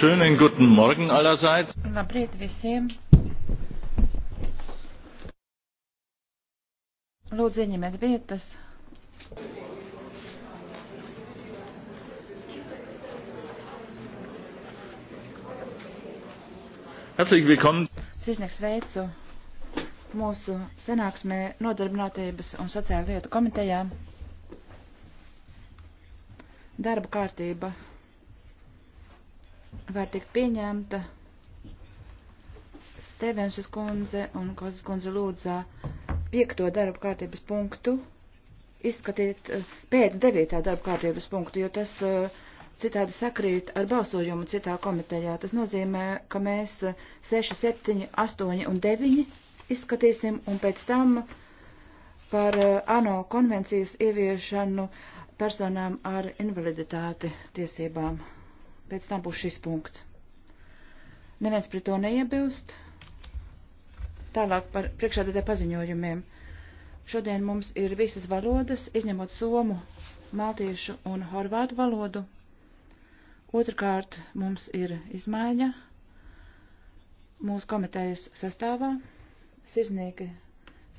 Schönen guten Morgen allerseits. Labrīt visiem. Lūdzu, ieņemiet vietas. Herzlich willkommen. Sisnieks veicu mūsu sanāksmē nodarbinātības un sociāla lietu komitejā. Darba kārtība var tikt pieņemta. Stevenses kundze un Kozas kundze lūdzā piekto darba kārtības punktu izskatīt eh, pēc devītā darba kārtības punktu, jo tas eh, citādi sakrīt ar balsojumu citā komitejā. Tas nozīmē, ka mēs 6, 7, 8 un 9 izskatīsim un pēc tam par eh, ANO konvencijas ieviešanu personām ar invaliditāti tiesībām. Pēc tam būs šis punkts. Neviens pret to neiebilst. Tālāk par priekšādātā paziņojumiem. Šodien mums ir visas valodas, izņemot somu, maltiešu un horvātu valodu. Otrakārt mums ir izmaiņa mūsu komitejas sastāvā. Sirsnīgi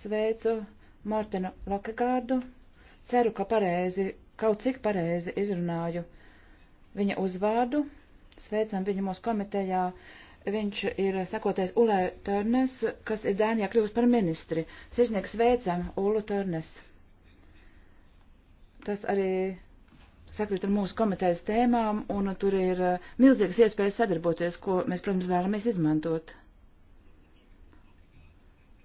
sveicu Martinu Lokegārdu. Ceru, ka pareizi, kaut cik pareizi izrunāju viņa uzvārdu. Sveicam viņu mūsu komitejā. Viņš ir sekoties Ulē Törnes, kas ir Dānijā kļuvusi par ministri. Sirsnieks sveicam Ulu Törnes. Tas arī sakrīt ar mūsu komitejas tēmām, un tur ir eh, milzīgas iespējas sadarboties, ko mēs, protams, vēlamies izmantot.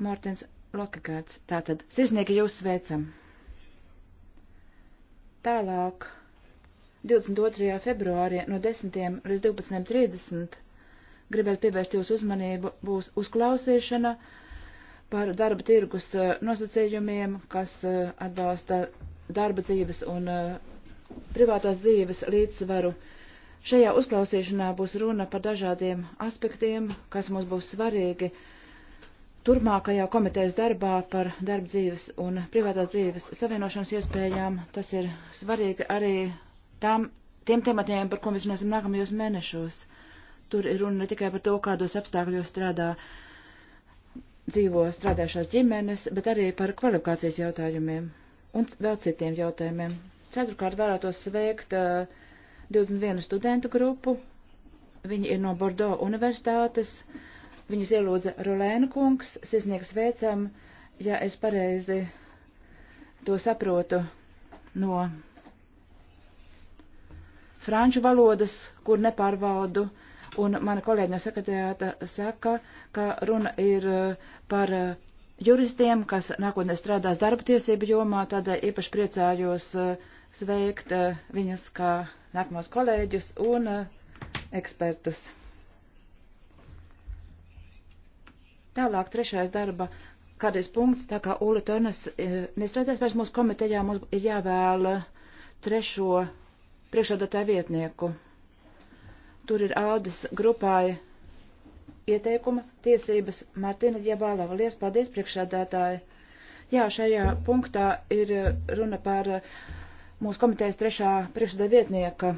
Mārtins Lokakāts. Tātad, sirsnieki, jūs sveicam. Tālāk. 22. februārī no 10. līdz 12.30. Gribētu pievērst jūsu uzmanību, būs uzklausīšana par darba tirgus eh, nosacījumiem, kas eh, atbalsta darba dzīves un eh, privātās dzīves līdzsvaru. Šajā uzklausīšanā būs runa par dažādiem aspektiem, kas mums būs svarīgi turpmākajā komitejas darbā par darba dzīves un privātās dzīves savienošanas iespējām. Tas ir svarīgi arī tām, tiem tematiem, par ko mēs runāsim nākamajos mēnešos. Tur ir runa ne tikai par to, kādos apstākļos strādā, dzīvo strādājušās ģimenes, bet arī par kvalifikācijas jautājumiem un vēl citiem jautājumiem. Ceturkārt vēlētos sveikt uh, 21 studentu grupu. Viņi ir no Bordeaux universitātes. Viņus ielūdza Rolēna kungs, sisniegs veicam, ja es pareizi to saprotu no franču valodas, kur nepārvaldu, un mana kolēģi no sekretariāta saka, ka runa ir eh, par eh, juristiem, kas nākotnē strādās darba tiesību jomā, tādēļ īpaši priecājos eh, sveikt viņas kā nākamos kolēģus un ekspertus. Tālāk trešais darba kādreiz punkts, tā kā Ūla Tonas nestrādās vairs mūsu komitejā, mums ir jāvēl trešo priekšādātāju vietnieku. Tur ir Aldis grupai ieteikuma tiesības Martina Ģebālava. Lies paldies priekšādātāji. Jā, šajā punktā ir runa par mūsu komitejas trešā priekšādā vietnieka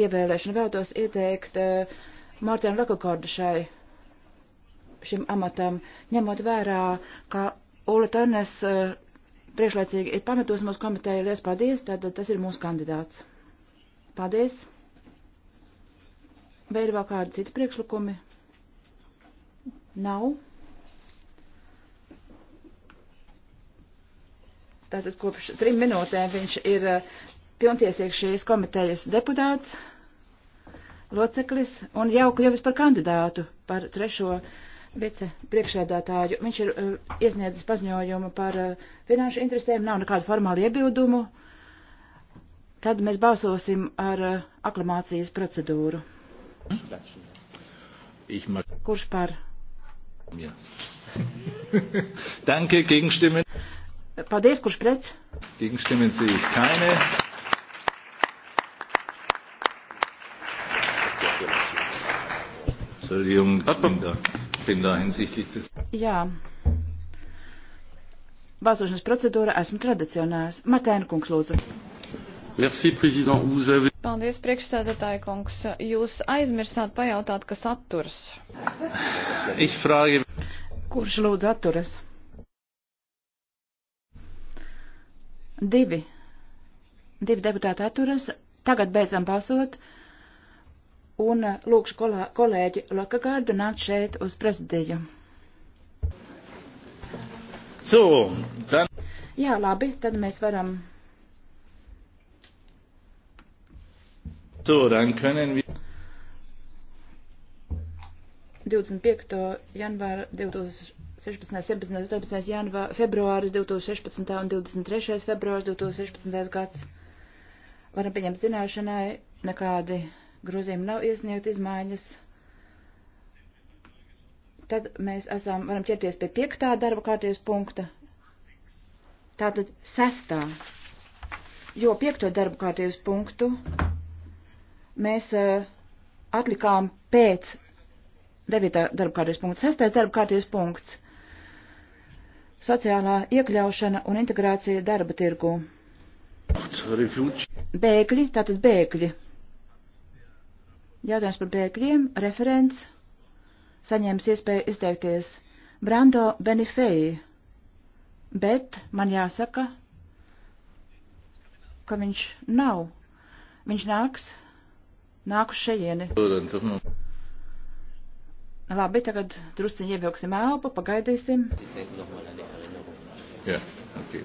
ievēlēšanu. Vēlētos ieteikt eh, Mārtiņu Lakakordu šai šim amatam, ņemot vērā, ka Ola Tanes eh, priekšlaicīgi ir pametos mūsu komiteju. Lies paldies, tātad tas ir mūsu kandidāts. Paldies. Vai ir vēl kādi citi priekšlikumi? Nav. Tātad kopš trim minūtēm viņš ir eh, pilntiesīgs šīs komitejas deputāts, loceklis un jau kļuvis par kandidātu par trešo vice priekšsēdētāju. Viņš ir uh, iesniedzis paziņojumu par uh, finanšu interesēm, nav nekādu formālu iebildumu. Uh, Tad mēs balsosim ar eh, aklamācijas procedūru. Kurš par? Ja. Danke, gegenstimmen. Paldies, kurš pret? Gegenstimmen sehe ich keine. Entschuldigung, ich bin da, bin da hinsichtlich des. Jā. Balsošanas procedūra esmu tradicionāls. Martēna kungs, lūdzu. Merci, prezident. Vous avez... Paldies, priekšsēdētāji kungs. Jūs aizmirsāt pajautāt, kas atturas. Ich frage... Kurš lūdzu atturas? Divi. Divi deputāti atturas. Tagad beidzam balsot. Un uh, lūkšu kolā, kolēģi Lokagārdu nākt šeit uz prezidiju. So, then... Jā, labi, tad mēs varam So, dann können wir. 25. janvāra 2016. 17. 17. janvāra februāris 2016. un 23. februāris 2016. gads. Varam pieņemt zināšanai, nekādi grozījumi nav iesniegt izmaiņas. Tad mēs esam, varam ķerties pie piektā darba kārtības punkta. Tātad sestā. Jo piekto darba kārtības punktu mēs e, atlikām pēc 9. darba kārtības punkts, 6. darba kārtības punkts - sociālā iekļaušana un integrācija darba tirgu. Bēgļi, tātad bēgļi. Jautājums par bēgļiem, referents, saņēmis iespēju izteikties Brando Benifei, bet man jāsaka, ka viņš nav. Viņš nāks nāku šajieni. Labi, tagad drusciņi ievilksim elpu, pagaidīsim. Yeah, okay.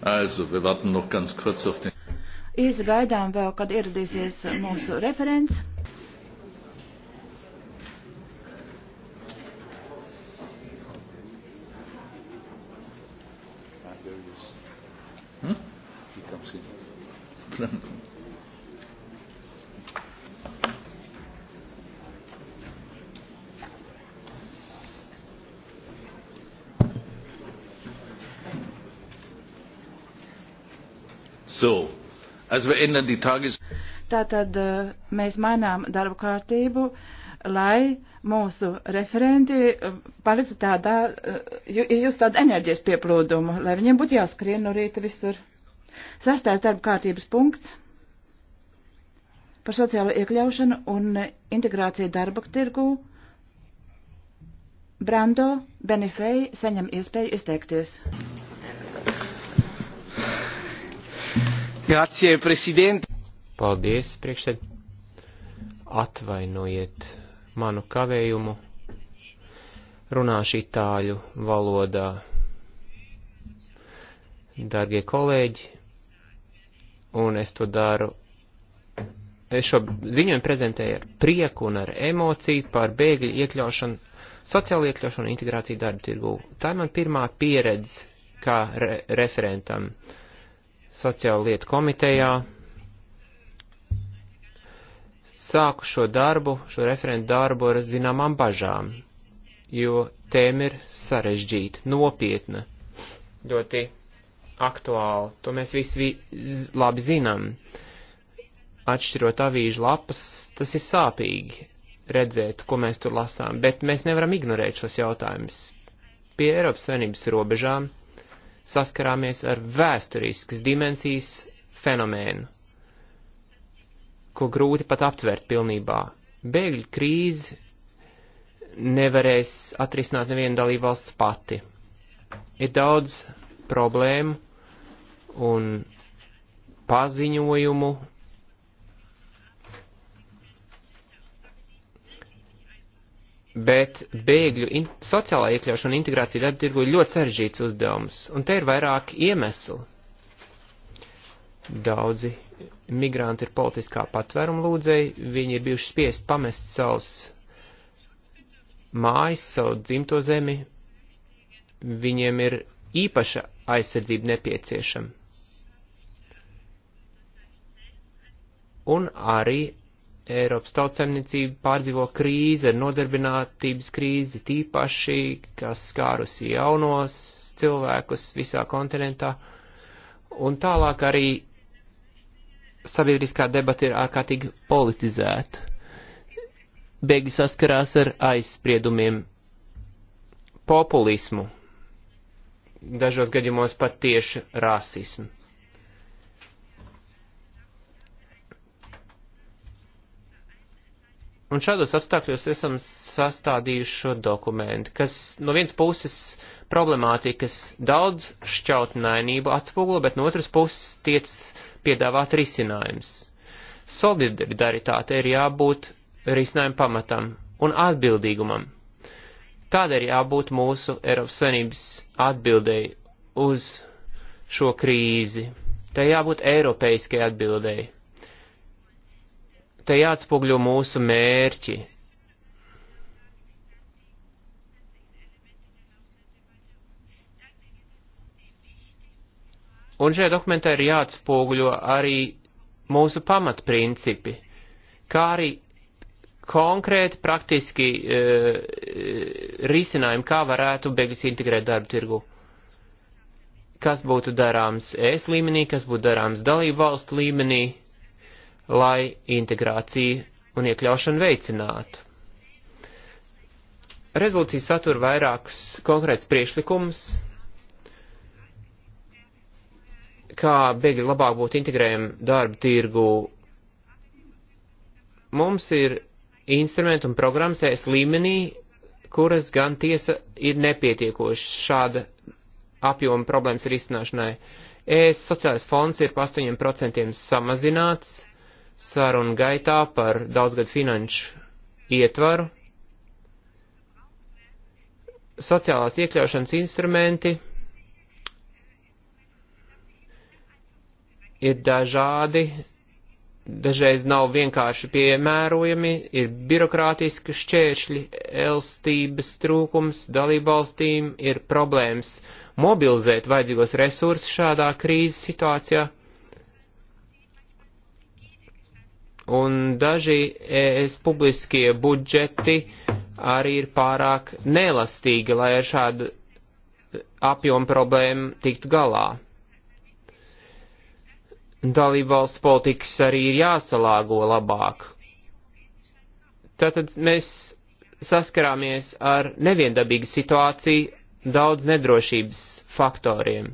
Also, wir warten noch ganz kurz auf den. Īsi gaidām vēl, kad ieradīsies mūsu referents. So, also wir ändern die Tages Tātad eh, mēs mainām darbu kārtību, lai mūsu referenti eh, paliktu tādā, izjust eh, tādu enerģijas pieplūdumu, lai viņiem būtu jāskrien no rīta visur. Sastais darba kārtības punkts par sociālo iekļaušanu un integrāciju darba tirgū. Brando Benifei saņem iespēju izteikties. Grazie, prezident. Paldies, priekšsēd. Atvainojiet manu kavējumu. Runāšu itāļu valodā. Dargie kolēģi, un es to daru es šo ziņojumu prezentēju ar prieku un ar emociju par bēgļu iekļaušanu, sociālu iekļaušanu un integrāciju darba tirgū. Tā ir man pirmā pieredze kā re referentam sociāla lieta komitejā. Sāku šo darbu, šo referentu darbu ar zināmām bažām, jo tēma ir sarežģīta, nopietna, ļoti aktuāla. To mēs visi vi labi zinām. Atšķirot avīžu lapas, tas ir sāpīgi redzēt, ko mēs tur lasām, bet mēs nevaram ignorēt šos jautājumus. Pie Eiropas Savienības robežām saskarāmies ar vēsturiskas dimensijas fenomēnu, ko grūti pat aptvert pilnībā. Bēgļu krīzi nevarēs atrisināt neviena dalībvalsts pati. Ir daudz problēmu un paziņojumu bet bēgļu in sociālā iekļaušana un integrācija darba tirgu ir ļoti sarežģīts uzdevums, un te ir vairāk iemeslu. Daudzi migranti ir politiskā patvēruma lūdzēji, viņi ir bijuši spiest pamest savus mājas, savu dzimto zemi, viņiem ir īpaša aizsardzība nepieciešama. Un arī Eiropas tautsemniecība pārdzīvo krīzi, nodarbinātības krīzi tīpaši, kas skārusi jaunos cilvēkus visā kontinentā. Un tālāk arī sabiedriskā debata ir ārkārtīgi politizēta. Bēgļi saskarās ar aizspriedumiem, populismu, dažos gadījumos pat tieši rasismu. Un šādos apstākļos esam sastādījuši šo dokumentu, kas no vienas puses problemātikas daudz šķautnainību atspoguļo, bet no otras puses tiec piedāvāt risinājums. Solidaritāte ir jābūt risinājuma pamatam un atbildīgumam. Tāda ir jābūt mūsu Eiropas Savienības atbildēji uz šo krīzi. Tā jābūt eiropeiskai atbildēji te jāatspūgļo mūsu mērķi. Un šajā dokumentā ir jāatspūgļo arī mūsu pamatprincipi, kā arī konkrēti praktiski e, risinājumi, kā varētu bēgļus integrēt darba tirgu. Kas būtu darāms ES līmenī, kas būtu darāms dalību valstu līmenī, lai integrāciju un iekļaušanu veicinātu. Rezolūcija satura vairākus konkrēts priešlikums, kā bēgļi labāk būtu integrējami darba tirgu. Mums ir instrumenti un programmas ES līmenī, kuras gan tiesa ir nepietiekošas šāda apjoma problēmas risināšanai. ES sociālais fonds ir pa 8% samazināts sarunu gaitā par daudzgadu finanšu ietvaru. Sociālās iekļaušanas instrumenti ir dažādi, dažreiz nav vienkārši piemērojami, ir birokrātiski šķēršļi, elstības trūkums dalībvalstīm, ir problēmas mobilizēt vajadzīgos resursus šādā krīzes situācijā. un daži es publiskie budžeti arī ir pārāk nelastīgi, lai ar šādu apjomu problēmu tiktu galā. Dalību valstu politikas arī ir jāsalāgo labāk. Tātad mēs saskarāmies ar neviendabīgu situāciju, daudz nedrošības faktoriem.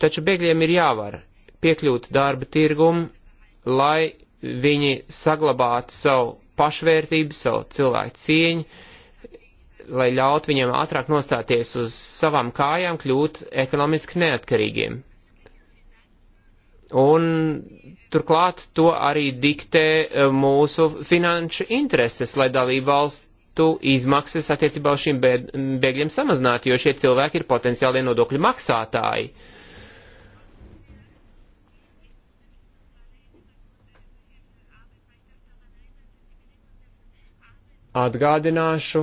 Taču bēgļiem ir jāvar piekļūt darba tirgumu, lai viņi saglabātu savu pašvērtību, savu cilvēku cieņu, lai ļaut viņiem ātrāk nostāties uz savām kājām, kļūt ekonomiski neatkarīgiem. Un turklāt to arī diktē e, mūsu finanšu intereses, lai dalību valstu izmaksas attiecībā uz šiem bēgļiem samazinātu, jo šie cilvēki ir potenciālie nodokļu maksātāji. Uh, Atgādināšu,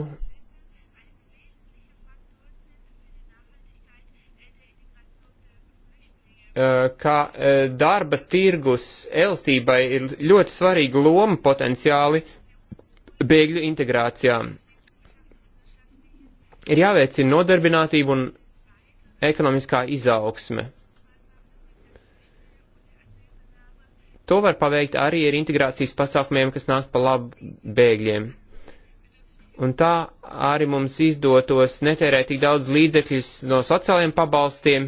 eh, ka eh, darba tirgus elstībai ir ļoti svarīga loma potenciāli bēgļu integrācijā. Ir jāveicina nodarbinātība un ekonomiskā izaugsme. To var paveikt arī ar integrācijas pasākumiem, kas nāk pa labu bēgļiem. Un tā arī mums izdotos netērēt tik daudz līdzekļus no sociālajiem pabalstiem.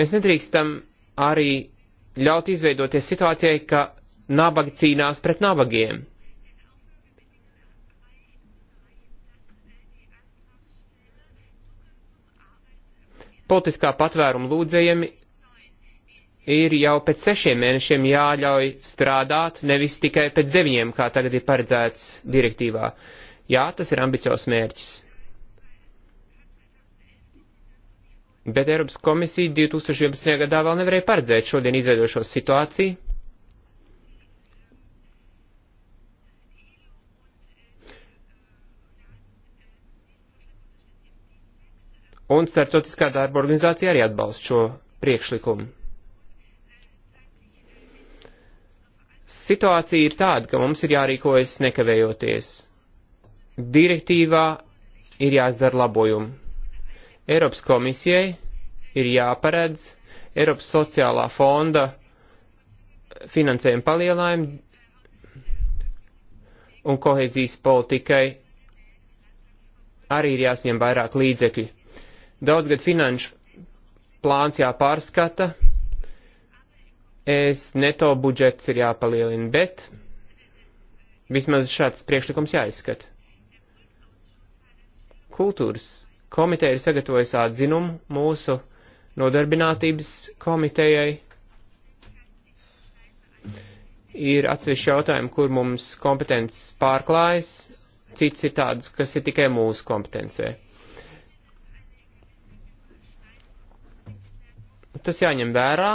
Mēs nedrīkstam arī ļaut izveidoties situācijai, ka nabagi cīnās pret nabagiem. Politiskā patvēruma lūdzējiem ir jau pēc sešiem mēnešiem jāļauj strādāt, nevis tikai pēc deviņiem, kā tagad ir paredzēts direktīvā. Jā, tas ir ambiciozs mērķis. Bet Eiropas komisija 2011. gadā vēl nevarēja paredzēt šodien izveidošo situāciju. Un starptautiskā darba organizācija arī atbalsta šo priekšlikumu. situācija ir tāda, ka mums ir jārīkojas nekavējoties. Direktīvā ir jāizdara labojumi. Eiropas komisijai ir jāparedz Eiropas sociālā fonda finansējuma palielinājumu un kohēzijas politikai arī ir jāsņem vairāk līdzekļi. Daudzgad finanšu plāns jāpārskata, es neto budžets ir jāpalielina, bet vismaz šāds priekšlikums jāizskata. Kultūras komiteja ir sagatavojusi atzinumu mūsu nodarbinātības komitejai. Ir atsevišķi jautājumi, kur mums kompetences pārklājas, cits ir tāds, kas ir tikai mūsu kompetencē. Tas jāņem vērā,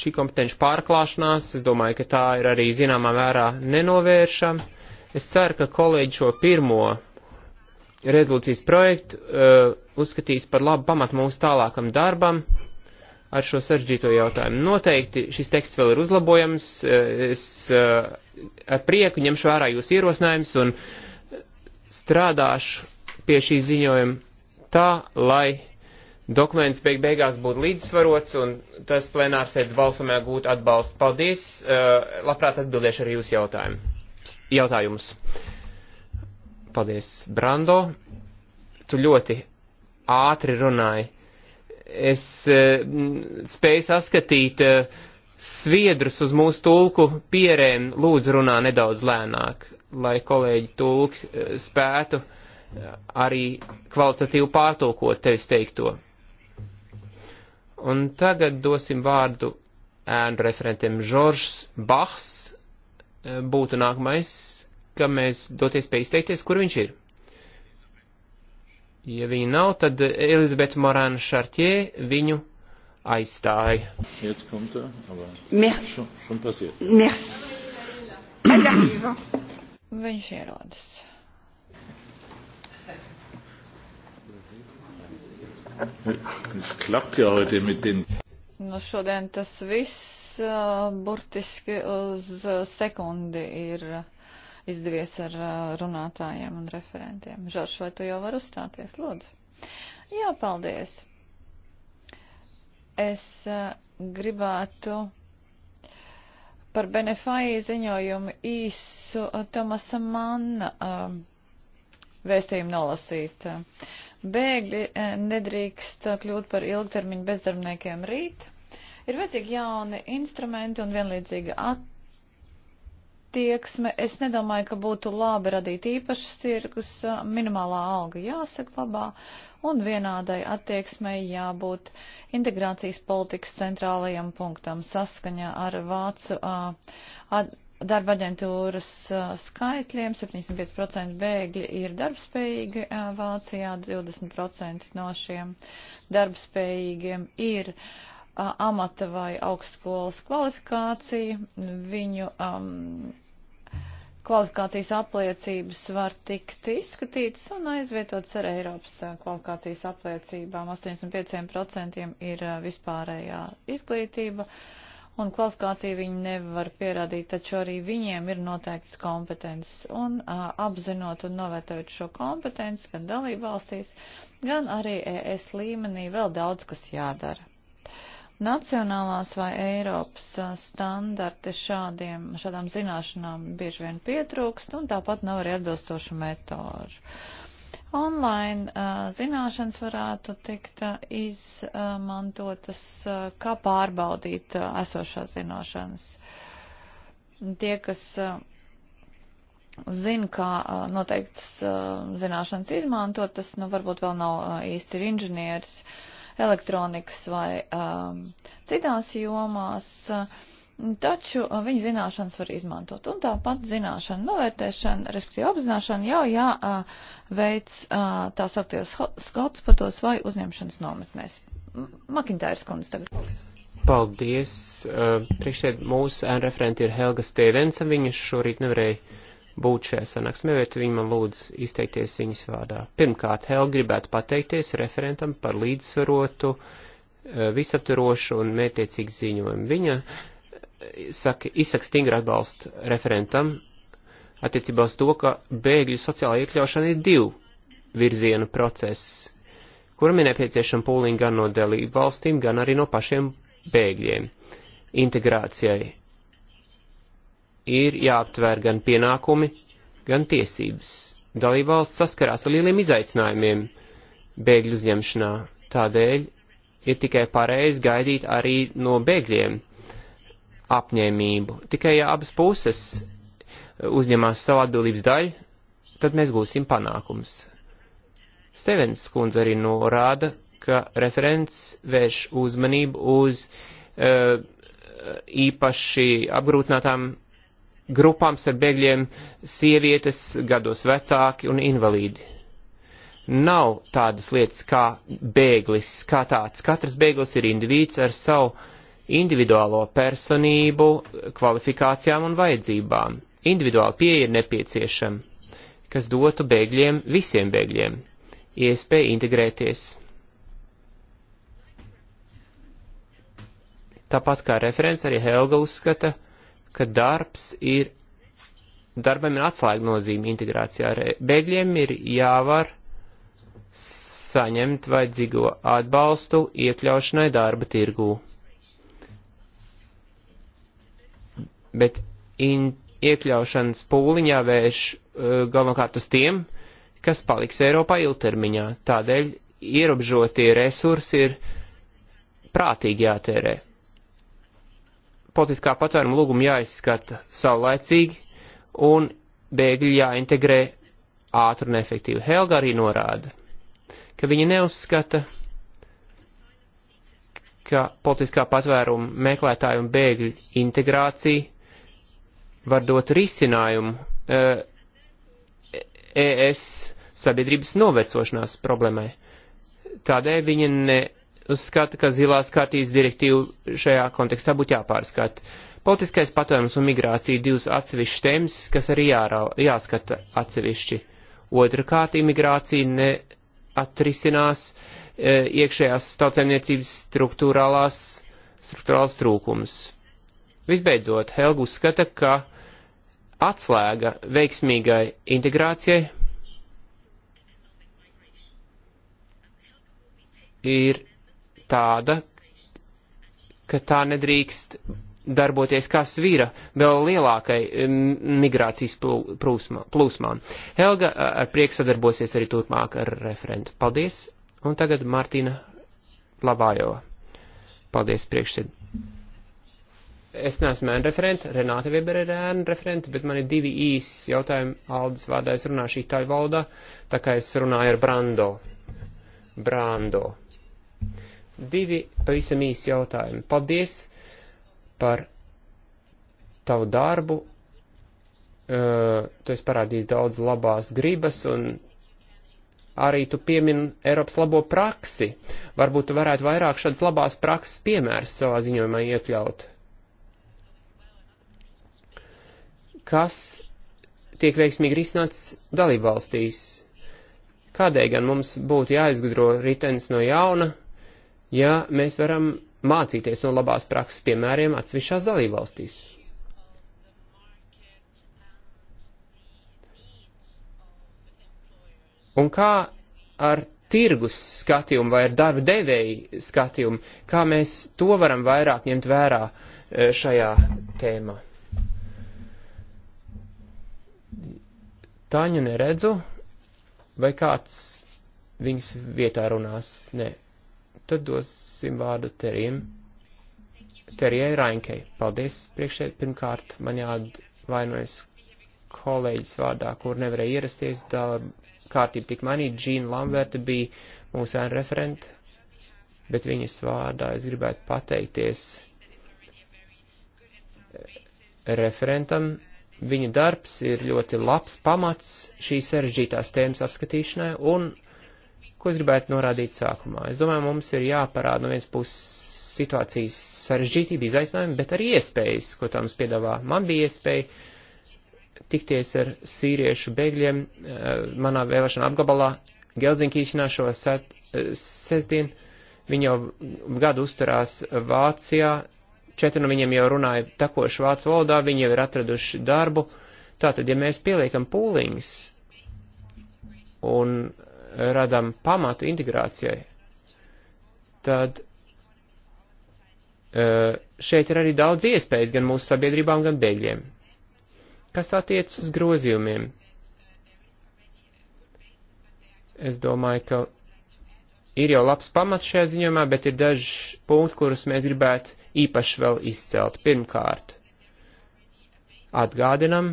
šī kompetenci pārklāšanās, es domāju, ka tā ir arī zināmā mērā nenovēršama. Es ceru, ka kolēģi šo pirmo rezolūcijas projektu uh, uzskatīs par labu pamatu mūsu tālākam darbam ar šo sarežģīto jautājumu. Noteikti šis teksts vēl ir uzlabojams. Uh, es uh, ar prieku ņemšu vērā jūs ierosinājums un strādāšu pie šī ziņojuma tā, lai dokuments beig beigās būtu līdzsvarots un tas plenārsēdz balsumē gūt atbalstu. Paldies, uh, labprāt atbildēšu arī jūsu jautājumu. jautājumus. Paldies, Brando. Tu ļoti ātri runāji. Es uh, spēju saskatīt uh, sviedrus uz mūsu tulku pierēm. Lūdzu, runā nedaudz lēnāk, lai kolēģi tulki uh, spētu arī kvalitatīvi pārtulkot tevis teikto. Un tagad dosim vārdu ēnu referentiem. Žoržs Bahs e, būtu nākamais, ka mēs doties pie izteikties, kur viņš ir. Ja viņa nav, tad Elizabete Morāna Šartie viņu aizstāja. Er, viņš ierodas. Es klappt ja heute mit den. Nu, šodien tas viss uh, burtiski uz sekundi ir izdevies ar uh, runātājiem un referentiem. Žorš, vai tu jau var uzstāties, lūdzu? Jā, paldies. Es uh, gribētu par Benefai ziņojumu īsu Tomasa Manna vēstījumu nolasīt. Uh, Bēgļi eh, nedrīkst kļūt par ilgtermiņu bezdarbniekiem rīt. Ir vajadzīgi jauni instrumenti un vienlīdzīga attieksme. Es nedomāju, ka būtu labi radīt īpašus tirgus, eh, minimālā alga jāsaglabā un vienādai attieksmei jābūt integrācijas politikas centrālajam punktam saskaņā ar Vācu. Uh, darba aģentūras uh, skaitļiem 75% bēgļi ir darbspējīgi uh, Vācijā, 20% no šiem darbspējīgiem ir uh, amata vai augstskolas kvalifikācija. Viņu um, kvalifikācijas apliecības var tikt izskatītas un aizvietotas ar Eiropas kvalifikācijas apliecībām. 85% ir vispārējā izglītība. Uh, un kvalifikāciju viņi nevar pierādīt, taču arī viņiem ir noteikts kompetences. Un a, apzinot un novērtējot šo kompetenci gan dalību valstīs, gan arī ES līmenī vēl daudz kas jādara. Nacionālās vai Eiropas standarti šādiem, šādām zināšanām bieži vien pietrūkst, un tāpat nav arī atbilstošu metožu. Online uh, zināšanas varētu tikt uh, izmantotas, uh, kā pārbaudīt uh, esošās zināšanas. Tie, kas uh, zina, kā uh, noteikts uh, zināšanas izmantot, tas nu, varbūt vēl nav uh, īsti ir inženieris elektronikas vai um, citās jomās. Uh, taču uh, viņa zināšanas var izmantot. Un tāpat zināšana novērtēšana, respektīvi apzināšana jau jāveic uh, tā sauktajos skotspatos vai uzņemšanas nometnēs. Makintārs kundze tagad. Paldies. Uh, Priekšēd mūsu referenti ir Helga Stevensa. Viņa šorīt nevarēja būt šajā sanāksmē, bet viņa man lūdz izteikties viņas vārdā. Pirmkārt, Helga gribētu pateikties referentam par līdzsvarotu, visaptarošu un mērķiecīgu ziņojumu. Viņa uh, saka, izsaka stingru atbalstu referentam attiecībā uz to, ka bēgļu sociālā iekļaušana ir divu virzienu process, kuram ir nepieciešama pūliņa gan no dalību valstīm, gan arī no pašiem bēgļiem. Integrācijai ir jāaptver gan pienākumi, gan tiesības. Dalību valsts saskarās ar lieliem izaicinājumiem bēgļu uzņemšanā, tādēļ ir tikai pareizi gaidīt arī no bēgļiem apņēmību. Tikai ja abas puses uzņemās savu atbildības daļu, tad mēs gūsim panākums. Stevens kundze arī norāda, ka referents vērš uzmanību uz uh, īpaši apgrūtinātām grupām starp bēgļiem sievietes, gados vecāki un invalīdi. Nav tādas lietas kā bēglis, kā tāds. Katrs bēglis ir individs ar savu uh, individuālo personību kvalifikācijām un vajadzībām. Individuāla pieeja ir nepieciešama, kas dotu bēgļiem, visiem bēgļiem, iespēju integrēties. Tāpat kā referents arī Helga uzskata, ka darbs ir, darbam ir atslēga nozīme integrācijā. Bēgļiem ir jāvar saņemt vajadzīgo atbalstu iekļaušanai darba tirgū. bet in, iekļaušanas pūliņā vērš uh, galvenokārt uz tiem, kas paliks Eiropā ilgtermiņā. Tādēļ ierobežotie resursi ir prātīgi jātērē. Politiskā patvēruma lūguma jāizskata saulēcīgi un bēgļi jāintegrē ātri un efektīvi. Helga arī norāda, ka viņa neuzskata, ka politiskā patvēruma meklētāju un bēgļu integrācija var dot risinājumu ES eh, e sabiedrības novecošanās problēmai. Tādēļ viņi neuzskata, ka zilās kārtīs direktīvu šajā kontekstā būtu jāpārskata. Politiskais patvērums un migrācija divas atsevišķas tēmas, kas arī jārau, jāskata atsevišķi. Otrakārt, imigrācija neatrisinās e, iekšējās tautsēmniecības struktūrālās, struktūrālās trūkumus Visbeidzot, Helga uzskata, ka atslēga veiksmīgai integrācijai ir tāda, ka tā nedrīkst darboties kā svira vēl lielākai mm, migrācijas plūsmām. Helga ar prieku sadarbosies arī turpmāk ar referentu. Paldies! Un tagad Martina Labājo. Paldies priekšsēdētājai. Es neesmu ēnu referenta, Renāte Weber ir ēnu referenta, bet man ir divi īsi jautājumi. Aldis vārdā es runāšu itāļu valodā, tā kā es runāju ar Brando. Brando. Divi pavisam īsi jautājumi. Paldies par tavu darbu. Uh, tu esi parādījis daudz labās gribas un arī tu piemini Eiropas labo praksi. Varbūt tu varētu vairāk šādas labās prakses piemērs savā ziņojumā iekļaut. kas tiek veiksmīgi risināts dalībvalstīs. Kādēļ gan mums būtu jāizgudro ritenis no jauna, ja mēs varam mācīties no labās prakses piemēriem atsevišķās dalībvalstīs? Un kā ar tirgus skatījumu vai ar darba devēju skatījumu, kā mēs to varam vairāk ņemt vērā eh, šajā tēmā? Taņu neredzu, vai kāds viņas vietā runās? Nē. Tad dosim vārdu Terijam. Terijai Rainkei. Paldies priekšēji. Pirmkārt, man jāatvainojas kolēģis vārdā, kur nevarēja ierasties. Darba kārtība tika mainīta. Džīna Lamberta bija mūsu ēna referente, bet viņas vārdā es gribētu pateikties referentam Viņa darbs ir ļoti labs pamats šīs sarežģītās tēmas apskatīšanai, un ko es gribētu norādīt sākumā. Es domāju, mums ir jāparāda no vienas puses situācijas sarežģītība, izaicinājumi, bet arī iespējas, ko tā mums piedāvā. Man bija iespēja tikties ar sīriešu bēgļiem eh, manā vēlēšana apgabalā Gelzinkīšanā šo eh, sestdienu. Viņi jau gadu uzturās Vācijā, četri no viņiem jau runāja tekoši vācu valodā, viņi jau ir atraduši darbu. Tātad, ja mēs pieliekam pūliņus un radam pamatu integrācijai, tad e, šeit ir arī daudz iespējas gan mūsu sabiedrībām, gan beļģiem. Kas attiec uz grozījumiem? Es domāju, ka ir jau labs pamats šajā ziņojumā, bet ir daži punkti, kurus mēs gribētu īpaši vēl izcelt. Pirmkārt, atgādinam,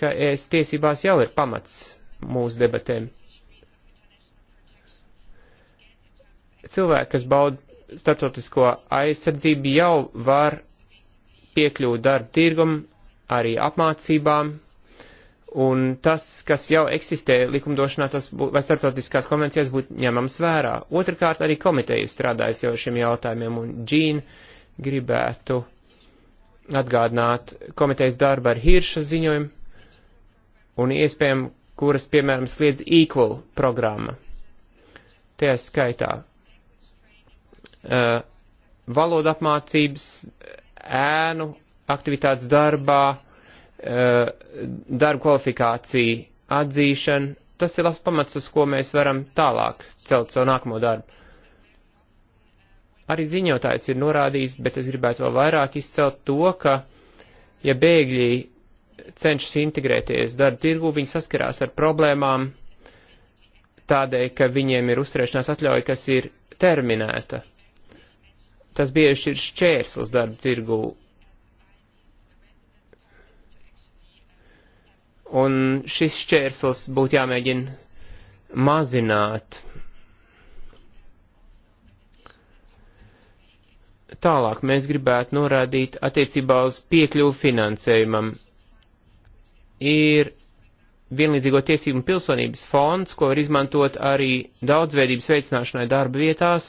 ka es tiesībās jau ir pamats mūsu debatēm. Cilvēki, kas bauda statotisko aizsardzību, jau var piekļūt darba tirgum, arī apmācībām, Un tas, kas jau eksistē likumdošanā, tas bū, vai starptautiskās konvencijās būtu ņemams vērā. Otrakārt, arī komiteja strādājas jau šiem jautājumiem, un Džīna gribētu atgādināt komitejas darbu ar Hirša ziņojumu un iespējām, kuras, piemēram, sliedz Equal programma. Tajā skaitā uh, valoda apmācības, ēnu aktivitātes darbā, Eh, darba kvalifikāciju atzīšana, tas ir labs pamats, uz ko mēs varam tālāk celt savu nākamo darbu. Arī ziņotājs ir norādījis, bet es gribētu vēl vairāk izcelt to, ka, ja bēgļi cenšas integrēties darba tirgu, viņi saskarās ar problēmām tādēļ, ka viņiem ir uzturēšanās atļauja, kas ir terminēta. Tas bieži ir šķērslis darba tirgu Un šis šķērslis būtu jāmēģina mazināt. Tālāk mēs gribētu norādīt attiecībā uz piekļuvu finansējumam. Ir vienlīdzīgo tiesību un pilsonības fonds, ko var izmantot arī daudzveidības veicināšanai darba vietās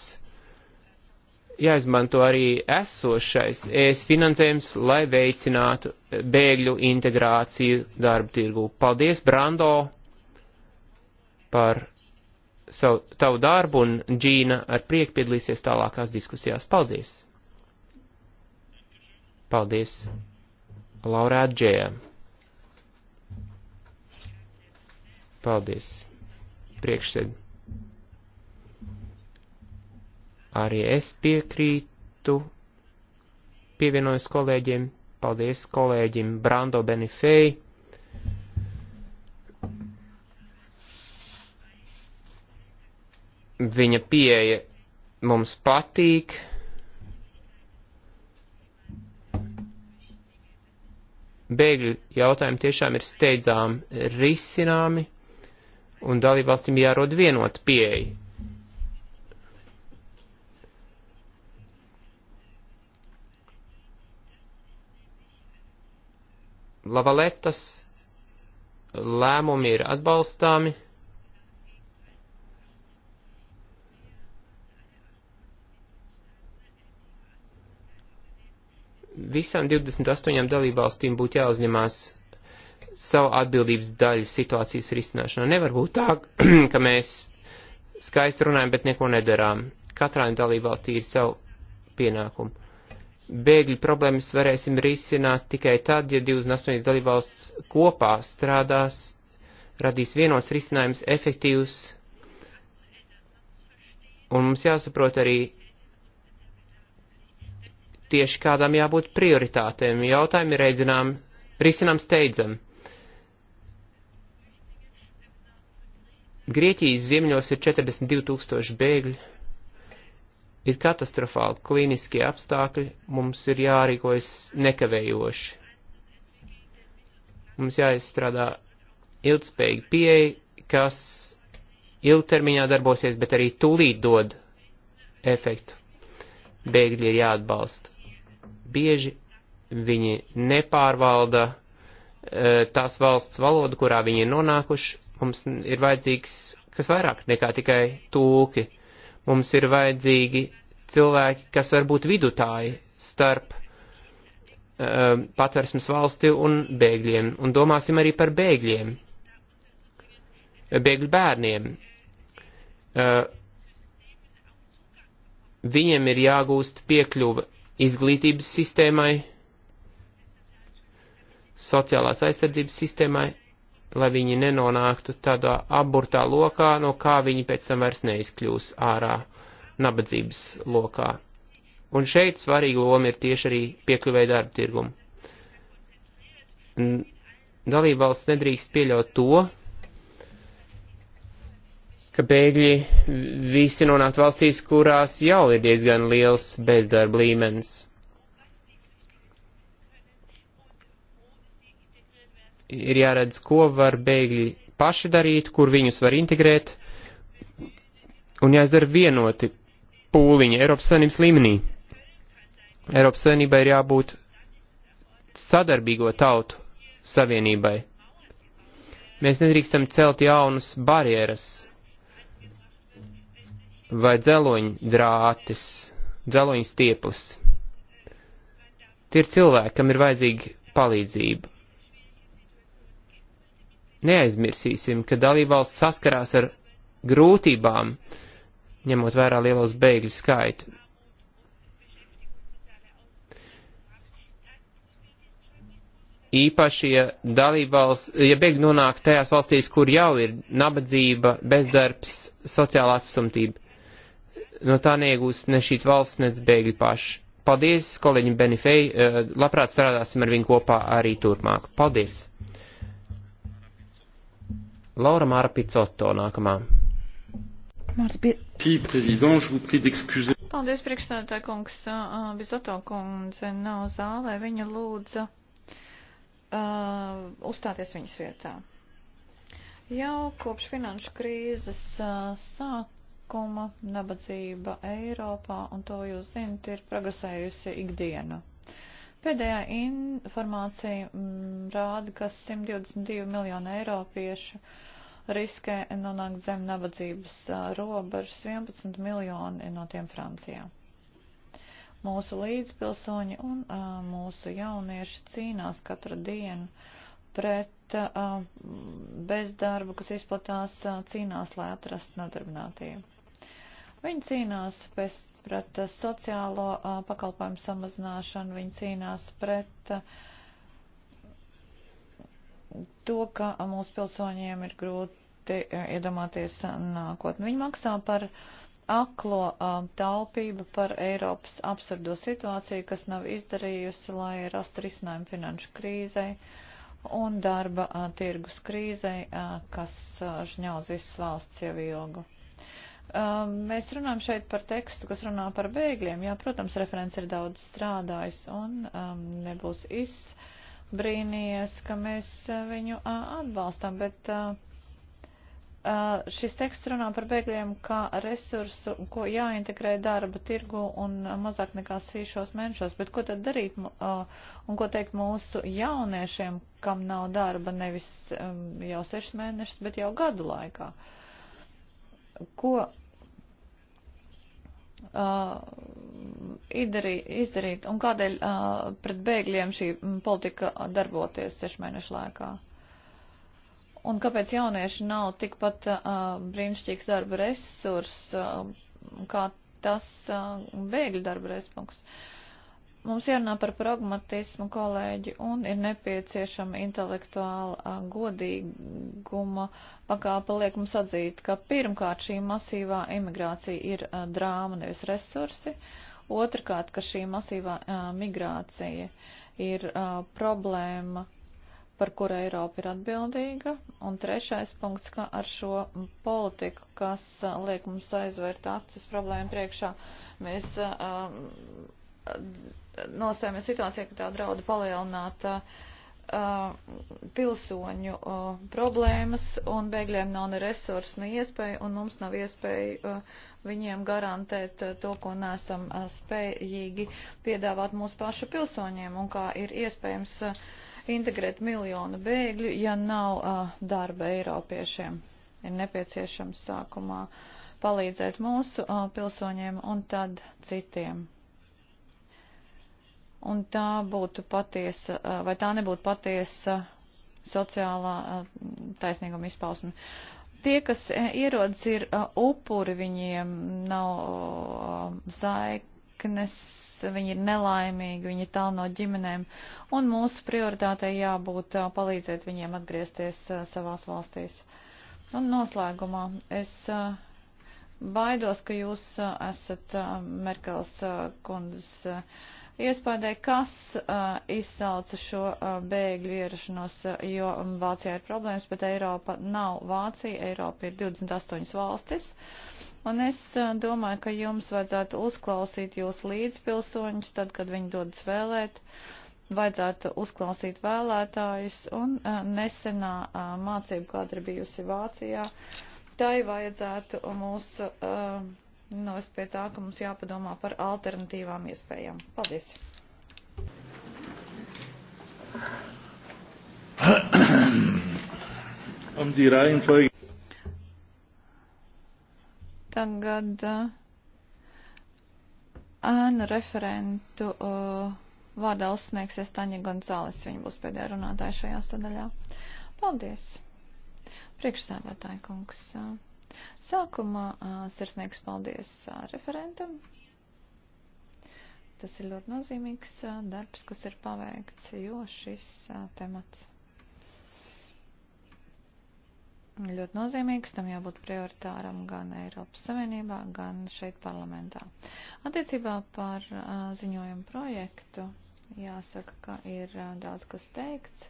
jāizmanto arī esošais ES finansējums, lai veicinātu bēgļu integrāciju darba tirgu. Paldies, Brando, par savu tavu darbu, un Džīna ar prieku piedalīsies tālākās diskusijās. Paldies! Paldies, Laurā Džēja! Paldies, priekšsēdētāji! Arī es piekrītu, pievienojos kolēģiem, paldies kolēģim Brando Benifei. Viņa pieeja mums patīk. Bēgļu jautājumi tiešām ir steidzām risināmi, un dalībvalstīm jārod vienot pieeja Lavaletas lēmumi ir atbalstāmi. Visām 28 dalībvalstīm būtu jāuzņemās savu atbildības daļu situācijas risināšanā. Nevar būt tā, ka mēs skaisti runājam, bet neko nedarām. Katrā dalībvalstī ir savu pienākumu bēgļu problēmas varēsim risināt tikai tad, ja 28 dalībvalsts kopā strādās, radīs vienots risinājums, efektīvs, un mums jāsaprot arī tieši kādām jābūt prioritātēm. Jautājumi ir aicinām, risinām steidzam. Grieķijas ziemļos ir 42 tūkstoši bēgļu ir katastrofāli klīniskie apstākļi, mums ir jārīkojas nekavējoši. Mums jāizstrādā ilgspējīga pieeja, kas ilgtermiņā darbosies, bet arī tūlīt dod efektu. Bēgļi ir jāatbalsta. Bieži viņi nepārvalda e, tās valsts valodu, kurā viņi ir nonākuši. Mums ir vajadzīgs kas vairāk nekā tikai tūki Mums ir vajadzīgi cilvēki, kas var būt vidutāji starp uh, patversmes valsti un bēgļiem. Un domāsim arī par bēgļiem, bēgļu bērniem. Uh, viņiem ir jāgūst piekļuva izglītības sistēmai, sociālās aizsardzības sistēmai, lai viņi nenonāktu tādā aburtā lokā, no kā viņi pēc tam vairs neizkļūs ārā nabadzības lokā. Un šeit svarīga loma ir tieši arī piekļuvēja darba tirgumu. Dalībvalsts nedrīkst pieļaut to, ka bēgļi visi nonākt valstīs, kurās jau ir diezgan liels bezdarba līmenis. ir jāredz, ko var bēgļi paši darīt, kur viņus var integrēt, un jāizdara vienoti pūliņi Eiropas Savienības līmenī. Eiropas Savienībai ir jābūt sadarbīgo tautu savienībai. Mēs nedrīkstam celt jaunus barjeras vai dzeloņu drātis, dzeloņu stieplis. Tie ir cilvēki, kam ir vajadzīga palīdzība neaizmirsīsim, ka dalībvalsts saskarās ar grūtībām, ņemot vērā lielos bēgļu skaitu. Īpaši, ja dalībvalsts, ja bēgļi nonāk tajās valstīs, kur jau ir nabadzība, bezdarbs, sociāla atstumtība, no tā neiegūs ne šīs valsts, ne bēgļi paši. Paldies, kolēģim Benifei, eh, labprāt strādāsim ar viņu kopā arī turpmāk. Paldies! Laura Māra Picotto nākamā. Paldies, priekšsēdētāji kungs. Bizoto kundze nav zālē. Viņa lūdza uh, uzstāties viņas vietā. Jau kopš finanšu krīzes uh, sākuma nabadzība Eiropā, un to jūs zinat, ir progresējusi ikdiena. Pēdējā informācija m, mm, rāda, ka 122 miljonu eiropiešu riskē nonākt zem nabadzības robežas, 11 miljoni no tiem Francijā. Mūsu līdzpilsoņi un a, mūsu jaunieši cīnās katru dienu pret a, bezdarbu, kas izplatās, a, cīnās, lai atrastu nodarbinātību. Viņi cīnās pēc, pret uh, sociālo uh, pakalpojumu samazināšanu, viņi cīnās pret uh, to, ka uh, mūsu pilsoņiem ir grūti uh, iedomāties uh, nākotni. Viņi maksā par aklo uh, taupību, par Eiropas absurdo situāciju, kas nav izdarījusi, lai rastu risinājumu finanšu krīzei un darba uh, tirgus krīzei, uh, kas uh, žņauj visas valsts jau ilgu. Um, mēs runājam šeit par tekstu, kas runā par bēgļiem. Jā, protams, referents ir daudz strādājis un um, nebūs izbrīnījies, ka mēs uh, viņu uh, atbalstam, bet uh, uh, šis teksts runā par bēgļiem kā resursu, ko jāintegrē darba tirgu un uh, mazāk nekā sīšos mēnešos, bet ko tad darīt uh, un ko teikt mūsu jauniešiem, kam nav darba nevis um, jau sešas mēnešas, bet jau gadu laikā? Ko Uh, idarī, izdarīt un kādēļ uh, pret bēgļiem šī mm, politika darboties sešu mēnešu laikā? Un kāpēc jaunieši nav tikpat uh, brīnišķīgs darba resurs, uh, kā tas uh, bēgļu darba resurs? Uh, Mums jārunā par pragmatismu, kolēģi, un ir nepieciešama intelektuāla godīguma pakāpa liek mums atzīt, ka pirmkārt šī masīvā imigrācija ir a, drāma, nevis resursi, otrkārt, ka šī masīvā a, migrācija ir a, problēma, par kuru Eiropa ir atbildīga, un trešais punkts, ka ar šo politiku, kas liek mums aizvērt acis problēmu priekšā, mēs nostājamies situācijā, ka tā drauda palielināt uh, uh, pilsoņu uh, problēmas un bēgļiem nav ne resursu, ne iespēju un mums nav iespēju viņiem garantēt to, ko nesam spējīgi piedāvāt mūsu pašu pilsoņiem un kā ir iespējams integrēt miljonu bēgļu, ja nav darba Eiropiešiem. Ir nepieciešams sākumā palīdzēt mūsu pilsoņiem un tad citiem un tā būtu patiesa, vai tā nebūtu patiesa sociālā taisnīguma izpausme. Tie, kas ierodas, ir upuri, viņiem nav saiknes, viņi ir nelaimīgi, viņi ir tālu no ģimenēm, un mūsu prioritātei jābūt palīdzēt viņiem atgriezties savās valstīs. Un noslēgumā es baidos, ka jūs esat Merkels kundzes iespādē, kas uh, izsauca šo uh, bēgļu ierašanos, uh, jo Vācijā ir problēmas, bet Eiropa nav Vācija, Eiropa ir 28 valstis. Un es uh, domāju, ka jums vajadzētu uzklausīt jūs līdzpilsoņus, tad, kad viņi dodas vēlēt, vajadzētu uzklausīt vēlētājus un uh, nesenā uh, mācību, kāda ir bijusi Vācijā, tai vajadzētu mūsu. Uh, novest nu, pie tā, ka mums jāpadomā par alternatīvām iespējām. Paldies! Tagad uh, ēnu referentu uh, vārdā uzsniegsies Taņa Gonzāles. Viņa būs pēdējā runātāja šajā sadaļā. Paldies! Priekšsēdētāji kungs. Uh, Sākumā sirsnīgs paldies referentam. Tas ir ļoti nozīmīgs darbs, kas ir paveikts, jo šis temats ļoti nozīmīgs, tam jābūt prioritāram gan Eiropas Savienībā, gan šeit parlamentā. Attiecībā par ziņojumu projektu jāsaka, ka ir daudz kas teikts.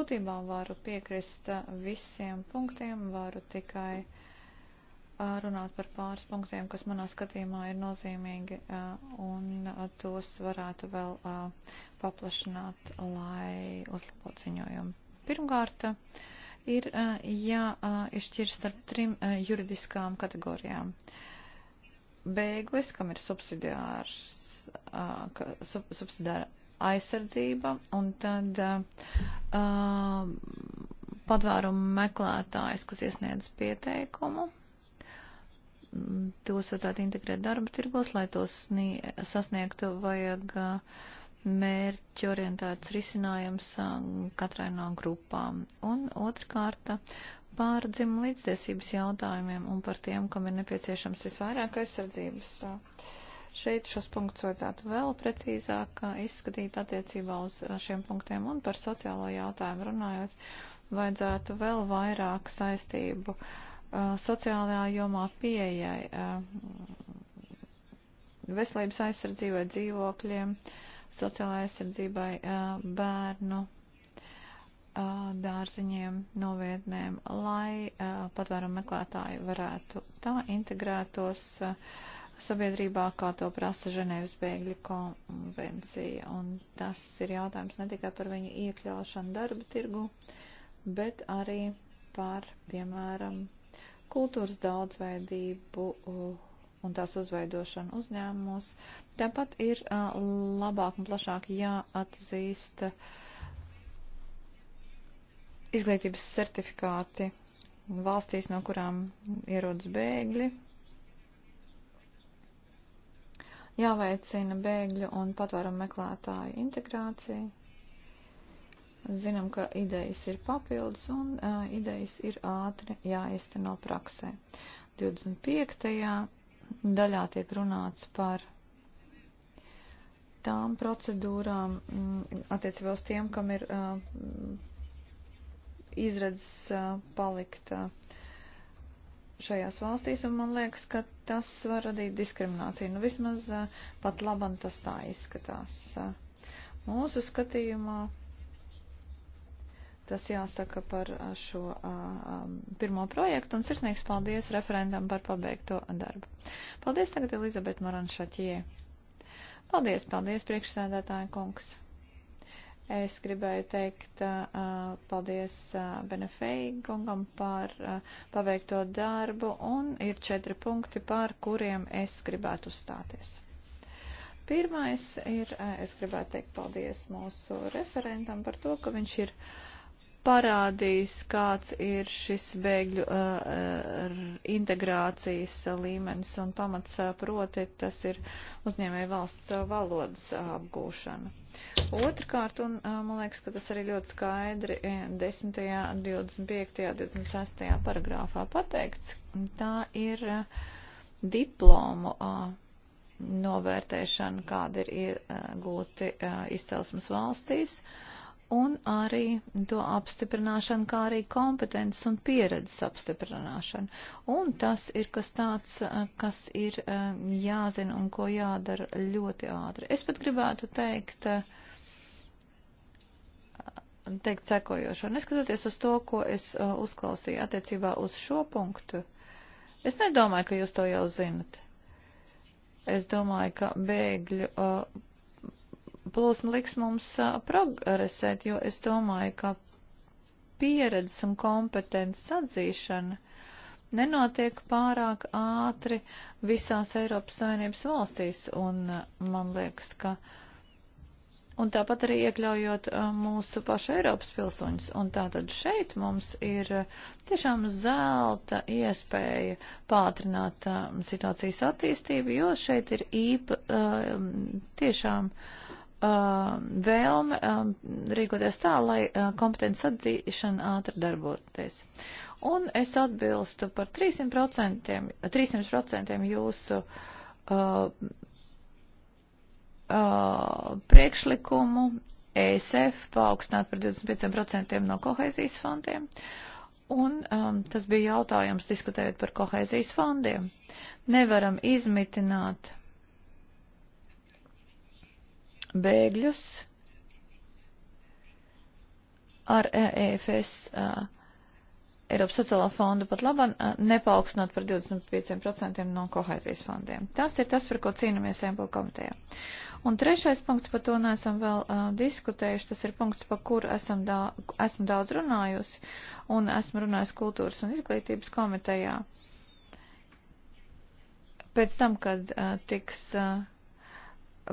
Būtībā varu piekrist visiem punktiem, varu tikai runāt par pāris punktiem, kas manā skatījumā ir nozīmīgi, un tos varētu vēl paplašināt, lai uzlabotu ziņojumu. Pirmkārt, ir jāizšķir starp trim juridiskām kategorijām. Bēglis, kam ir subsidiārs, sub, subsidiāra aizsardzība, un tad patvērumu meklētājs, kas iesniedz pieteikumu tos vajadzētu integrēt darba tirgos, lai tos sasniegtu, vajag uh, mērķi orientēts risinājums uh, katrai no grupām. Un otrkārt, pār dzimu līdztiesības jautājumiem un par tiem, kam ir nepieciešams visvairāk aizsardzības. Šeit šos punktus vajadzētu vēl precīzāk uh, izskatīt attiecībā uz šiem punktiem un par sociālo jautājumu runājot, vajadzētu vēl vairāk saistību uh, Uh, sociālajā jomā pieejai, uh, veselības aizsardzībai, dzīvokļiem, sociālajai aizsardzībai, uh, bērnu dārziņiem, novietnēm, lai patvērumu meklētāji varētu tā integrētos sabiedrībā, kā to prasa Ženēvas bēgļu konvencija. Un tas ir jautājums ne tikai par viņu iekļaušanu darba tirgu, bet arī par, piemēram, kultūras daudzveidību uh, un tās uzveidošanu uzņēmumos. Tāpat ir uh, labāk un plašāk jāatzīst izglītības certifikāti valstīs, no kurām ierodas bēgļi, jāveicina bēgļu un patvērumu meklētāju integrācija. Zinām, ka idejas ir papildus un uh, idejas ir ātri jāizteno praksē. 25. daļā tiek runāts par tām procedūrām m, mm, attiecībā uz tiem, kam ir uh, izredzes uh, palikt uh, šajās valstīs, un man liekas, ka tas var radīt diskrimināciju. Nu, vismaz uh, pat labam tas tā izskatās. Uh, mūsu skatījumā Tas jāsaka par šo um, pirmo projektu un sirsnīgs paldies referentam par pabeigto darbu. Paldies tagad Elizabete Moranšaķie. Paldies, paldies priekšsēdētāja kungs. Es gribēju teikt uh, paldies uh, Benefei kungam par uh, paveikto darbu un ir četri punkti, par kuriem es gribētu uzstāties. Pirmais ir, uh, es gribētu teikt paldies mūsu referentam par to, ka viņš ir parādīs, kāds ir šis bēgļu uh, uh integrācijas līmenis un pamats, uh, proti tas ir uzņēmēja valsts uh, valodas apgūšana. Otrkārt, un uh, man liekas, ka tas arī ļoti skaidri 10., 25., 26. paragrāfā pateikts, tā ir uh, diplomu novērtēšana, kāda ir iegūti izcelsmes valstīs. Uh, un arī to apstiprināšanu, kā arī kompetences un pieredzes apstiprināšanu. Un tas ir kas tāds, eh, kas ir eh, jāzina un ko jādara ļoti ātri. Es pat gribētu teikt, eh, teikt sekojošo. Neskatoties uz to, ko es uzklausīju attiecībā uz šo punktu, es nedomāju, ka jūs to jau zinat. Es domāju, ka bēgļu uh, plūsma liks mums progresēt, jo es domāju, ka pieredzes un kompetences atzīšana nenotiek pārāk ātri visās Eiropas Savienības valstīs, un man liekas, ka. Un tāpat arī iekļaujot mūsu pašu Eiropas pilsoņus. Un tātad šeit mums ir tiešām zelta iespēja pātrināt situācijas attīstību, jo šeit ir īpa tiešām Um, vēlme um, rīkoties tā, lai uh, kompetences atzīšana ātri darboties. Un es atbilstu par 300%, 300 jūsu uh, uh, priekšlikumu ESF paaugstināt par 25% no kohēzijas fondiem. Un um, tas bija jautājums diskutējot par kohēzijas fondiem. Nevaram izmitināt bēgļus ar EFS e Eiropas sociālā fonda pat labam nepaukstināt par 25% no kohēzijas fondiem. Tas ir tas, par ko cīnāmies Empla komitejā. Un trešais punkts, par to neesam vēl uh, diskutējuši, tas ir punkts, par kuru esam da esmu daudz runājusi un esmu runājusi kultūras un izglītības komitejā. Pēc tam, kad uh, tiks. Uh,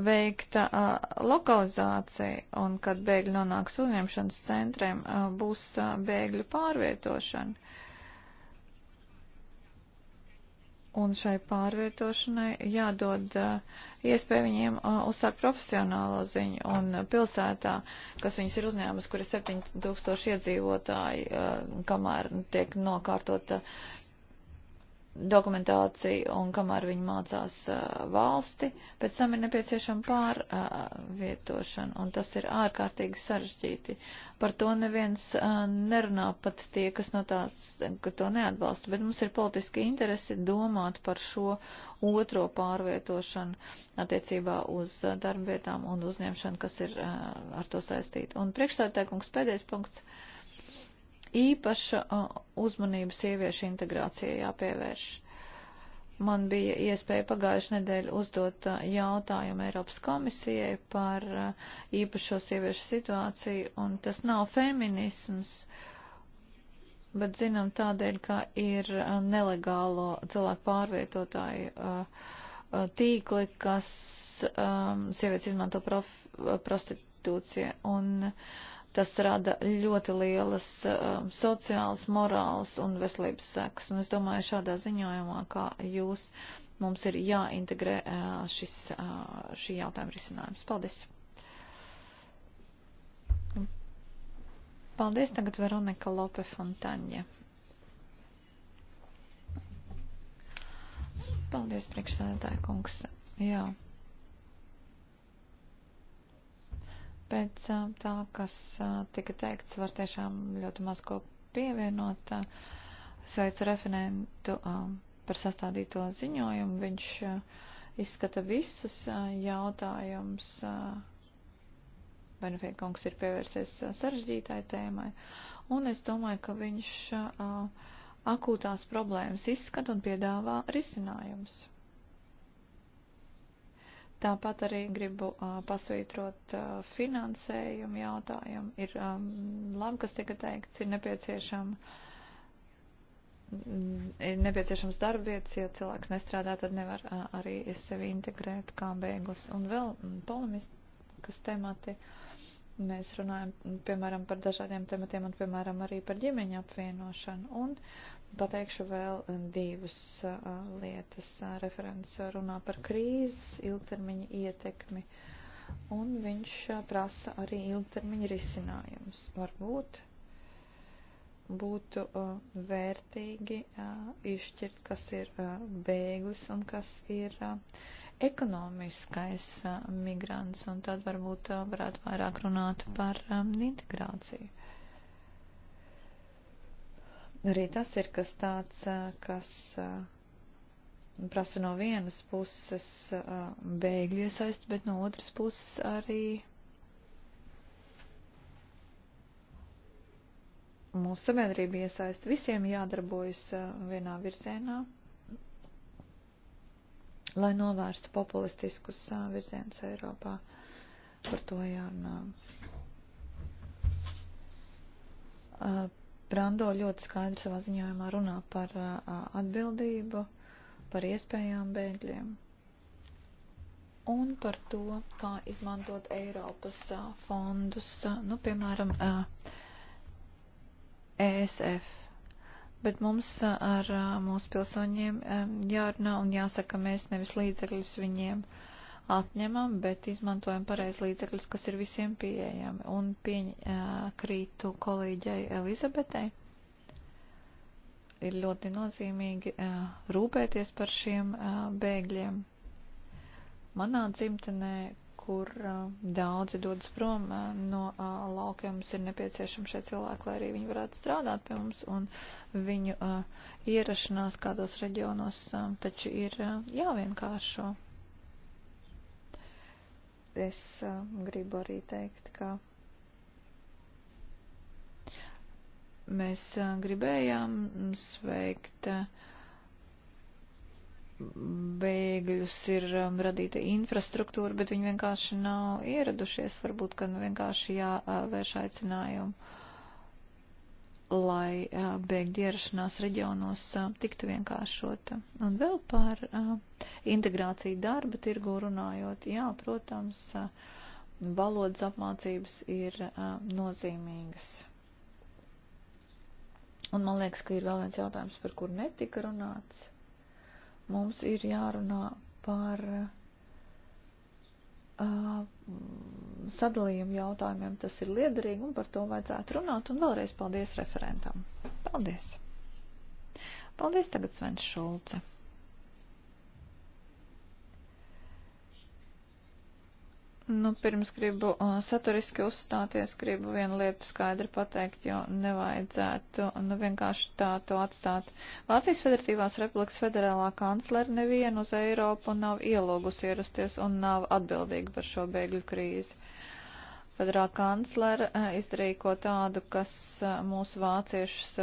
veikta uh, lokalizācija un kad bēgļi nonāks uzņemšanas centriem, uh, būs uh, bēgļu pārvietošana. Un šai pārvietošanai jādod uh, iespēja viņiem uh, uzsākt profesionālo ziņu. Un uh, pilsētā, kas viņas ir uzņēmusi, kur ir 7000 iedzīvotāji, uh, kamēr tiek nokārtota uh, dokumentāciju un kamēr viņi mācās uh, valsti, pēc tam ir nepieciešama pārvietošana, uh, un tas ir ārkārtīgi sarežģīti. Par to neviens uh, nerunā pat tie, kas no tās, ka to neatbalsta, bet mums ir politiski interesi domāt par šo otro pārvietošanu attiecībā uz uh, darbvietām un uzņemšanu, kas ir uh, ar to saistīta. Un priekšstādātājums pēdējais punkts. Uh, īpaša uzmanība sieviešu integrācijai jāpievērš. Man bija iespēja pagājušajā nedēļā uzdot jautājumu Eiropas komisijai par īpašo sieviešu situāciju, un tas nav feminisms, bet zinām tādēļ, ka ir nelegālo cilvēku pārvietotāju tīkli, kas sievietes izmanto prof, prostitūcija. Un, uh, Tas rada ļoti lielas um, sociālas, morālas un veselības sekas. Un es domāju, šādā ziņojumā, kā jūs, mums ir jāintegrē uh, šis, uh, šī jautājuma risinājums. Paldies! Paldies tagad Veronika Lope Fontaņa. Paldies, priekšsēdētāja kungs. Jā. Pēc tā, kas tika teikts, var tiešām ļoti maz ko pievienot. Sveicu referentu par sastādīto ziņojumu. Viņš izskata visus jautājumus. Benefēta nu kungs ir pievērsies sarežģītai tēmai. Un es domāju, ka viņš akūtās problēmas izskata un piedāvā risinājumus. Tāpat arī gribu uh, pasvītrot uh, finansējumu jautājumu. Ir um, labi, kas tika teikts, ir nepieciešama. Ir nepieciešams darbvietas, ja cilvēks nestrādā, tad nevar uh, arī sevi integrēt kā bēglis. Un vēl polemiskas temati. Mēs runājam, piemēram, par dažādiem tematiem un, piemēram, arī par ģimeņa apvienošanu. Un uh, pateikšu vēl eh, divas eh, lietas. Eh, referents runā par krīzes ilgtermiņa ietekmi, un viņš prasa arī ilgtermiņa risinājumus. Varbūt būtu vērtīgi izšķirt, kas ir bēglis un kas ir ekonomiskais migrants, un tad varbūt varētu vairāk runāt par integrāciju. Arī tas ir kas tāds, kas prasa no vienas puses bēgļu iesaist, bet no otras puses arī mūsu sabiedrība iesaist. Visiem jādarbojas vienā virzienā, lai novērstu populistiskus virzienus Eiropā. Par to jārunā Brando ļoti skaidri savā ziņojumā runā par uh, uh, atbildību, par iespējām bēgļiem un par to, kā izmantot Eiropas uh, fondus, nu, piemēram, ESF. Bet mums ar mūsu pilsoņiem um, jārunā un jāsaka, mēs nevis līdzekļus viņiem uh, atņemam, bet izmantojam pareizi līdzekļus, kas ir visiem pieejami. Un piekrītu kolīģei Elizabetei. Ir ļoti nozīmīgi rūpēties par šiem bēgļiem. Manā dzimtenē, kur daudzi dodas prom no laukiem, mums ir nepieciešami šie cilvēki, lai arī viņi varētu strādāt pie mums, un viņu ierašanās kādos reģionos taču ir jāvienkāršo. Es uh, gribu arī teikt, ka mēs uh, gribējām sveikt uh, bēgļus ir um, radīta infrastruktūra, bet viņi vienkārši nav ieradušies, varbūt, ka nu, vienkārši jāvērš aicinājumu lai bēgļu ierašanās reģionos tiktu vienkāršota. Un vēl par integrāciju darba tirgu runājot, jā, protams, valodas apmācības ir nozīmīgas. Un man liekas, ka ir vēl viens jautājums, par kur netika runāts. Mums ir jārunā par uh, sadalījuma jautājumiem tas ir liederīgi un par to vajadzētu runāt. Un vēlreiz paldies referentam. Paldies! Paldies tagad Svens Šulce! Nu, pirms gribu uh, saturiski uzstāties, gribu vienu lietu skaidri pateikt, jo nevajadzētu nu, vienkārši tā to atstāt. Vācijas Federatīvās Republikas federālā kanclere nevienu uz Eiropu nav ielūgusi ierasties un nav atbildīga par šo bēgļu krīzi. Federāla kanclere uh, izdarīja ko tādu, kas uh, mūsu vāciešus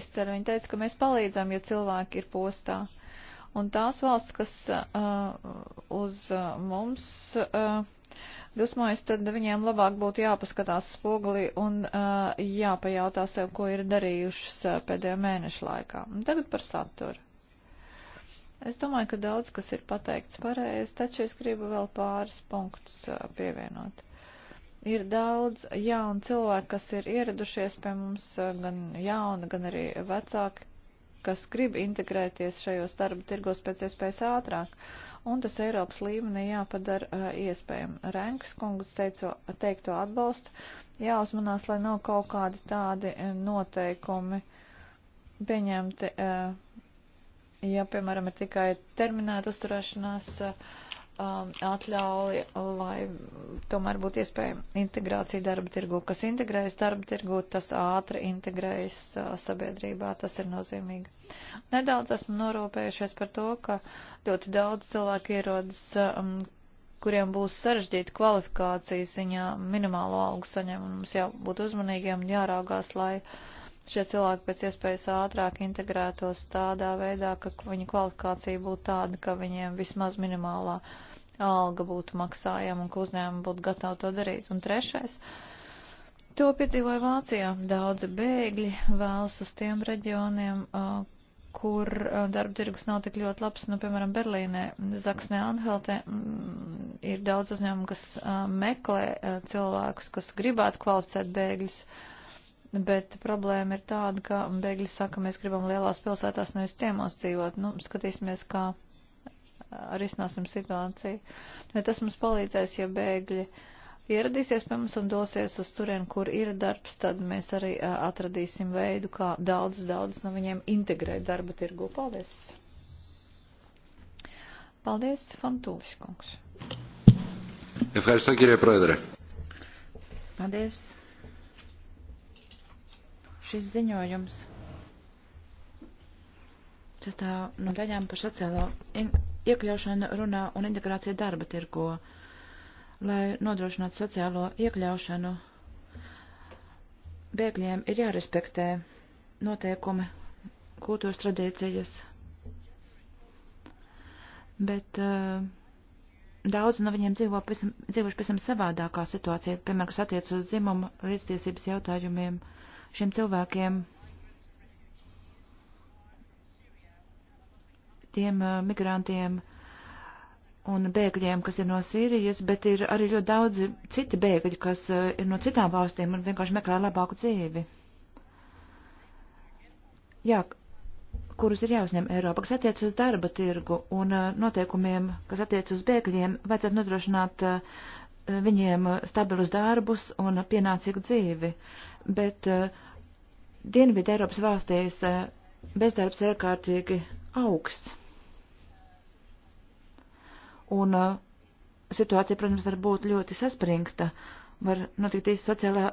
izcer. Viņa teica, ka mēs palīdzam, ja cilvēki ir postā. Un tās valsts, kas uh, uz mums. Uh, dusmojas, tad viņiem labāk būtu jāpaskatās spoguli un uh, jāpajautā sev, ko ir darījušas uh, pēdējo mēnešu laikā. Un tagad par saturu. Es domāju, ka daudz kas ir pateikts pareizi, taču es gribu vēl pāris punktus uh, pievienot. Ir daudz jaunu cilvēku, kas ir ieradušies pie mums, uh, gan jauni, gan arī vecāki, kas grib integrēties šajos darba tirgos pēc iespējas ātrāk. Uh, un tas Eiropas līmenī jāpadara iespējami. Renks kungs teico, teikto atbalstu, jāuzmanās, lai nav kaut kādi tādi noteikumi pieņemti, ja, piemēram, ir tikai terminēta uzturēšanās. Uh, um, atļauja, lai tomēr būtu iespēja integrācija darba tirgu. Kas integrējas darba tirgu, tas ātri integrējas uh, sabiedrībā, tas ir nozīmīgi. Nedaudz esmu norūpējušies par to, ka ļoti daudz cilvēku ierodas, um, kuriem būs sarežģīta kvalifikācija ziņā minimālo algu saņem, un mums jābūt uzmanīgiem un jāraugās, lai šie cilvēki pēc iespējas ātrāk integrētos tādā veidā, ka viņa kvalifikācija būtu tāda, ka viņiem vismaz minimālā uh, alga būtu maksājama un ka uzņēmumi būtu gatavi to darīt. Un trešais. To piedzīvoja Vācijā. Daudzi bēgļi vēlas uz tiem reģioniem, kur darba tirgus nav tik ļoti labs. Nu, piemēram, Berlīnē, Zaksnē, Anheltē mm, ir daudz uzņēmumu, kas meklē cilvēkus, kas gribētu kvalificēt bēgļus. Bet problēma ir tāda, ka bēgļi saka, mēs gribam lielās pilsētās nevis ciemos dzīvot. Nu, skatīsimies, kā. Ka risināsim situāciju. Jo nu, tas mums palīdzēs, ja bēgļi ieradīsies pie mums un dosies uz turien, kur ir darbs, tad mēs arī atradīsim veidu, kā daudz, daudz no viņiem integrēt darba tirgu. Paldies! Paldies, Fantūlis kungs! Ευχαριστώ κύριε Πρόεδρε. Paldies. Šis ziņojums sastāv no daļām par sociālo iekļaušanu runā un integrāciju darba tirko, lai nodrošinātu sociālo iekļaušanu. Bēgļiem ir jārespektē noteikumi, kultūras tradīcijas, bet uh, daudz no viņiem dzīvo pavisam, dzīvoši pavisam savādākā situācija, piemēram, kas attiec uz dzimumu līdztiesības jautājumiem. Šiem cilvēkiem tiem uh, migrantiem un bēgļiem, kas ir no Sīrijas, bet ir arī ļoti daudzi citi bēgļi, kas uh, ir no citām valstīm un vienkārši meklē labāku dzīvi. Jā, kurus ir jāuzņem Eiropa, kas attiec uz darba tirgu un uh, noteikumiem, kas attiec uz bēgļiem, vajadzētu nodrošināt viņiem stabilus darbus un pienācīgu dzīvi. Bet Dienvidu Eiropas valstīs bezdarbs ir ārkārtīgi augsts Un uh, situācija, protams, var būt ļoti saspringta, var notikt īsti sociālā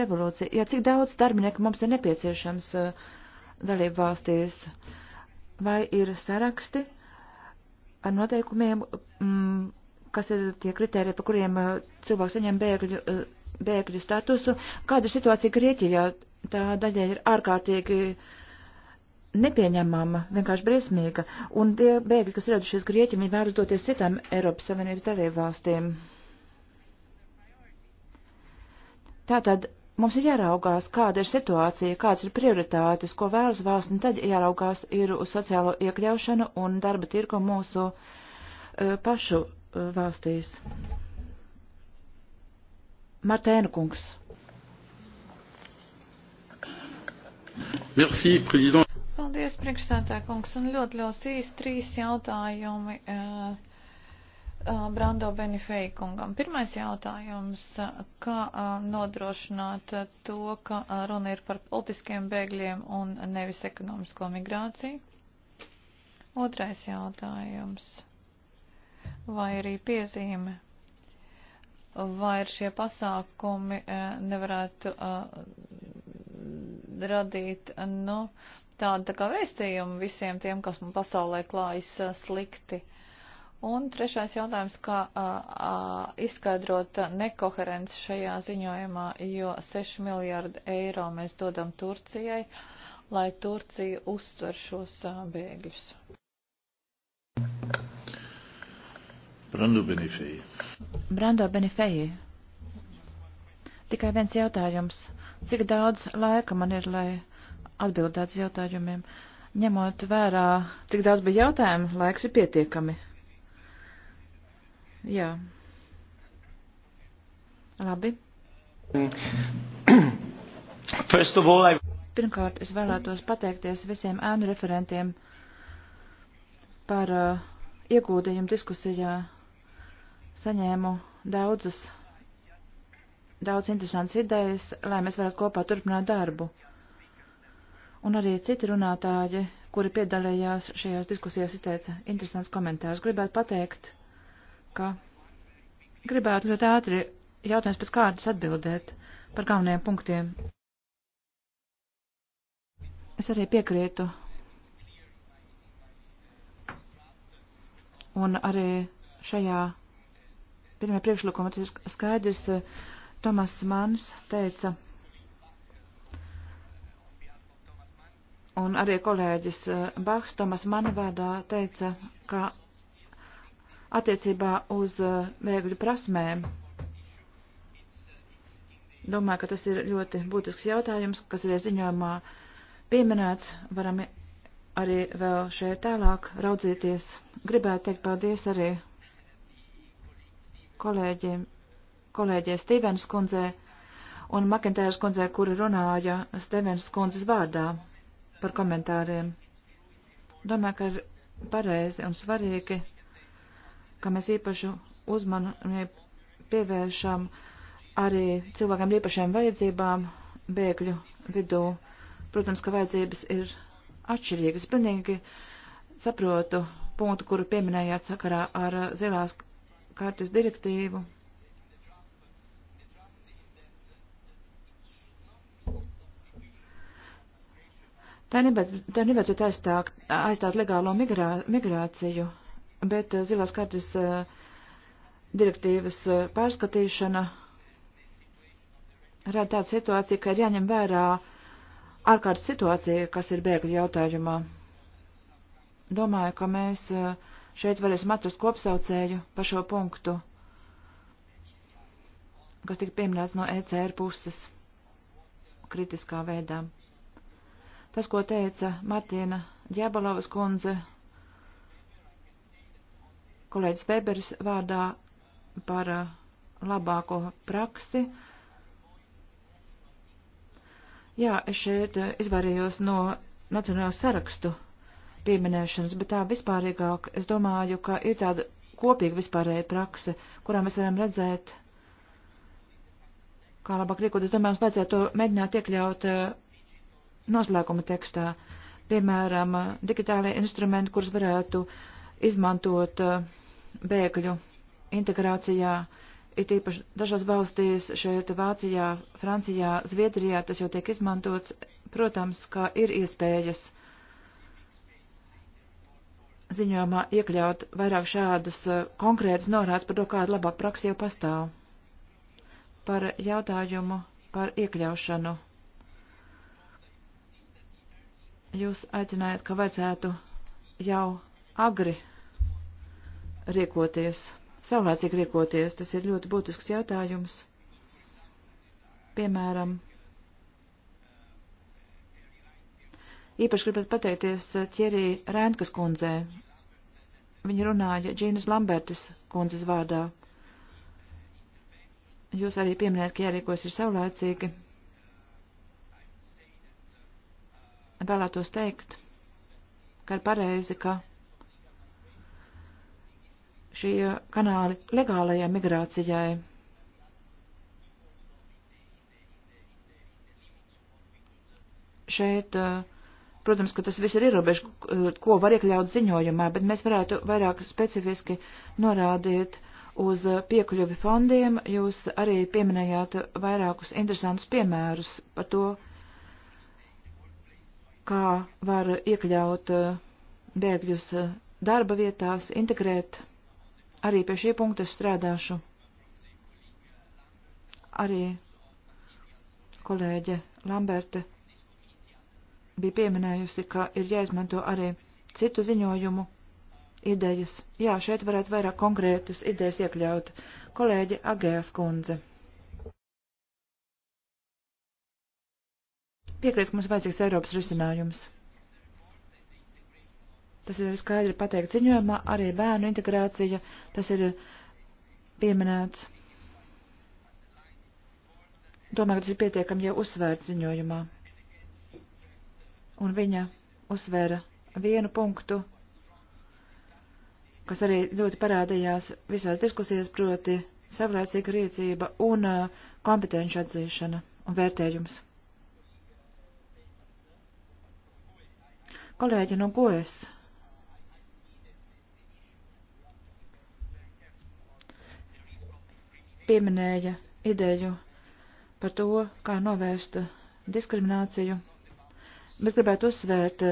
revolūcija. Ja cik daudz darbinieku mums ir nepieciešams uh, dalību valstīs, vai ir saraksti ar noteikumiem, mm, kas ir tie kriteriji, pa kuriem uh, cilvēks saņem bēgļu, uh, bēgļu statusu, kāda ir situācija Grieķijā, tā daļai ir ārkārtīgi. Uh, nepieņemama, vienkārši briesmīga, un tie bēgļi, kas ieradušies Grieķiem, viņi vēlas doties citām Eiropas Savienības dalībvalstīm. Tātad mums ir jāraugās, kāda ir situācija, kādas ir prioritātes, ko vēlas valsts, un tad jāraugās ir uz sociālo iekļaušanu un darba tirko mūsu uh, pašu uh, valstīs. Martēna kungs. Merci, président. Paldies, priekšsētāja kungs, un ļoti ļoti īsti trīs jautājumi uh, uh, Brando Benifei kungam. Pirmais jautājums, eh, kā uh, nodrošināt to, ka runa ir par politiskiem bēgļiem un nevis ekonomisko migrāciju? Otrais jautājums, vai arī piezīme, vai ir šie pasākumi nevarētu radīt, nu, tādu tā kā vēstījumu visiem tiem, kas man pasaulē klājas slikti. Un trešais jautājums, kā a, a, izskaidrot nekoherents šajā ziņojumā, jo 6 miljārdi eiro mēs dodam Turcijai, lai Turcija uztver šos a, bēgļus. Brando Benefeji. Brando Benefeji. Tikai viens jautājums. Cik daudz laika man ir, lai atbildēt uz jautājumiem. Ņemot vērā, cik daudz bija jautājumu, laiks ir pietiekami. Jā. Labi. All, I... Pirmkārt, es vēlētos pateikties visiem ēnu referentiem par uh, iegūdījumu diskusijā. Saņēmu daudzas, daudz interesantas idejas, lai mēs varētu kopā turpināt darbu un arī citi runātāji, kuri piedalījās šajās diskusijās, izteica interesants komentārs. Gribētu pateikt, ka gribētu ļoti ātri jautājums pēc kārtas atbildēt par galvenajiem punktiem. Es arī piekrītu. Un arī šajā pirmajā priekšlikumā tas skaidrs Tomas Mans teica, un arī kolēģis eh, Baks Tomas Manvārdā teica, ka attiecībā uz eh, bēgļu prasmēm, domāju, ka tas ir ļoti būtisks jautājums, kas arī ziņojumā pieminēts, varam arī vēl šeit tālāk raudzīties. Gribētu teikt paldies arī kolēģiem, kolēģiem Stīvens kundzei un Makintēras kundzei, kuri runāja Stevens kundzes vārdā par komentāriem. Domāju, ka ir pareizi un svarīgi, ka mēs īpašu uzmanību pievēršam arī cilvēkiem ar īpašām vajadzībām bēgļu vidū. Protams, ka vajadzības ir atšķirīgas. Pilnīgi saprotu punktu, kuru pieminējāt sakarā ar zilās kārtas direktīvu Tā, nebēc, tā nebeidzot aizstāt, aizstāt legālo migrā, migrāciju, bet eh, zilās kartes eh, direktīvas eh, pārskatīšana rada tādu situāciju, ka ir jāņem vērā ārkārtas situācija, kas ir bēgļu jautājumā. Domāju, ka mēs šeit varēsim atrast kopsaucēju par šo punktu, kas tika pieminēts no ECR puses kritiskā veidā. Tas, ko teica Martina Ģebalovas kundze, kolēģis Weberis vārdā par uh, labāko praksi. Jā, es šeit uh, izvairījos no nacionālo sarakstu pieminēšanas, bet tā vispārīgāk es domāju, ka ir tāda kopīga vispārēja prakse, kurā mēs varam redzēt, kā labāk rīkot. Es domāju, mums vajadzētu to mēģināt iekļaut uh, noslēguma tekstā, piemēram, digitālie instrumenti, kurus varētu izmantot eh, bēgļu integrācijā, it īpaši dažās valstīs, šeit Vācijā, Francijā, Zviedrijā tas jau tiek izmantots, protams, kā ir iespējas ziņojumā iekļaut vairāk šādas eh, konkrētas norādes par to, kāda labāk praksa jau pastāv. Par jautājumu par iekļaušanu Jūs aicinājāt, ka vajadzētu jau agri riekoties, saulēcīgi riekoties. Tas ir ļoti būtisks jautājums. Piemēram, īpaši gribētu pateikties Ķerī Rēnkas kundzē. Viņa runāja Džīnas Lambertas kundzes vārdā. Jūs arī pieminējat, ka jārīkos ir saulēcīgi. vēlētos teikt, ka ir pareizi, ka šie kanāli legālajai migrācijai šeit, eh, protams, ka tas viss ir ierobežs, eh, ko var iekļaut ziņojumā, bet mēs varētu vairāk specifiski norādīt uz piekļuvi fondiem. Jūs arī pieminējāt vairākus interesantus piemērus par to, kā var iekļaut eh, bēgļus eh, darba vietās, integrēt. Arī pie šī punkta strādāšu. Arī kolēģe Lamberte bija pieminējusi, ka ir jāizmanto arī citu ziņojumu idejas. Jā, šeit varētu vairāk konkrētas idejas iekļaut. Kolēģe Agējas kundze. Piekrīt, ka mums vajadzīgs Eiropas risinājums. Tas ir skaidri pateikt ziņojumā, arī bērnu integrācija, tas ir pieminēts. Domāju, ka tas ir pietiekami jau uzsvērts ziņojumā. Un viņa uzsvēra vienu punktu, kas arī ļoti parādījās visās diskusijās, proti savlaicīga rīcība un uh, kompetenci atzīšana un vērtējums. Kolēģi no Gojas. Pieminēja ideju par to, kā novērst diskrimināciju, bet gribētu uzsvērt,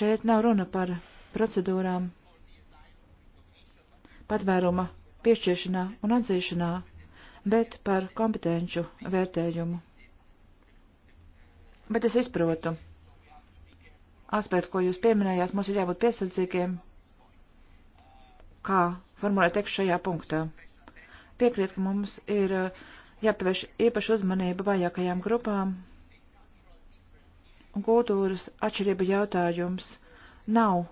šeit nav runa par procedūrām patvēruma piešķiršanā un atzīšanā, bet par kompetenču vērtējumu. Bet es izprotu, aspektu, ko jūs pieminējāt, mums ir jābūt piesardzīgiem, kā formulēt tekstu šajā punktā. Piekrīt, ka mums ir uh, jāpievērš īpaša uzmanība vajākajām grupām, un kultūras atšķirība jautājums nav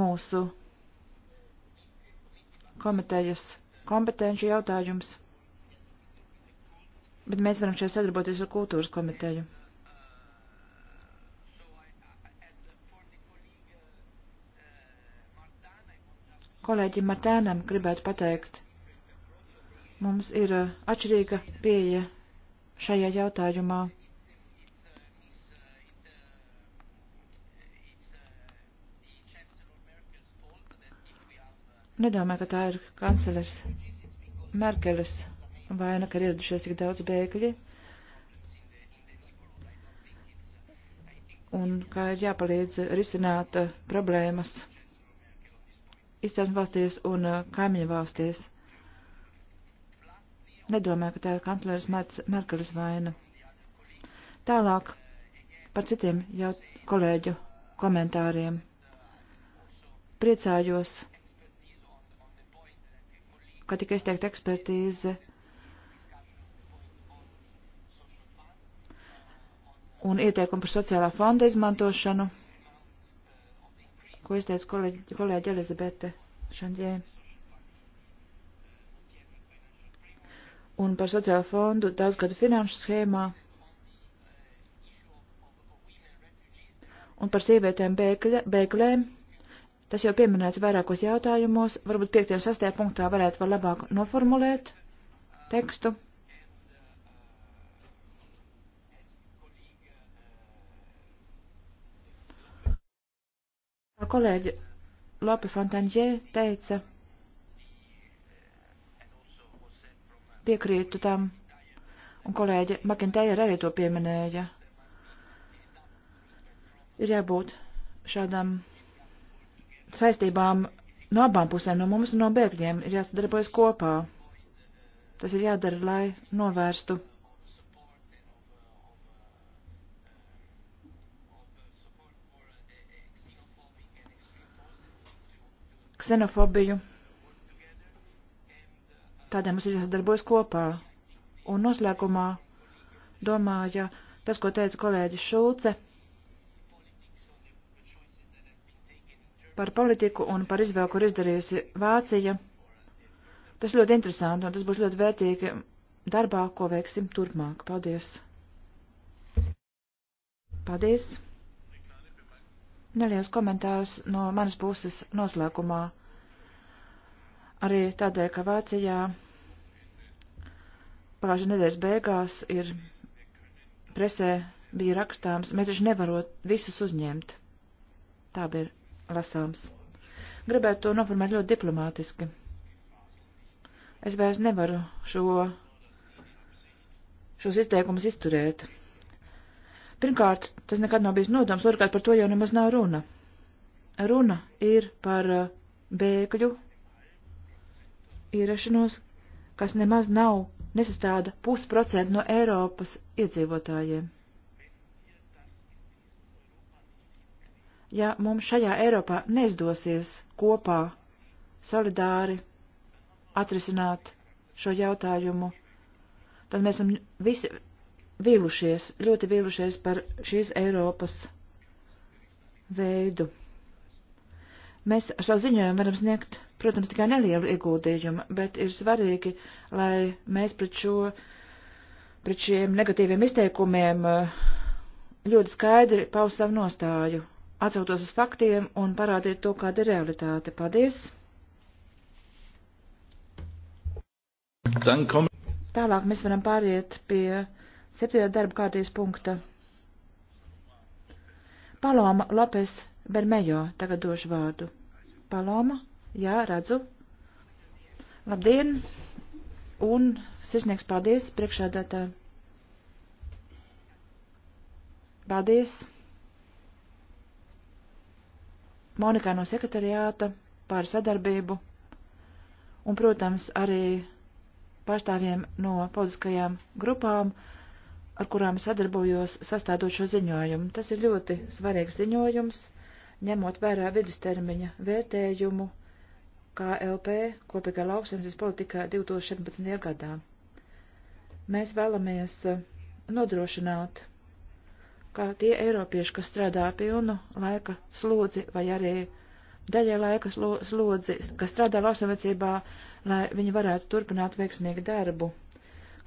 mūsu komitejas kompetenci jautājums, bet mēs varam šeit sadarboties ar kultūras komiteju. kolēģim Martēnam gribētu pateikt. Mums ir uh, atšķirīga pieeja šajā jautājumā. Nedomāju, ka tā ir kanclers Merkeles vaina, ka ir ieradušies tik daudz bēgļi. Un kā ir jāpalīdz risināt uh, problēmas izcelsmes valstīs un uh, kaimiņu valstīs. Nedomāju, ka tā ir kancleris Merkelis vaina. Nu. Tālāk par citiem jau kolēģu komentāriem. Priecājos, ka tika izteikta ekspertīze un ieteikumi par sociālā fonda izmantošanu ko izteica kolēģi, kolēģi Elizabete Šandjē. Un par sociālo fondu daudzgadu finanšu schēmā. Un par sievietēm bēglēm. Tas jau pieminēts vairākos jautājumos. Varbūt 5. un 6. punktā varētu vēl labāk noformulēt tekstu. Kolēģi Lope Fontanģē teica, piekrītu tam, un kolēģi Makintēja arī to pieminēja. Ir jābūt šādām saistībām no abām pusēm, no mums un no bēgļiem, ir jāsadarbojas kopā. Tas ir jādara, lai novērstu ksenofobiju. Tādēļ mums ir jāsadarbojas kopā. Un noslēgumā domāja tas, ko teica kolēģis Šulce par politiku un par izvēlu, kur izdarījusi Vācija. Tas ļoti interesanti un tas būs ļoti vērtīgi darbā, ko veiksim turpmāk. Paldies! Paldies! Neliels komentārs no manas puses noslēgumā. Arī tādēļ, ka Vācijā pagājušā nedēļas beigās ir presē bija rakstāms, mēs taču nevarot visus uzņemt. Tā bija lasāms. Gribētu to noformēt ļoti diplomātiski. Es vairs nevaru šo, šos izteikumus izturēt. Pirmkārt, tas nekad nav bijis nodoms, otrkārt par to jau nemaz nav runa. Runa ir par uh, bēgļu ierašanos, kas nemaz nav nesastāda pusprocentu no Eiropas iedzīvotājiem. Ja mums šajā Eiropā neizdosies kopā solidāri atrisināt šo jautājumu, tad mēs esam visi vīlušies, ļoti vīlušies par šīs Eiropas veidu. Mēs ar savu ziņojumu varam sniegt, protams, tikai nelielu ieguldījumu, bet ir svarīgi, lai mēs pret šo, pret šiem negatīviem izteikumiem eh, ļoti skaidri paus savu nostāju, atsautos uz faktiem un parādīt to, kāda ir realitāte. Paldies! Tālāk mēs varam pāriet pie septītā darba kārtības punkta. Paloma Lopes Bermejo, tagad došu vārdu. Paloma, jā, redzu. Labdien, un sisnieks paldies priekšādātā. Paldies. Monikā no sekretariāta par sadarbību un, protams, arī pārstāvjiem no politiskajām grupām ar kurām sadarbojos sastādot šo ziņojumu. Tas ir ļoti svarīgs ziņojums, ņemot vērā vidustermiņa vērtējumu KLP kopīgā lauksaimniecības politikā 2017. gadā. Mēs vēlamies eh, nodrošināt, kā tie eiropieši, kas strādā pilnu laika slodzi vai arī daļai laika slodzi, kas strādā lauksaimniecībā, lai viņi varētu turpināt veiksmīgu darbu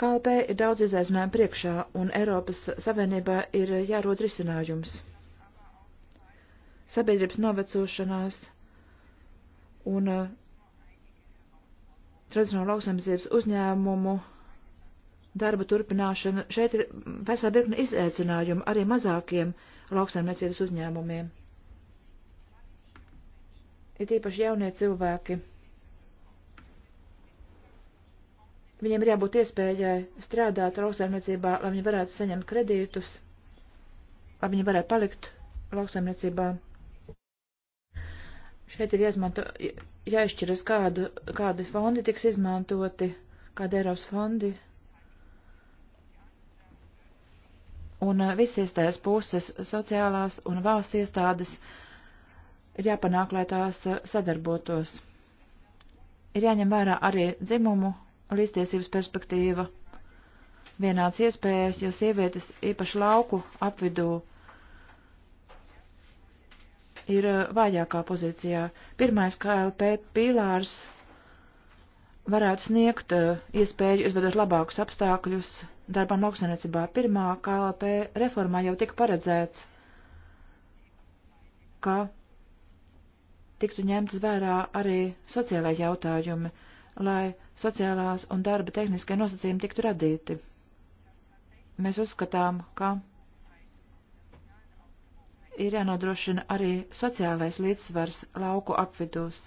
KLP ir daudz izaicinājumu priekšā, un Eiropas Savienībā ir jārod risinājums. Sabiedrības novecošanās un uh, tradicionālo lauksaimniecības uzņēmumu darba turpināšana. Šeit ir vesela virkne izaicinājumu arī mazākiem lauksaimniecības uzņēmumiem. Ir tīpaši jaunie cilvēki Viņiem ir jābūt iespējai strādāt lauksaimniecībā, lai viņi varētu saņemt kredītus, lai viņi varētu palikt lauksaimniecībā. Šeit ir jāizmanto, jāizšķiras, kādu, kādi fondi tiks izmantoti, kādi Eiropas fondi. Un eh, visi iestājas puses, sociālās un valsts iestādes, ir jāpanāk, lai tās eh, sadarbotos. Ir jāņem vērā arī dzimumu līdztiesības perspektīva, vienāds iespējas, jo sievietes īpaši lauku apvidū ir eh, vājākā pozīcijā. Pirmais KLP pīlārs varētu sniegt eh, iespēju izvedot labākus apstākļus darbam lauksainiecībā. Pirmā KLP reformā jau tika paredzēts, ka tiktu ņemtas vērā arī sociālai jautājumi lai sociālās un darba tehniskie nosacījumi tiktu radīti. Mēs uzskatām, ka ir jānodrošina arī sociālais līdzsvars lauku apvidos.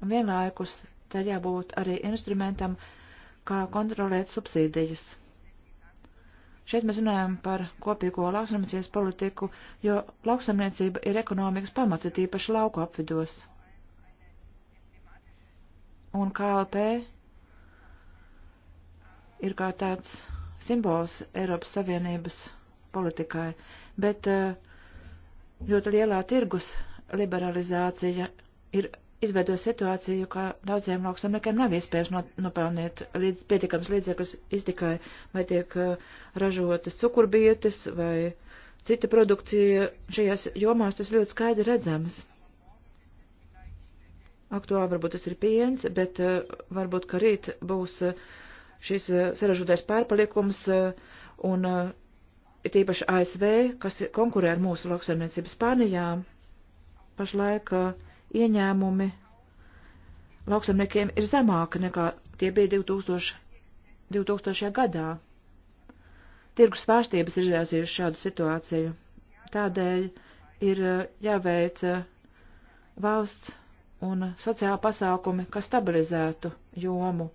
Un vienlaikus te ir jābūt arī instrumentam, kā kontrolēt subsīdijas. Šeit mēs runājam par kopīgo lauksamniecības politiku, jo lauksamniecība ir ekonomikas pamats, tīpaši lauku apvidos un KLP ir kā tāds simbols Eiropas Savienības politikai, bet eh, ļoti lielā tirgus liberalizācija ir izveido situāciju, ka daudziem lauksamniekiem nav iespējas nopelnīt līdz, pietiekams līdzekļus iztikai, vai tiek eh, ražotas cukurbietes vai cita produkcija. Šajās jomās tas ļoti skaidri redzams aktuāli varbūt tas ir piens, bet eh, varbūt, ka rīt būs eh, šis eh, sarežģītais pārpalikums un ir tīpaši ASV, kas konkurē ar mūsu lauksaimniecību Spānijā, pašlaik ieņēmumi lauksaimniekiem ir zemāki nekā tie bija 2000, 2000. gadā. Tirgus svārstības ir izraisījuši šādu situāciju. Tādēļ ir jāveic valsts un sociāla pasākumi, kas stabilizētu jomu.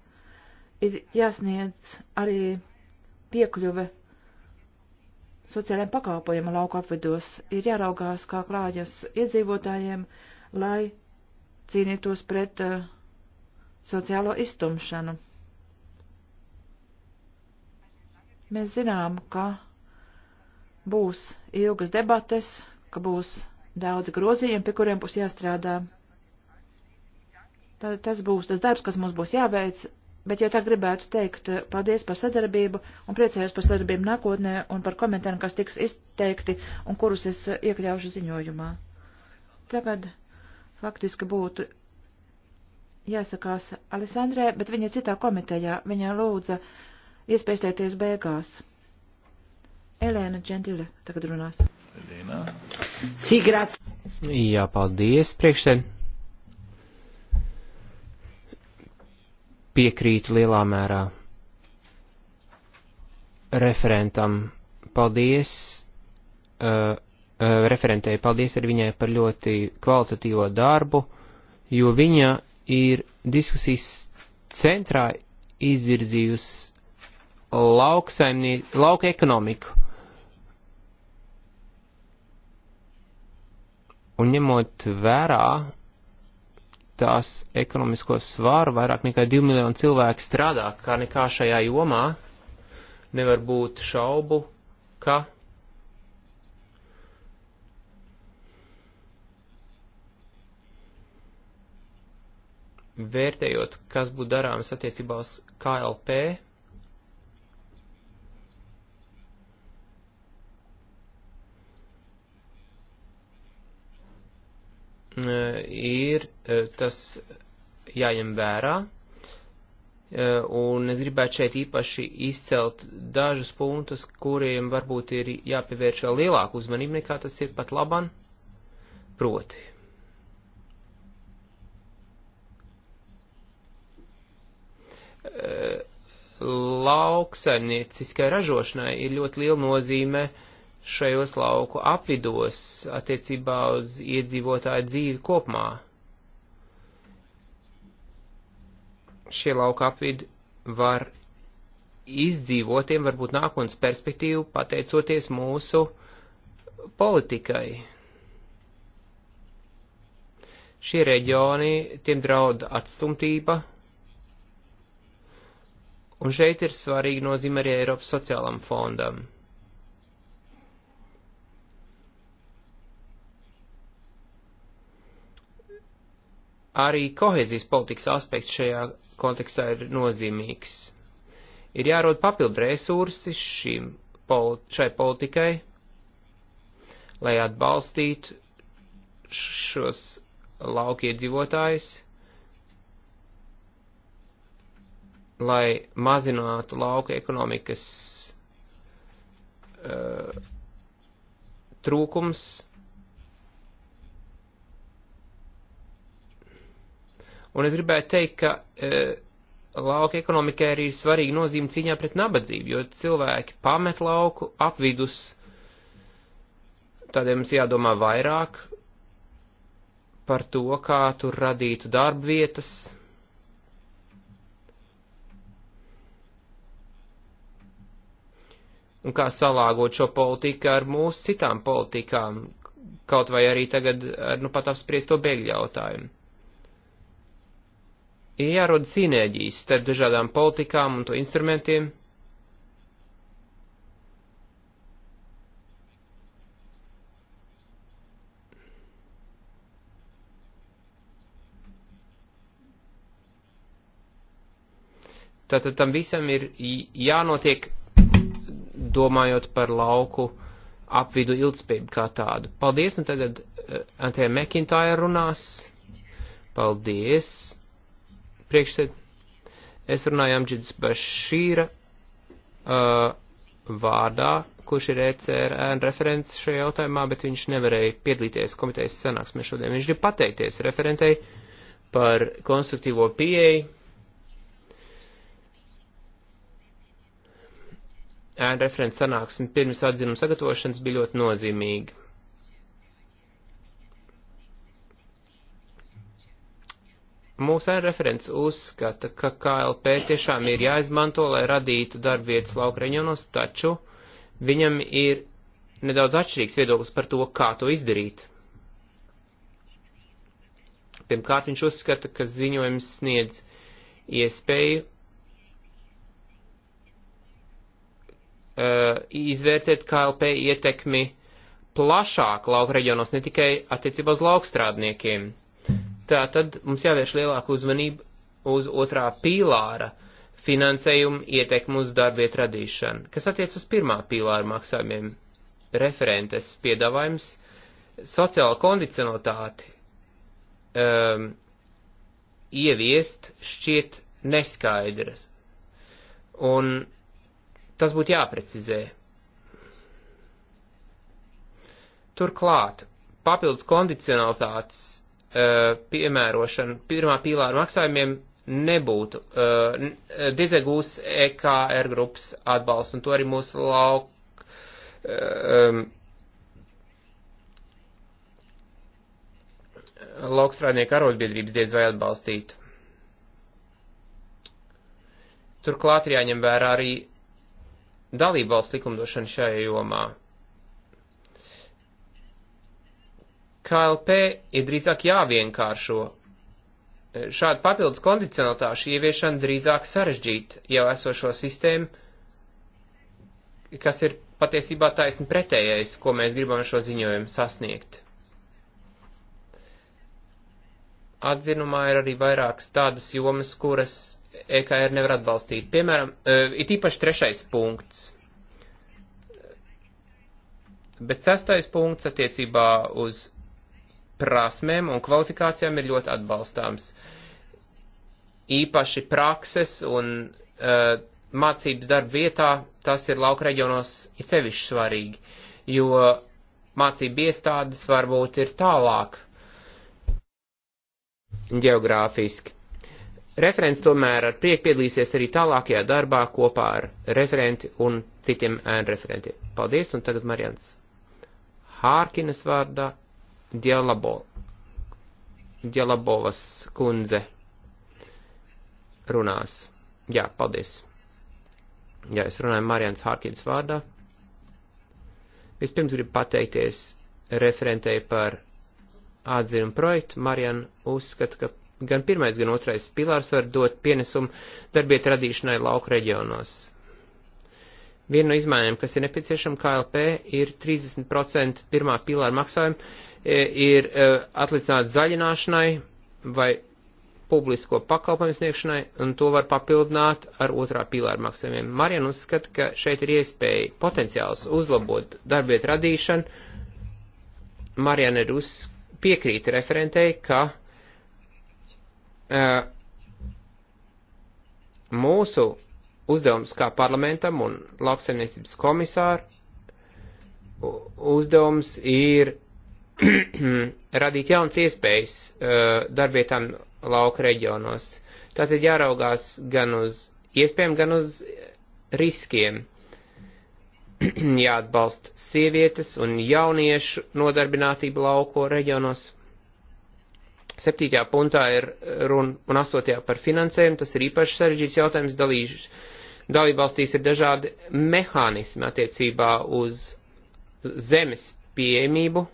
Ir jāsniedz arī piekļuve sociālajiem pakalpojumiem lauku apvidos. Ir jāraugās, kā klājas iedzīvotājiem, lai cīnītos pret uh, sociālo iztumšanu. Mēs zinām, ka būs ilgas debates, ka būs daudz grozījumu, pie kuriem būs jāstrādā Tad tas būs tas darbs, kas mums būs jāveic, bet jau tā gribētu teikt eh, paldies par sadarbību un priecājos par sadarbību nākotnē un par komentāriem, kas tiks izteikti un kurus es eh, iekļaušu ziņojumā. Tagad faktiski būtu jāsakās Alisandrē, bet viņa citā komitejā, viņa lūdza iespēstēties beigās. Elēna Džentile tagad runās. Elēna. Sīgrāts. Jā, paldies, priekšsēdētāji. piekrītu lielā mērā referentam. Paldies! Uh, uh, referentēji paldies ar viņai par ļoti kvalitatīvo darbu, jo viņa ir diskusijas centrā izvirzījusi lauka ekonomiku. Un ņemot vērā tās ekonomisko svāru, vairāk nekā 2 miljonu cilvēku strādā, kā nekā šajā jomā, nevar būt šaubu, ka vērtējot, kas būtu darāms attiecībā uz KLP, Eh, ir eh, tas jāņem vērā. Eh, un es gribētu šeit īpaši izcelt dažus punktus, kuriem varbūt ir jāpievērš vēl lielāku uzmanību nekā tas ir pat laban. Proti. Lauksaimnieciskai ražošanai ir ļoti liela nozīme uh, šajos lauku apvidos attiecībā uz iedzīvotāju dzīvi kopumā. Šie lauka apvidi var izdzīvotiem varbūt nākotnes perspektīvu pateicoties mūsu politikai. Šie reģioni, tiem draud atstumtība, un šeit ir svarīgi nozīme arī Eiropas sociālam fondam. Arī kohēzijas politikas aspekts šajā kontekstā ir nozīmīgs. Ir jārod papildu resursi šim, šai politikai, lai atbalstītu šos laukiedzīvotājus, lai mazinātu lauka ekonomikas uh, trūkums Un es gribēju teikt, ka e, lauka ekonomikai arī ir svarīga nozīme cīņā pret nabadzību, jo cilvēki pamet lauku apvidus. Tādēļ mums jādomā vairāk par to, kā tur radītu darba vietas. Un kā salāgot šo politiku ar mūsu citām politikām, kaut vai arī tagad ar nu pat apspriesto bēgļu jautājumu ir jārod sinēģijas starp dažādām politikām un to instrumentiem. Tātad tam visam ir jānotiek domājot par lauku apvidu ilgspējību kā tādu. Paldies, un tagad eh, Antēna Mekintāja runās. Paldies! priekšsēd. Es runāju Amģids Bašīra uh, vārdā, kurš ir ECR referents šajā jautājumā, bet viņš nevarēja piedalīties komitejas sanāksmē šodien. Viņš grib pateikties referentei par konstruktīvo pieeju. Ēn referents sanāksme pirms atzinuma sagatavošanas bija ļoti nozīmīga. Mūsu referents uzskata, ka KLP tiešām ir jāizmanto, lai radītu darbvietas laukreņonos, taču viņam ir nedaudz atšķirīgs viedoklis par to, kā to izdarīt. Pirmkārt, viņš uzskata, ka ziņojums sniedz iespēju uh, izvērtēt KLP ietekmi plašāk lauka reģionos, ne tikai attiecībā uz laukstrādniekiem. Tā tad mums jāvērš lielāku uzmanību uz otrā pīlāra finansējumu ietekmu uz darbiet radīšanu, kas attiec uz pirmā pīlāra maksājumiem. Referentes piedāvājums sociāla kondicionalitāti um, ieviest šķiet neskaidrs. Un tas būtu jāprecizē. Turklāt, papildus kondicionalitātes Uh, piemērošana pirmā pīlāra maksājumiem nebūtu uh, uh dizegūs EKR grupas atbalsts, un to arī mūsu lauk. Uh, um, Laukstrādnieku arotbiedrības diez vai atbalstītu. Turklāt ir jāņem vērā arī dalībvalsts likumdošana šajā jomā. KLP ir drīzāk jāvienkāršo. E, šāda papildus kondicionalitāšu ieviešana drīzāk sarežģīt jau esošo sistēmu, kas ir patiesībā taisni pretējais, ko mēs gribam ar šo ziņojumu sasniegt. Atzinumā ir arī vairākas tādas jomas, kuras EKR nevar atbalstīt. Piemēram, e, ir īpaši trešais punkts bet sastais punkts attiecībā uz prasmēm un kvalifikācijām ir ļoti atbalstāms. Īpaši prakses un uh, mācības darba vietā tas ir lauka reģionos it sevišķi svarīgi, jo mācību iestādes varbūt ir tālāk geogrāfiski. Referents tomēr ar prieku piedalīsies arī tālākajā darbā kopā ar referenti un citiem ēnu referentiem. Paldies, un tagad Marians Hārkinas vārdā Dialabo, Dialabovas kundze runās. Jā, paldies. Jā, es runāju Marijans Hārkins vārdā. Vispirms gribu pateikties referentei par atzinumu projektu. Marijan uzskata, ka gan pirmais, gan otrais pilārs var dot pienesumu darbiet radīšanai lauku reģionos. Viena no izmaiņām, kas ir nepieciešama KLP, ir 30% pirmā pilāra maksājuma E, ir e, atlicināts zaļināšanai vai publisko pakalpojumu sniegšanai, un to var papildināt ar otrā pīlāra maksājumiem. Marian uzskata, ka šeit ir iespēja potenciāls uzlabot darbiet radīšanu. Marian ir uz, piekrīt referentei, ka uh, mūsu uzdevums kā parlamentam un lauksaimniecības komisāru uzdevums ir radīt jauns iespējas uh, darbietām lauka reģionos. Tātad jāraugās gan uz iespējām, gan uz riskiem. Jāatbalsta sievietes un jauniešu nodarbinātību lauko reģionos. Septītajā punktā ir runa un astotajā par finansējumu. Tas ir īpaši sarežģīts jautājums. Dalīž, dalībvalstīs ir dažādi mehānismi attiecībā uz zemes pieejamību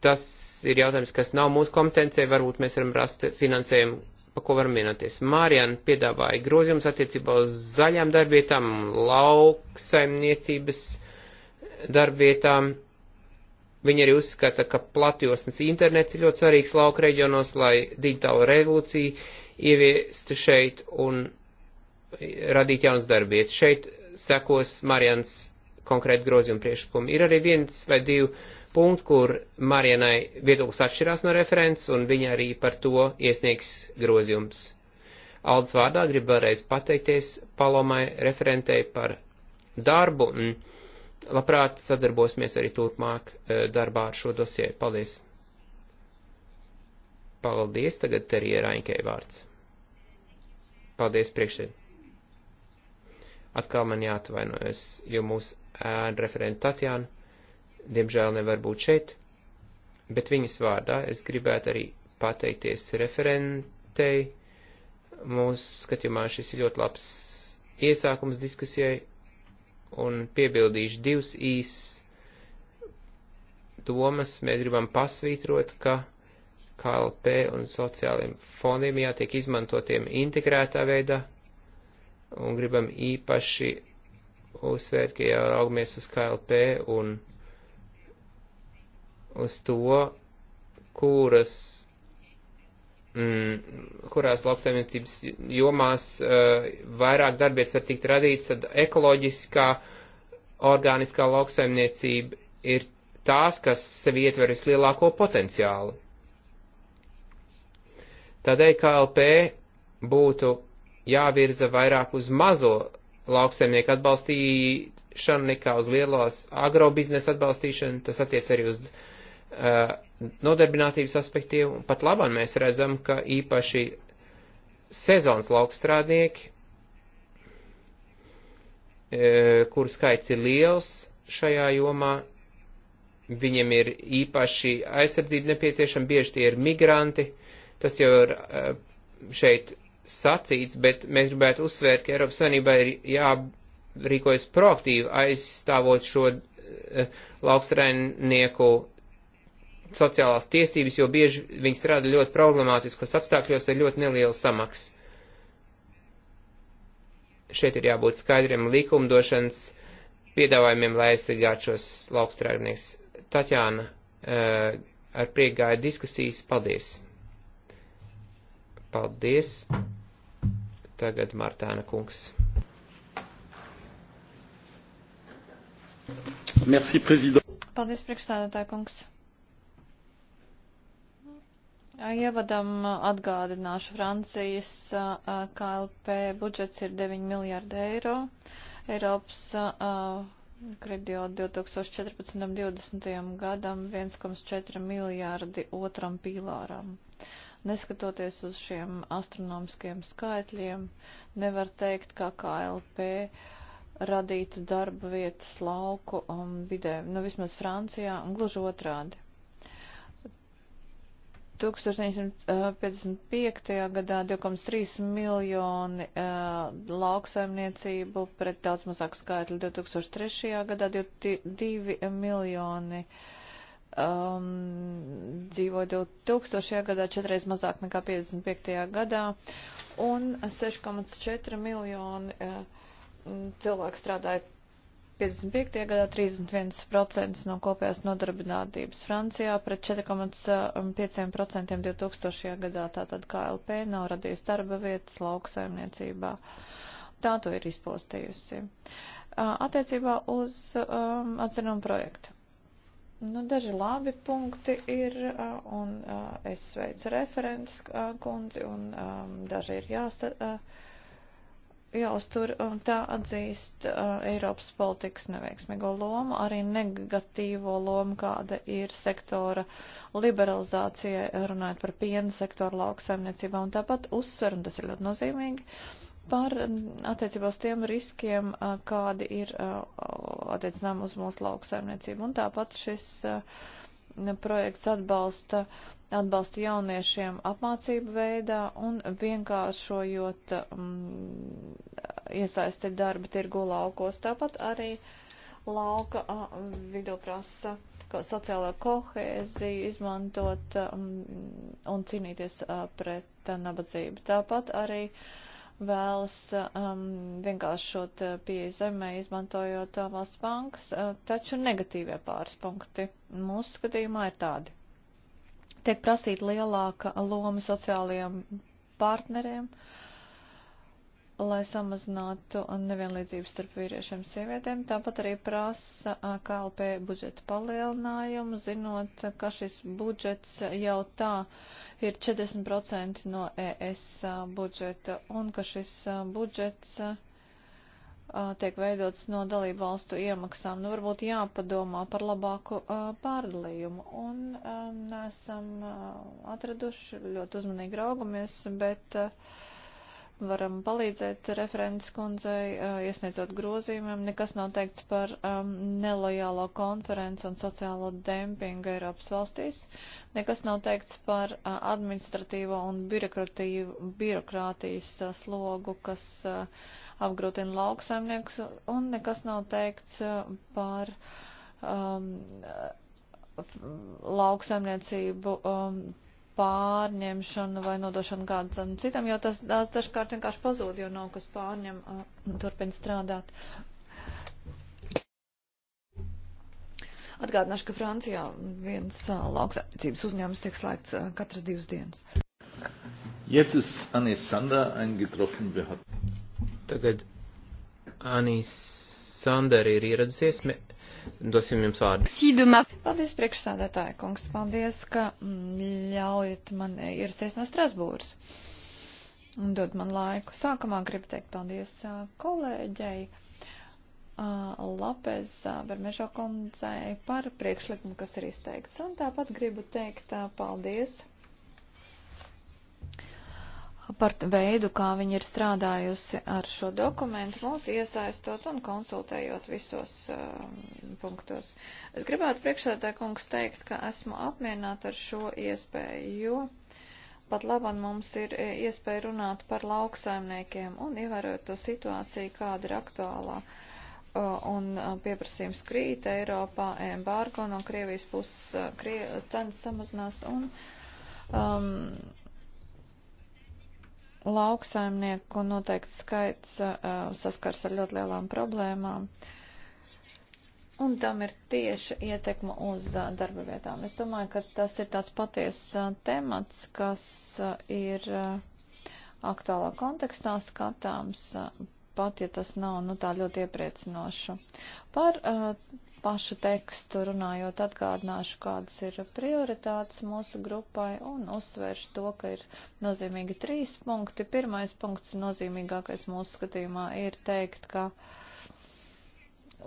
tas ir jautājums, kas nav mūsu kompetencija, varbūt mēs varam rast finansējumu, pa ko varam vienoties. Mārijana piedāvāja grozījums attiecībā uz zaļām darbietām, lauksaimniecības darbietām. Viņi arī uzskata, ka platjosnes internets ir ļoti svarīgs lauka reģionos, lai digitāla revolūcija ieviestu šeit un radītu jaunas darbietas. Šeit sekos Marijans konkrēti grozījuma priekšlikumi. Ir arī viens vai divi punktu, kur Marijanai viedoklis atšķirās no referents, un viņa arī par to iesniegs grozījums. Aldis vārdā grib vēlreiz pateikties Palomai referentei par darbu, un labprāt sadarbosimies arī turpmāk e, darbā ar šo dosie. Paldies! Paldies, tagad Terija Rainkei vārds. Paldies priekšēd. Atkal man jāatvainojas, jo mūsu ēna referenta Tatjana diemžēl nevar būt šeit, bet viņas vārdā es gribētu arī pateikties referentei. Mūsu skatījumā šis ir ļoti labs iesākums diskusijai un piebildīšu divas īs domas. Mēs gribam pasvītrot, ka KLP un sociāliem fondiem jātiek izmantotiem integrētā veidā un gribam īpaši uzsvērt, ka jāaugamies uz KLP un uz to, kuras, mm, kurās lauksaimniecības jomās uh, vairāk darbietas var tikt radīts, tad ekoloģiskā, organiskā lauksaimniecība ir tās, kas sev ietver vislielāko potenciālu. Tādēļ KLP būtu jāvirza vairāk uz mazo lauksaimnieku atbalstīšanu nekā uz lielos agrobiznesa atbalstīšanu. Tas attiec arī uz uh, Uh, nodarbinātības aspektiem, un pat labāk mēs redzam, ka īpaši sezonas laukstrādnieki, uh, kuru skaits ir liels šajā jomā, viņiem ir īpaši aizsardzība nepieciešama, bieži tie ir migranti, tas jau ir uh, šeit sacīts, bet mēs gribētu uzsvērt, ka Eiropas Savienībā ir jārīkojas proaktīvi aizstāvot šo laukstrēnieku sociālās tiesības, jo bieži viņi strādā ļoti problemātiskos apstākļos ar ļoti nelielu samaksu. Šeit ir jābūt skaidriem likumdošanas piedāvājumiem, lai aizsargātu šos laukstrādnieks. Taķāna, eh, ar prieku gāja diskusijas, paldies! Paldies! Tagad Martāna kungs. Merci, prezident. Paldies, priekšstādātāja kungs. Ievadam atgādināšu Francijas KLP budžets ir 9 miljārdi eiro. Eiropas kredīto 2014. un 2020. gadam 1,4 miljārdi otram pīlāram. Neskatoties uz šiem astronomiskiem skaitļiem, nevar teikt, ka KLP radītu darba vietas lauku un vidē, nu vismaz Francijā, un gluži otrādi 1955. Uh, gadā 2,3 miljoni uh, lauksaimniecību pret daudz mazāku skaitli, 2003. gadā 2 miljoni um, dzīvo 2000. gadā, četreiz mazāk nekā 55. gadā, un 6,4 miljoni uh, cilvēku strādāja 55. gadā 31% no kopējās nodarbinātības Francijā pret 4,5% 2000. Um, gadā. Tātad KLP nav radījusi darba vietas lauksaimniecībā. Tā to ir izpostījusi. Attiecībā uz um, atzinumu projektu. Nu, daži labi punkti ir, un es sveicu referents kundzi, un um, daži ir jāsa. Uh, jāuztur, un tā atzīst uh, Eiropas politikas neveiksmīgo lomu, arī negatīvo lomu, kāda ir sektora liberalizācija, runājot par piena sektoru lauksaimniecībā, un tāpat uzsver, un tas ir ļoti nozīmīgi, par attiecībā uz tiem riskiem, uh, kādi ir uh, attiecinām uz mūsu lauksaimniecību, un tāpat šis. Uh, projekts atbalsta, atbalsta jauniešiem apmācību veidā un vienkāršojot mm, iesaisti darba tirgu laukos. Tāpat arī lauka vidū prasa sociālā kohēzija izmantot mm, un cīnīties pret nabadzību. Tāpat arī uh, vēlas uh, um, vienkāršot uh, pieeja zemē, izmantojot uh, valsts bankas, uh, taču negatīvie pāris punkti mūsu skatījumā ir tādi. Tiek prasīta lielāka loma sociālajiem partneriem. Uh, lai samazinātu nevienlīdzību starp vīriešiem un sievietēm. Tāpat arī prasa KLP budžeta palielinājumu, zinot, ka šis budžets jau tā ir 40% no ES budžeta un ka šis budžets tiek veidots no dalību valstu iemaksām. Nu, varbūt jāpadomā par labāku pārdalījumu. Un nesam atraduši, ļoti uzmanīgi raugamies, bet. Uh, varam palīdzēt referents kundzei, eh, iesniedzot grozījumiem. Nekas nav teikts par um, nelojālo konferenci un sociālo dempingu Eiropas valstīs. Nekas nav teikts par uh, administratīvo un birokrātijas uh, slogu, kas uh, apgrūtina lauksaimniekus, un nekas nav teikts uh, par. Um, lauksaimniecību um, pārņemšanu vai nodošanu kādam um, citam, jo tas, tas dažkārt vienkārši pazūd, jo nav kas pārņem uh, un turpina strādāt. Atgādināšu, ka Francijā viens uh, lauksaimniecības uzņēmums tiek slēgts uh, katras divas dienas. Jetzt ist Annie Sander eingetroffen. Wir hatten. Tagad Annie Sander ir ieradusies. Mē dosim jums vārdu. Paldies, priekšsādātāja kungs. Paldies, ka mm, ļaujat man ierasties no Strasbūras. Un dod man laiku. Sākumā gribu teikt paldies kolēģei Lapez Bermežo kundzei par priekšlikumu, kas ir izteikts. Un tāpat gribu teikt paldies par veidu, kā viņa ir strādājusi ar šo dokumentu, mūs iesaistot un konsultējot visos uh, punktos. Es gribētu priekšsētā kungs teikt, ka esmu apmierināta ar šo iespēju, jo pat labam mums ir e, iespēja runāt par lauksaimniekiem un ievērot to situāciju, kāda ir aktuālā. Uh, un uh, pieprasījums krīt Eiropā, embargo no Krievijas puses, uh, cenas samazinās un um, lauksaimnieku noteikts skaits uh, saskars ar ļoti lielām problēmām. Un tam ir tieši ietekma uz uh, darba vietām. Es domāju, ka tas ir tāds paties uh, temats, kas uh, ir uh, aktuālā kontekstā skatāms, uh, pat ja tas nav nu, tā ļoti iepriecinoši. Par uh, pašu tekstu runājot, atgādināšu, kādas ir prioritātes mūsu grupai un uzsvēršu to, ka ir nozīmīgi trīs punkti. Pirmais punkts, nozīmīgākais mūsu skatījumā, ir teikt, ka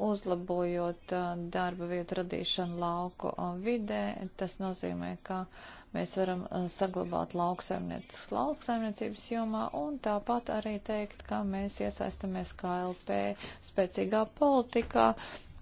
uzlabojot uh, darba vietu radīšanu lauku uh, vidē, tas nozīmē, ka mēs varam uh, saglabāt lauksaimniecības lauksaimniecības jomā un tāpat arī teikt, ka mēs iesaistamies KLP spēcīgā politikā,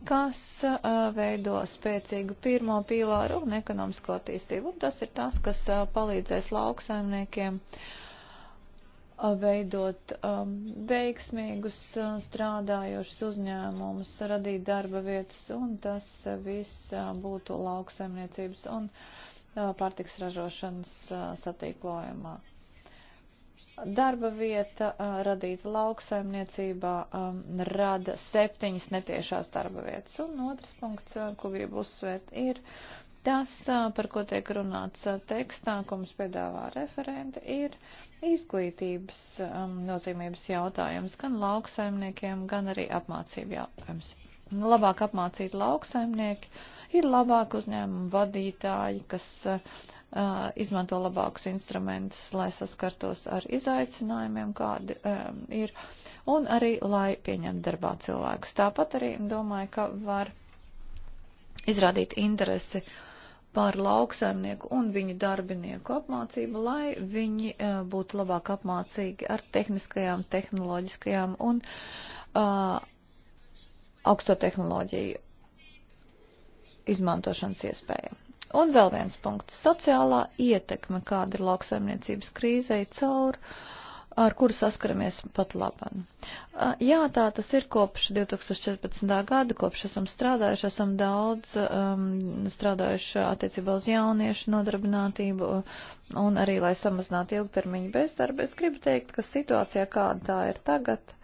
kas uh, veido spēcīgu pirmo pīlāru un ekonomisko attīstību. Un tas ir tas, kas uh, palīdzēs lauksaimniekiem uh, veidot um, veiksmīgus uh, strādājošus uzņēmumus, radīt darba vietas, un tas uh, viss uh, būtu lauksaimniecības un uh, pārtiks ražošanas uh, satīklojumā. Darba vieta radīta lauksaimniecībā rada septiņas netiešās darba vietas. Un otrs punkts, ko gribu uzsvērt, ir tas, par ko tiek runāts tekstā, ko mums piedāvā referenta, ir izglītības nozīmības jautājums gan lauksaimniekiem, gan arī apmācību jautājums. Labāk apmācīt lauksaimnieki ir labāk uzņēmumu vadītāji, kas uh, izmanto labākus instrumentus, lai saskartos ar izaicinājumiem, kādi um, ir, un arī, lai pieņemtu darbā cilvēkus. Tāpat arī domāju, ka var izrādīt interesi par lauksaimnieku un viņu darbinieku apmācību, lai viņi uh, būtu labāk apmācīgi ar tehniskajām, tehnoloģiskajām un uh, augsto tehnoloģiju izmantošanas iespējām. Un vēl viens punkts - sociālā ietekme, kāda ir lauksaimniecības krīzei caur, ar kuru saskaramies pat labam. Jā, tā tas ir kopš 2014. gada, kopš esam strādājuši, esam daudz um, strādājuši attiecībā uz jauniešu nodarbinātību un arī, lai samazinātu ilgtermiņu bezdarbu. Es gribu teikt, ka situācijā, kāda tā ir tagad,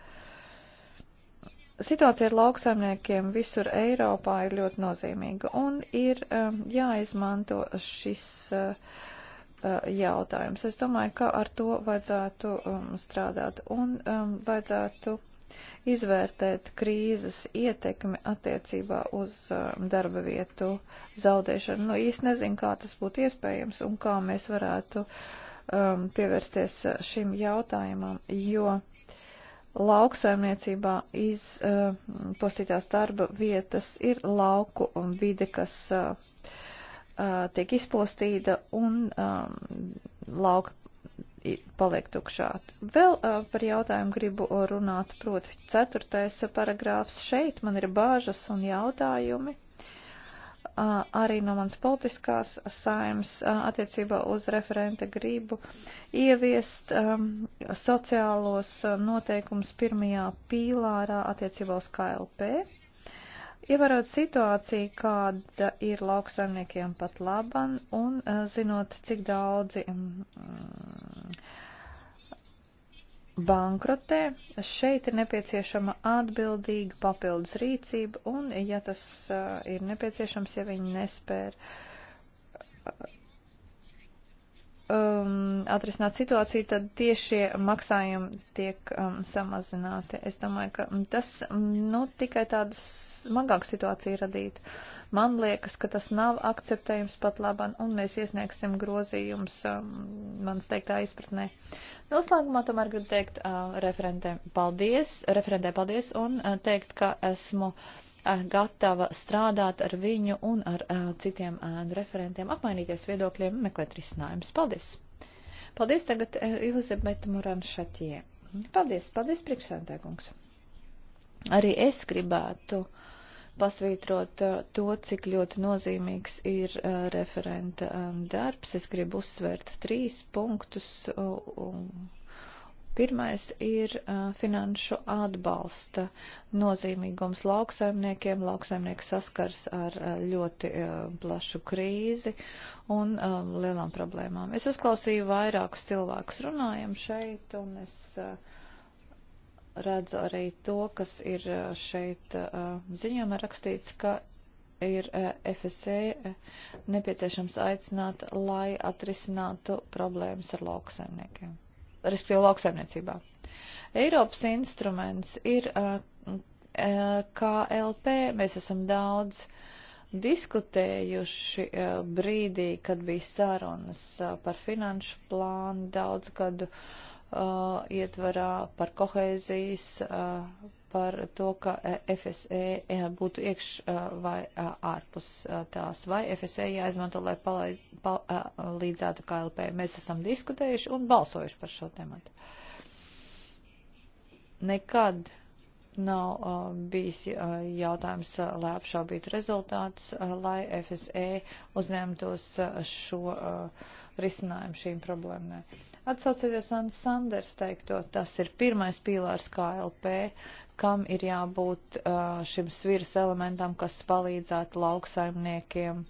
Situācija ar lauksaimniekiem visur Eiropā ir ļoti nozīmīga un ir um, jāizmanto šis uh, uh, jautājums. Es domāju, ka ar to vajadzētu um, strādāt un um, vajadzētu izvērtēt krīzes ietekmi attiecībā uz um, darba vietu zaudēšanu. Nu, īsti nezinu, kā tas būtu iespējams un kā mēs varētu um, pievērsties šim jautājumam, jo. Uh, lauksaimniecībā izpostītās eh, uh, darba vietas ir lauku un vide, kas uh, uh, tiek izpostīta un lauka paliek tukšāti. Vēl par jautājumu gribu runāt, proti, ceturtais paragrāfs šeit man ir bāžas un jautājumi arī no manas politiskās saimas attiecībā uz referenta gribu ieviest sociālos noteikumus pirmajā pīlārā attiecībā uz KLP. Ievarot situāciju, kāda ir lauksaimniekiem pat laban un zinot, cik daudzi. Mm, bankrotē, šeit ir nepieciešama atbildīga papildus rīcība, un, ja tas uh, ir nepieciešams, ja viņi nespēr uh, um, atrisināt situāciju, tad tiešie maksājumi tiek um, samazināti. Es domāju, ka mm, tas mm, nu, tikai tādu smagāku situāciju radītu. Man liekas, ka tas nav akceptējums pat labam, un mēs iesniegsim grozījums um, manas teiktā izpratnē. Noslēgumā tomēr gribu teikt uh, referentē paldies, referentē paldies un uh, teikt, ka esmu. Uh, Eh, gatava strādāt ar viņu un ar eh, citiem ēnu eh, referentiem, apmainīties viedokļiem un meklēt risinājumus. Paldies! Paldies tagad Elizabete Moran Šatie. Paldies, paldies, priekšsēdētājkungs. Arī es gribētu pasvītrot to, cik ļoti nozīmīgs ir referenta darbs. Es gribu uzsvērt trīs punktus. Un Pirmais ir uh, finanšu atbalsta nozīmīgums lauksaimniekiem. Lauksaimnieki saskars ar uh, ļoti uh, plašu krīzi un uh, lielām problēmām. Es uzklausīju vairākus cilvēkus runājam šeit, un es uh, redzu arī to, kas ir uh, šeit uh, ziņojumā rakstīts, ka ir FSE nepieciešams aicināt, lai atrisinātu problēmas ar lauksaimniekiem respektīvi lauksaimniecībā. Eiropas instruments ir uh, uh KLP, mēs esam daudz diskutējuši uh, brīdī, kad bija sarunas uh, par finanšu plānu daudz gadu uh, ietvarā, par kohēzijas uh, par to, ka FSE e, e, būtu iekš e, vai ārpus tās, vai FSE jāizmanto, lai palīdzētu KLP. Mēs esam diskutējuši un balsojuši par šo tematu. Nekad nav bijis jautājums, lai apšaubītu rezultātus, lai FSE uzņemtos šo risinājumu šīm problēmām. Atsaucoties un Sanders teikto, tas ir pirmais pīlārs KLP, kam ir jābūt uh, šim sviras elementam, kas palīdzētu lauksaimniekiem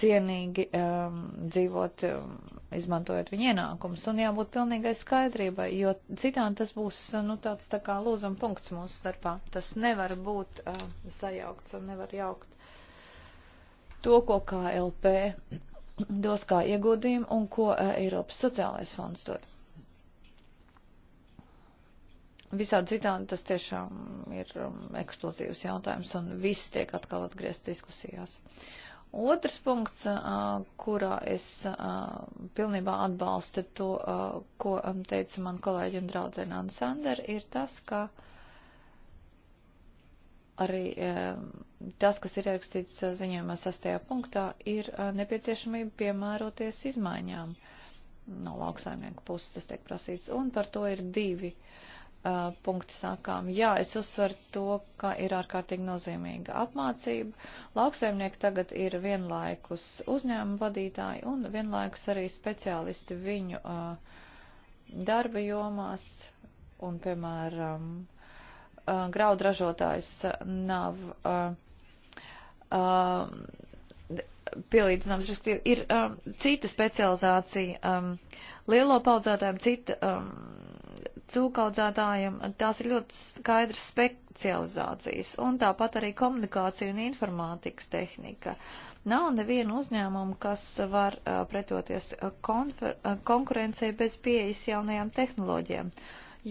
cienīgi um, dzīvot, um, izmantojot viņu ienākumus, un jābūt pilnīgai skaidrībai, jo citādi tas būs, uh, nu, tāds tā kā lūzuma punkts mūsu starpā. Tas nevar būt uh, sajaukts un nevar jaukt to, ko KLP dos kā ieguldījumu un ko uh, Eiropas sociālais fonds dod. Visādi citādi tas tiešām ir um, eksplozīvs jautājums un viss tiek atkal atgriezt diskusijās. Otrs punkts, uh, kurā es uh, pilnībā atbalstu to, uh, ko um, teica man kolēģi un draudzene Ansander, ir tas, ka arī um, tas, kas ir ierakstīts ziņojumā sastajā punktā, ir nepieciešamība piemēroties izmaiņām no lauksaimnieku puses, tas tiek prasīts, un par to ir divi. Uh, uh, punktu sākām. Jā, es uzsveru to, ka ir ārkārtīgi nozīmīga apmācība. Lauksaimnieki tagad ir vienlaikus uzņēmuma vadītāji un vienlaikus arī speciālisti viņu uh, darba jomās un, piemēram, uh, graudu ražotājs nav. Uh, pielīdzināms, respektīvi, ir um, cita specializācija um, lielo paudzētājiem, cita um, cūkaudzētājiem tās ir ļoti skaidras specializācijas, un tāpat arī komunikācija un informātikas tehnika. Nav neviena uzņēmuma, kas var pretoties konkurencei bez pieejas jaunajām tehnoloģijām,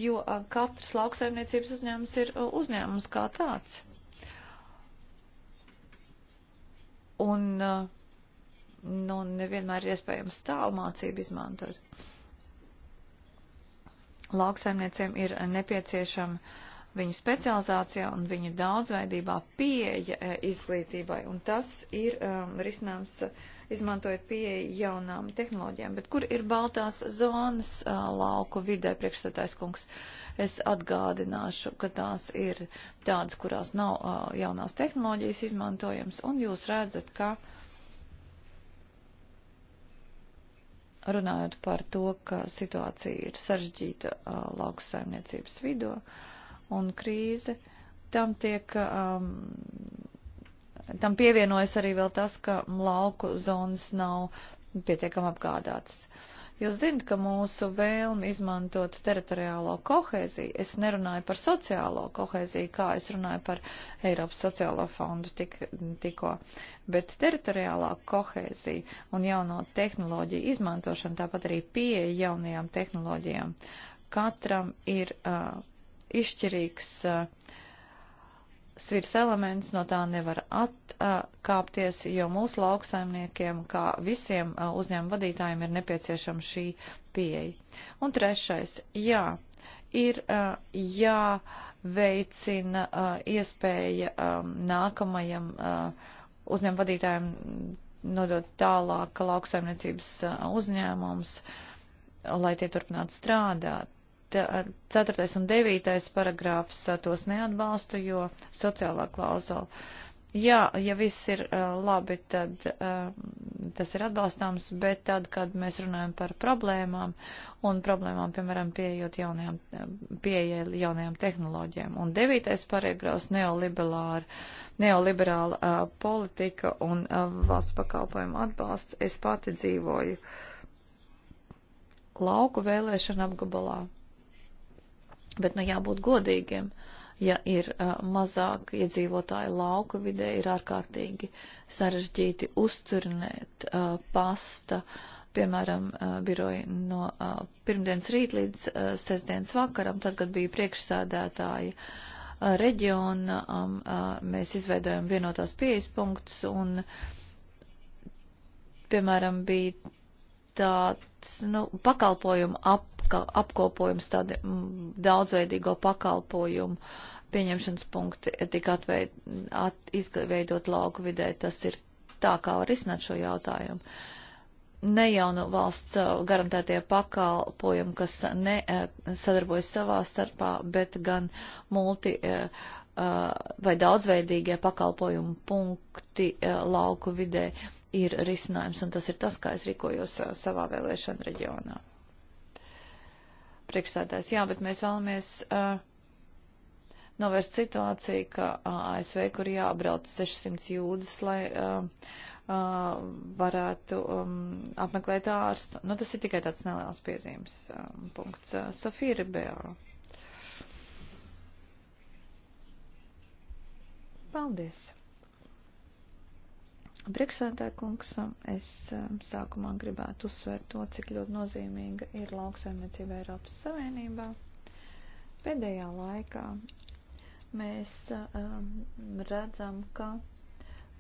jo katrs lauksaimniecības uzņēmums ir uzņēmums kā tāds. Un nu, nevienmēr ir iespējams tālu mācību izmantot lauksaimnieciem ir nepieciešama viņu specializācijā un viņu daudzveidībā pieeja e, izglītībai. Un tas ir um, risinājums izmantojot pieeja jaunām tehnoloģijām. Bet kur ir baltās zonas uh, lauku vidē, priekšstādājs kungs? Es atgādināšu, ka tās ir tādas, kurās nav uh, jaunās tehnoloģijas izmantojams, un jūs redzat, ka uh, runājot par to, ka situācija ir sarežģīta uh, lauksaimniecības vidū un krīze, tam tiek, um, tam pievienojas arī vēl tas, ka lauku zonas nav pietiekami apgādātas. Uh, Jūs zinat, ka mūsu vēlme izmantot teritoriālo kohēziju, es nerunāju par sociālo kohēziju, kā es runāju par Eiropas sociālo fondu tik, tikko, bet teritoriālā kohēzija un jauno tehnoloģiju izmantošana, tāpat arī pieeja jaunajām tehnoloģijām, katram ir uh, izšķirīgs. Uh, svīrs elements, no tā nevar atkāpties, jo mūsu lauksaimniekiem, kā visiem uzņēmuma vadītājiem, ir nepieciešama šī pieeja. Un trešais, jā, ir jāveicina iespēja nākamajam uzņēmuma vadītājam nodot tālāk lauksaimniecības uzņēmums, lai tie turpinātu strādāt. 4. un 9. paragrāfs tos neatbalsta, jo sociālā klauzula. Jā, ja viss ir uh, labi, tad uh, tas ir atbalstāms, bet tad, kad mēs runājam par problēmām un problēmām, piemēram, pieejot jaunajām, pieeja jaunajām tehnoloģijām. Un devītais pareigās neoliberāla, neoliberāla uh, politika un uh, valsts pakalpojumu atbalsts. Es pati dzīvoju lauku vēlēšana apgabalā Bet, nu, jābūt godīgiem. Ja ir uh, mazāk iedzīvotāju lauka vidē, ir ārkārtīgi sarežģīti uzturnēt uh, pasta, piemēram, uh, biroju no uh, pirmdienas rīt līdz uh, sestdienas vakaram, tad, kad bija priekšsēdētāji uh, reģiona, um, uh, mēs izveidojam vienotās pieejas punktus un, piemēram, bija tāds nu, pakalpojumu apka, apkopojums, tādi m, mm, daudzveidīgo pakalpojumu pieņemšanas punkti eh, tika atveid, at, izveidot lauku vidē. Tas ir tā, kā var izsnāt šo jautājumu. Ne jau no valsts eh, garantētie pakalpojumi, kas ne eh, sadarbojas savā starpā, bet gan multi vai daudzveidīgie pakalpojumu punkti lauku vidē ir risinājums, un tas ir tas, kā es rīkojos uh, savā vēlēšana reģionā. Priekšstādājs, jā, bet mēs vēlamies uh, novērst situāciju, ka uh, ASV, kur jābrauc 600 jūdzes, lai uh, uh, varētu um, apmeklēt ārstu. Nu, tas ir tikai tāds neliels piezīmes um, punkts. Uh, Sofija Ribeiro. Paldies! Priekšsēdētāj kungs, es eh, sākumā gribētu uzsvērt to, cik ļoti nozīmīga ir lauksaimniecība Eiropas Savienībā. Pēdējā laikā mēs um, redzam, ka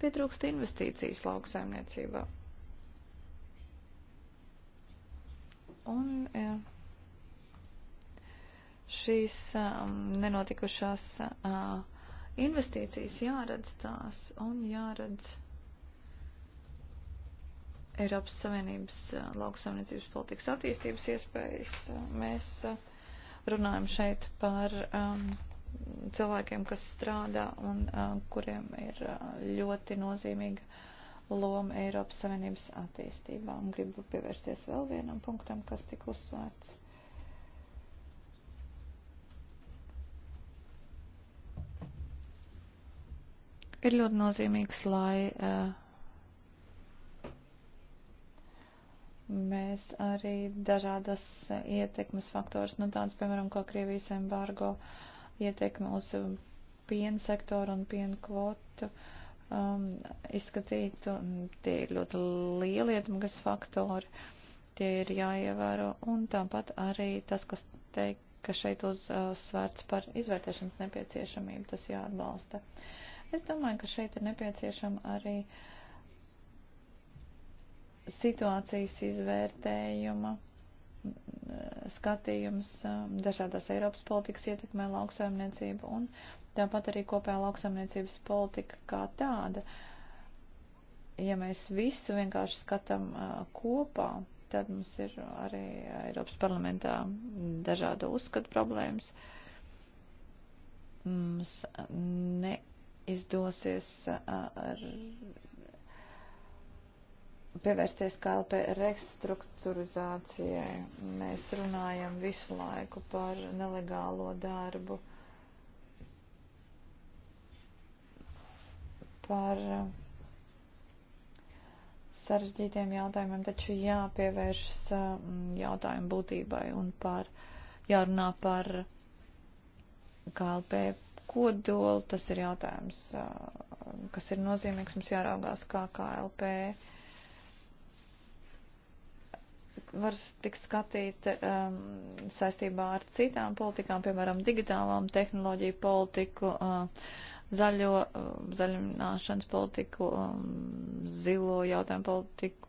pietrūkst investīcijas lauksaimniecībā. Un ja, eh, šīs um, nenotikušās uh, investīcijas jāredz tās un jāredz Eiropas Savienības eh, lauksaimniecības politikas attīstības iespējas. Eh, mēs eh, runājam šeit par um, cilvēkiem, kas strādā un um, kuriem ir ļoti nozīmīga loma Eiropas Savienības attīstībā. Un gribu pievērsties vēl vienam punktam, kas tika uzsvērts. Ir ļoti nozīmīgs, lai uh, Mēs arī dažādas ietekmes faktors, nu tāds, piemēram, kā Krievijas embargo ietekme uz piena sektoru un piena kvotu um, izskatītu. Tie ir ļoti lieli ietekmes faktori, tie ir jāievēro. Un tāpat arī tas, kas teikt, ka šeit uzsvērts uh, par izvērtēšanas nepieciešamību, tas jāatbalsta. Es domāju, ka šeit ir nepieciešama arī. Uh, situācijas izvērtējuma eh, skatījums eh, dažādās Eiropas politikas ietekmē lauksaimniecību un tāpat arī kopējā lauksaimniecības politika kā tāda. Ja mēs visu vienkārši skatām eh, kopā, tad mums ir arī Eiropas parlamentā dažāda uzskata problēmas. Mums neizdosies ar pievērsties KLP restruktūrizācijai. Mēs runājam visu laiku par nelegālo darbu, par sarežģītiem jautājumiem, taču jāpievēršas mm, jautājumu būtībai un par, jārunā par KLP kodolu. Tas ir jautājums, mm, kas ir nozīmīgs. Mums jāraugās, kā KLP. Kā var tikt skatīta um, saistībā ar citām politikām, piemēram, digitālām tehnoloģiju politiku, uh, zaļo, uh, zaļināšanas politiku, um, zilo jautājumu politiku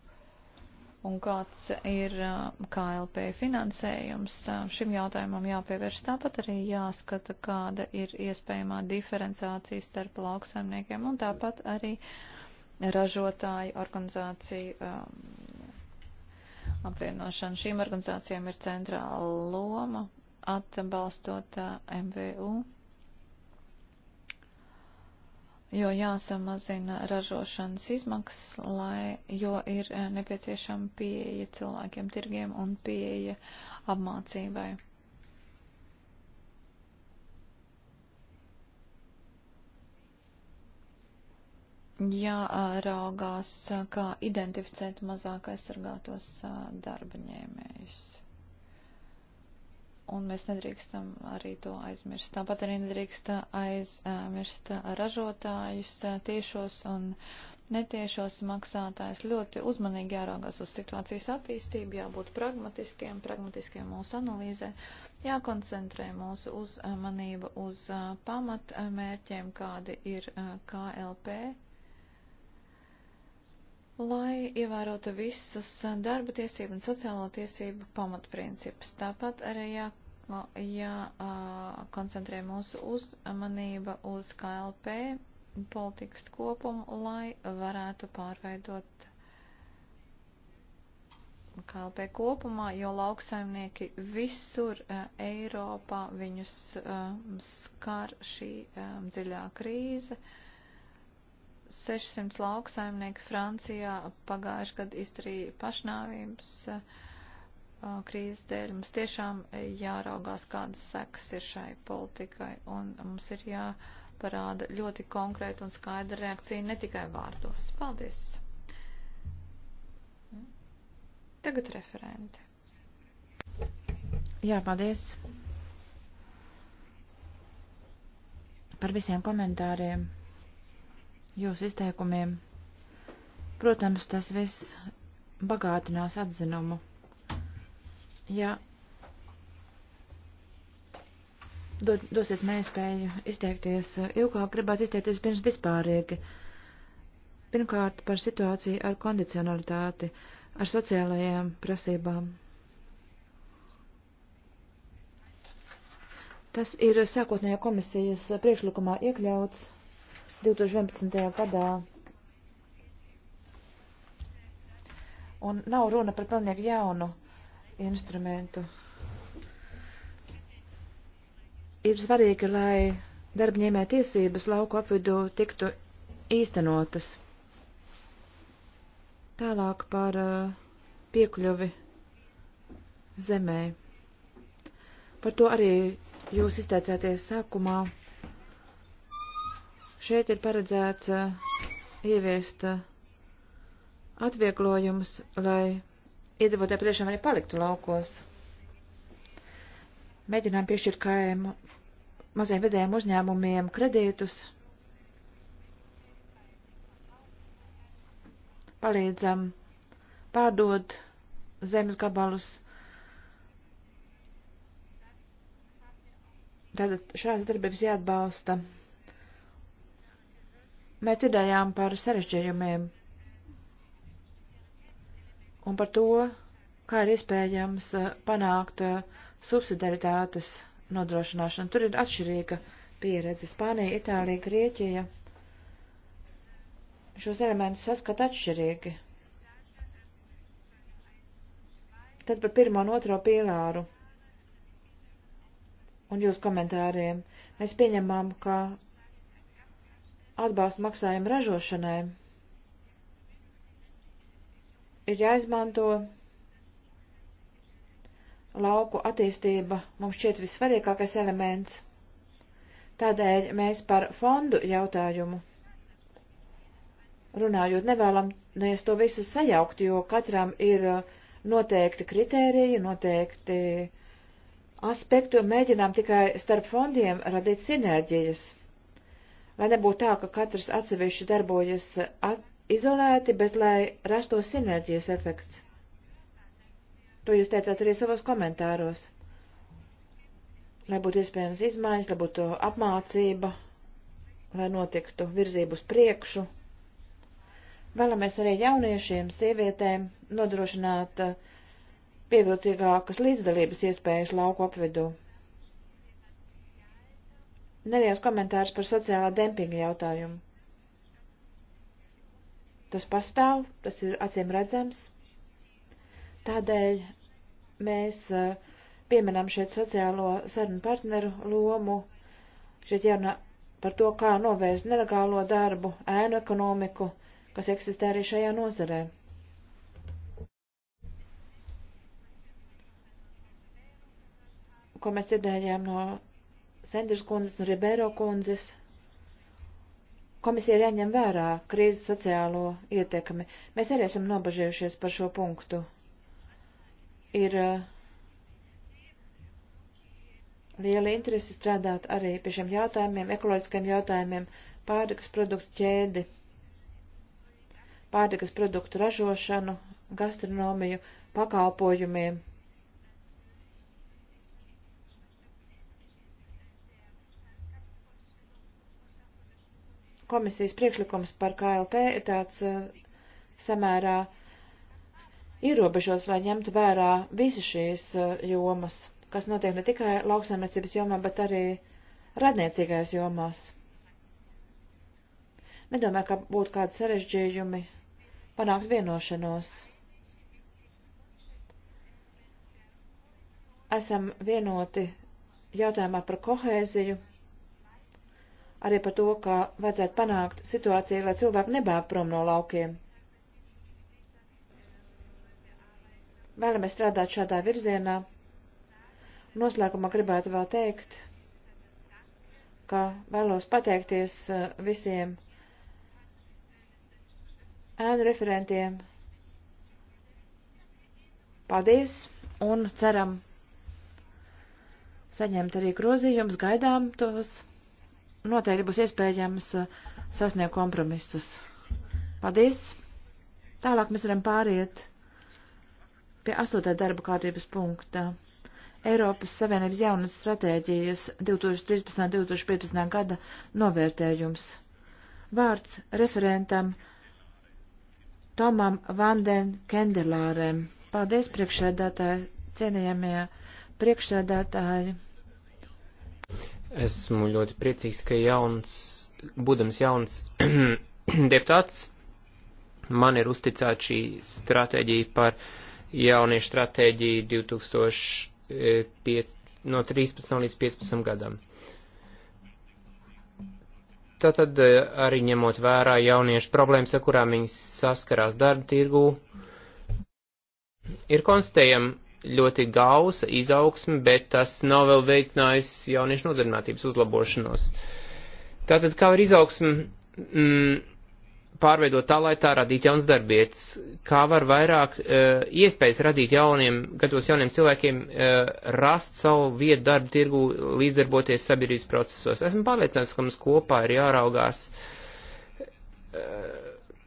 un kāds ir uh, KLP finansējums. Uh, šim jautājumam jāpievērš tāpat arī jāskata, kāda ir iespējamā diferenciācija starp lauksaimniekiem un tāpat arī ražotāju organizāciju. Um, apvienošanu. Šīm organizācijām ir centrāla loma atbalstot eh, MVU, jo jāsamazina ražošanas izmaksas, lai, jo ir eh, nepieciešama pieeja cilvēkiem tirgiem un pieeja apmācībai. jāraugās, kā identificēt mazāk aizsargātos darba ņēmējus. Un mēs nedrīkstam arī to aizmirst. Tāpat arī nedrīkst aizmirst ražotājus, tiešos un netiešos maksātājus. Ļoti uzmanīgi jāraugās uz situācijas attīstību, jābūt pragmatiskiem, pragmatiskiem mūsu analīzē, jākoncentrē mūsu uzmanība uz pamatmērķiem, kādi ir KLP lai ievērotu visus darba tiesību un sociālo tiesību pamatprincipus. Tāpat arī jā, jā koncentrē mūsu uzmanība uz KLP politikas kopumu, lai varētu pārveidot KLP kopumā, jo lauksaimnieki visur uh, Eiropā viņus uh, skar šī um, dziļā krīze. Uh, 600 lauksaimnieki Francijā pagājuši gadu izdarīja pašnāvības uh, krīzes dēļ. Mums tiešām jāraugās, kādas sekas ir šai politikai, un mums ir jāparāda ļoti konkrēta un skaidra reakcija ne tikai vārdos. Paldies! Tagad referenti. Jā, paldies par visiem komentāriem jūsu izteikumiem. Protams, tas viss bagātinās atzinumu. Ja dod, dosiet man iespēju izteikties ilgāk, gribētu izteikties pirms vispārīgi. Pirmkārt, par situāciju ar kondicionalitāti, ar sociālajām prasībām. Tas ir sākotnējā komisijas priekšlikumā iekļauts 2011. gadā. Un nav runa par pilnīgi jaunu instrumentu. Ir svarīgi, lai darbņēmē tiesības lauku apvidū tiktu īstenotas. Tālāk par uh, piekļuvi zemē. Par to arī jūs izteicāties sākumā. Šeit ir paredzēts ieviest atvieglojumus, lai iedzīvotāji patiešām arī paliktu laukos. Mēģinām piešķirt kājiem maziem vidējiem uzņēmumiem kredītus, palīdzam pārdot zemes gabalus. Tātad šādas darbības jāatbalsta Mēs dzirdējām par sarežģījumiem un par to, kā ir iespējams eh, panākt eh, subsidaritātes nodrošināšanu. Tur ir atšķirīga pieredze. Spānija, Itālija, Grieķija šos elementus saskata atšķirīgi. Tad par pirmo un otro pīlāru un jūs komentāriem. Mēs pieņemam, ka atbalsta maksājumu ražošanai ir jāizmanto lauku attīstība, mums šķiet visvarīgākais elements. Tādēļ mēs par fondu jautājumu runājot nevēlamies to visu sajaukt, jo katram ir uh, noteikti kritēriji, noteikti aspektu, un mēģinām tikai starp fondiem radīt sinerģijas lai nebūtu tā, ka katrs atsevišķi darbojas eh, at izolēti, bet lai rastos sinerģijas efekts. To jūs teicāt arī savos komentāros. Lai būtu iespējams izmaiņas, lai būtu apmācība, lai notiktu virzību uz priekšu. Vēlamies arī jauniešiem, sievietēm nodrošināt eh, pievilcīgākas līdzdalības iespējas lauku apvidū. Neliels komentārs par sociālā dempinga jautājumu. Tas pastāv, tas ir acīm redzams. Tādēļ mēs eh, pieminam šeit sociālo sarunu partneru lomu, šeit jārunā par to, kā novērst nelegālo darbu, ēnu ekonomiku, kas eksistē arī šajā nozarē. Ko mēs dzirdējām no Sanders kundzes un Ribeiro kundzes. Komisija ir jāņem vērā krīzes sociālo ietekmi. Mēs arī esam nobažījušies par šo punktu. Ir uh, liela interese strādāt arī pie šiem jautājumiem, ekoloģiskiem jautājumiem, pārtikas produktu ķēdi, pārtikas produktu ražošanu, gastronomiju, pakalpojumiem komisijas priekšlikums par KLP ir tāds eh, samērā ierobežots, lai ņemtu vērā visas šīs eh, jomas, kas notiek ne tikai lauksaimniecības jomā, bet arī radniecīgajās jomās. Nedomāju, ka būtu kādi sarežģījumi panākt vienošanos. Esam vienoti jautājumā par kohēziju arī par to, kā vajadzētu panākt situāciju, lai cilvēki nebēg prom no laukiem. Vēlamies strādāt šādā virzienā. Noslēgumā gribētu vēl teikt, ka vēlos pateikties uh, visiem ēnu referentiem. Paldies un ceram saņemt arī grozījumus, gaidām tos noteikti būs iespējams uh, sasniegt kompromisus. Paldies! Tālāk mēs varam pāriet pie astotā darba kārtības punkta. Eiropas Savienības jaunas stratēģijas 2013-2015 gada novērtējums. Vārds referentam Tomam Vanden Kendelārem. Paldies priekšsēdētāji, cienījamie priekšsēdētāji. Esmu ļoti priecīgs, ka jauns, būdams jauns deputāts, man ir uzticēta šī stratēģija par jauniešu stratēģiju 2005, no 13 līdz 15 gadam. Tātad eh, arī ņemot vērā jauniešu problēmas, ar kurām viņi saskarās darba tirgū, ir konstatējama ļoti gausa izaugsme, bet tas nav vēl veicinājis jauniešu nodarbinātības uzlabošanos. Tātad, kā var izaugsme mm, pārveidot tā, lai tā radītu jauns darbietis? Kā var vairāk uh, iespējas radīt jauniem, gados jauniem cilvēkiem uh, rast savu vietu darba tirgu, līdzdarboties sabiedrības procesos? Esmu pārliecināts, ka mums kopā ir jāraugās. Uh,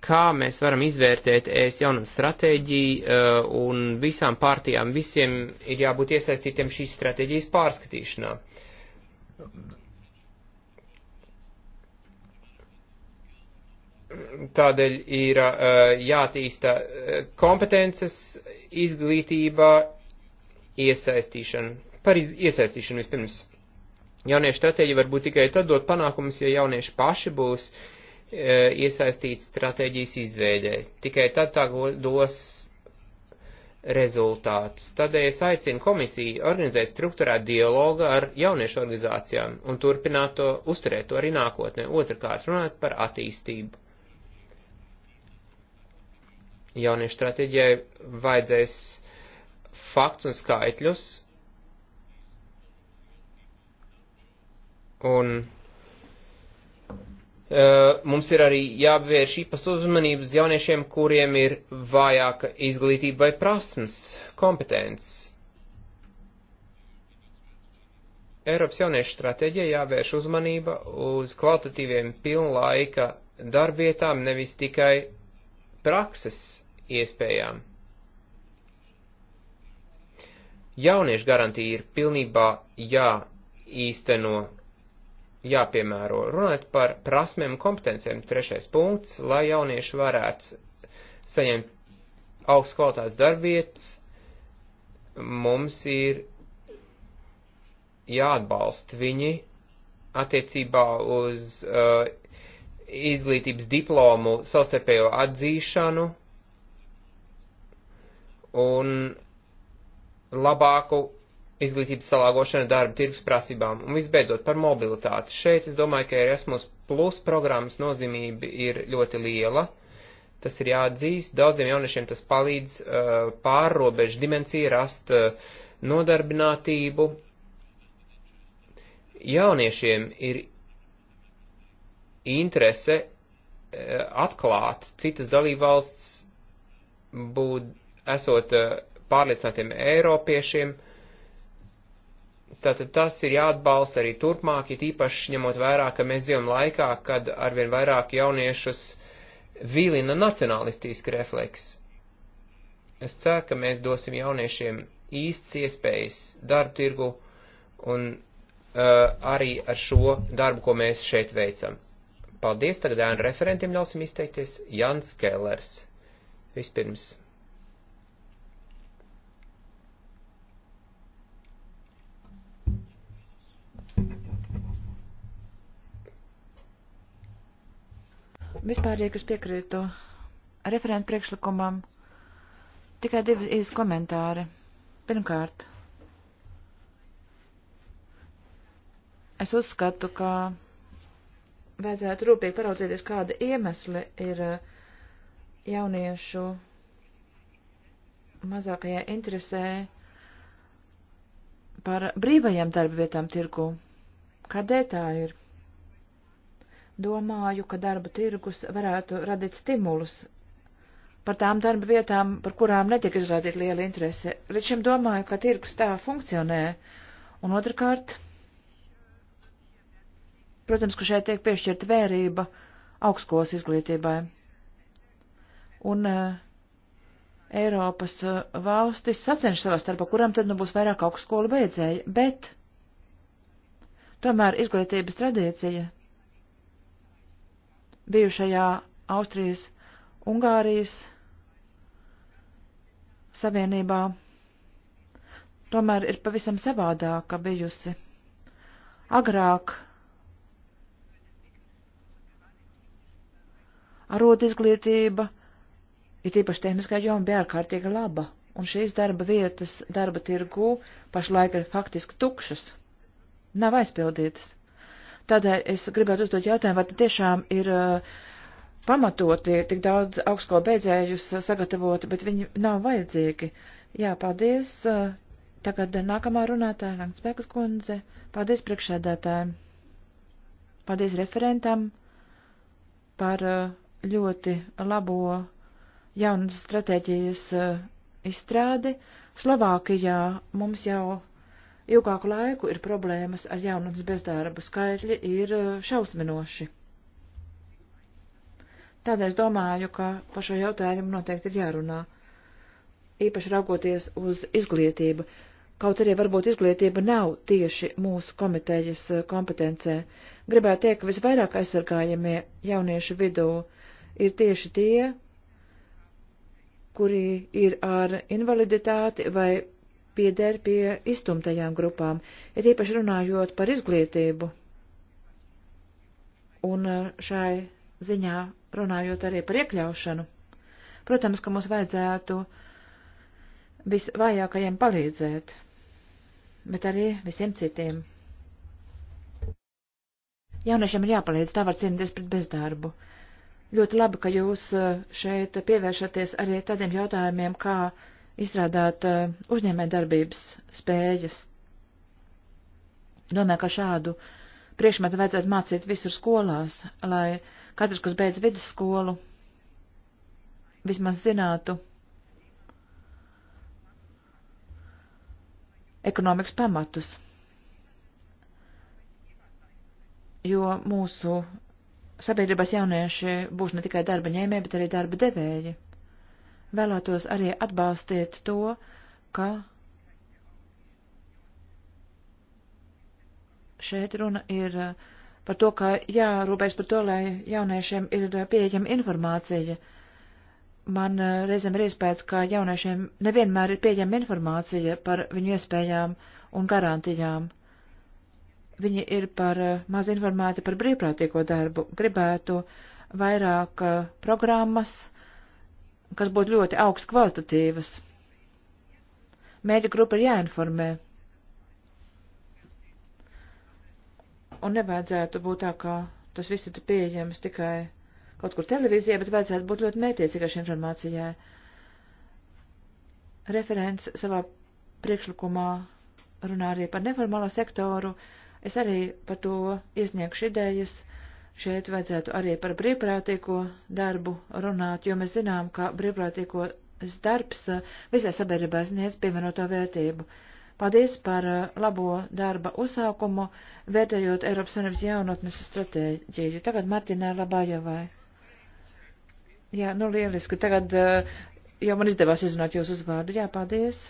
kā mēs varam izvērtēt ES jauno stratēģiju uh, un visām partijām, visiem ir jābūt iesaistītiem šīs stratēģijas pārskatīšanā. Tādēļ ir uh, jātīsta uh, kompetences, izglītība, iesaistīšana. Par iesaistīšanu vispirms. Jauniešu stratēģija var būt tikai tad dot panākumus, ja jaunieši paši būs uh, E, iesaistīts stratēģijas izveidē. Tikai tad tā dos rezultātus. Tādēļ es aicinu komisiju organizēt struktūrēt dialogu ar jauniešu organizācijām un turpināt to, uzturēt to arī nākotnē. Otrakārt, runāt par attīstību. Jauniešu stratēģijai vajadzēs fakts un skaitļus. Un mums ir arī jāpievērš īpaši uzmanības jauniešiem, kuriem ir vājāka izglītība vai prasmes, kompetences. Eiropas jauniešu stratēģija jāvērš uzmanība uz kvalitatīviem pilnlaika darbvietām, nevis tikai prakses iespējām. Jauniešu garantija ir pilnībā jāīsteno jāpiemēro. Runājot par prasmēm un kompetencijiem, trešais punkts, lai jaunieši varētu saņemt augsts kvalitātes darbvietas, mums ir jāatbalsta viņi attiecībā uz uh, izglītības diplomu savstarpējo atzīšanu un labāku izglītības salāgošana darba tirgus prasībām. Un visbeidzot par mobilitāti. Šeit es domāju, ka Erasmus Plus programmas nozīmība ir ļoti liela. Tas ir jāatzīst. Daudziem jauniešiem tas palīdz uh, pārrobežu dimensiju rast uh, nodarbinātību. Jauniešiem ir interese uh, atklāt citas dalībvalsts, būt esot uh, pārliecinātiem eiropiešiem, uh, Tātad tas ir jāatbalsta arī turpmāk, it īpaši ņemot vērā, ka mēs dzīvojam laikā, kad arvien vairāk jauniešus vilina nacionalistiski refleks. Es ceru, ka mēs dosim jauniešiem īsts iespējas darbu tirgu un uh, arī ar šo darbu, ko mēs šeit veicam. Paldies, tagad ēnu referentiem ļausim izteikties Jans Kellers. Vispirms. Vispārīgi es piekrītu referentu priekšlikumam. Tikai divi īsti komentāri. Pirmkārt, es uzskatu, ka vajadzētu rūpīgi paraudzīties, kāda iemesli ir eh, jauniešu mazākajai interesē par brīvajām darba vietām tirgu. Kādēļ tā ir? domāju, ka darba tirgus varētu radīt stimulus par tām darba vietām, par kurām netiek izrādīta liela interese. Līdz šim domāju, ka tirgus tā funkcionē. Un otrkārt, protams, ka šeit tiek piešķirta vērība augstskolas izglītībai. Un uh, Eiropas uh, valstis sacenš savā starpā, kuram tad nu būs vairāk augstskolu beidzēji, bet tomēr izglītības tradīcija bijušajā Austrijas Ungārijas savienībā tomēr ir pavisam savādāka bijusi. Agrāk arot izglītība, ir tīpaši tehniskā joma, bija ārkārtīgi laba, un šīs darba vietas darba tirgū pašlaik ir faktiski tukšas, nav aizpildītas. Tādēļ eh, es gribētu uzdot jautājumu, vai tiešām ir eh, pamatoti tik daudz augstsko beidzējus eh, sagatavot, bet viņi nav vajadzīgi. Jā, paldies. Tagad nākamā runātāja, Langsbēkas kundze. Paldies priekšēdētājiem. Paldies referentam par ļoti labo jaunas stratēģijas izstrādi. Slovākijā mums jau ilgāku laiku ir problēmas ar jaunatnes bezdarbu. Skaitļi ir eh, šausminoši. Tādēļ es domāju, ka par šo jautājumu noteikti ir jārunā, īpaši raugoties uz izglītību, kaut arī varbūt izglītība nav tieši mūsu komitejas eh, kompetencē. Gribētu teikt, ka visvairāk aizsargājamie jauniešu vidū ir tieši tie, kuri ir ar invaliditāti vai pieder pie iztumtajām grupām, ir īpaši runājot par izglītību. Un uh, šai ziņā runājot arī par iekļaušanu. Protams, ka mums vajadzētu visvājākajiem palīdzēt, bet arī visiem citiem. Jauniešiem ir jāpalīdz, tā var cīnīties pret bezdarbu. Ļoti labi, ka jūs uh, šeit pievēršaties arī tādiem jautājumiem, kā izstrādāt eh, uzņēmē darbības spējas. Domāju, ka šādu priekšmetu vajadzētu mācīt visur skolās, lai katrs, kas beidz vidusskolu, vismaz zinātu ekonomikas pamatus. Jo mūsu sabiedrībās jaunieši būs ne tikai darba ņēmēji, bet arī darba devēji vēlētos arī atbalstīt to, ka šeit runa ir eh, par to, ka jārūpēs par to, lai jauniešiem ir eh, pieejama informācija. Man eh, reizēm ir iespējas, ka jauniešiem nevienmēr ir pieejama informācija par viņu iespējām un garantijām. Viņi ir par maz informēti par brīvprātīgo darbu, gribētu vairāk programmas, uh, kas būtu ļoti augst kvalitatīvas. Mēģi grupa ir jāinformē. Un nevajadzētu būt tā, ka tas viss ir pieejams tikai kaut kur televīzijā, bet vajadzētu būt ļoti mērķiecīgai šai informācijai. Referents savā priekšlikumā runā arī par neformālo sektoru. Es arī par to iesniegšu idejas Šeit vajadzētu arī par brīvprātīgo darbu runāt, jo mēs zinām, ka brīvprātīgo darbs uh, visai sabiedrībā sniedz pievienoto vērtību. Paldies par uh, labo darba uzsākumu, vērtējot Eiropas Savienības jaunatnes stratēģiju. Tagad Martinē Labājevai. Jā, nu lieliski. Tagad uh, jau man izdevās izrunāt jūsu uzvārdu. Jā, paldies.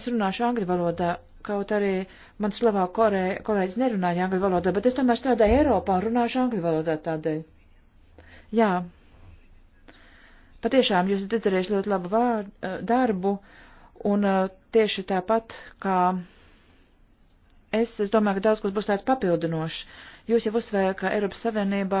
Es runāšu angļu valodā, Kaut arī man slavā korē, kolēģis nerunāja angļu valodā, bet es tomēr strādāju Eiropā un runāšu angļu valodā tādēļ. Jā. Patiešām jūs esat izdarījuši ļoti labu vārdu, eh, darbu, un eh, tieši tāpat kā es, es domāju, ka daudz kas būs tāds papildinošs. Jūs jau uzsvērāt, ka Eiropas Savienībā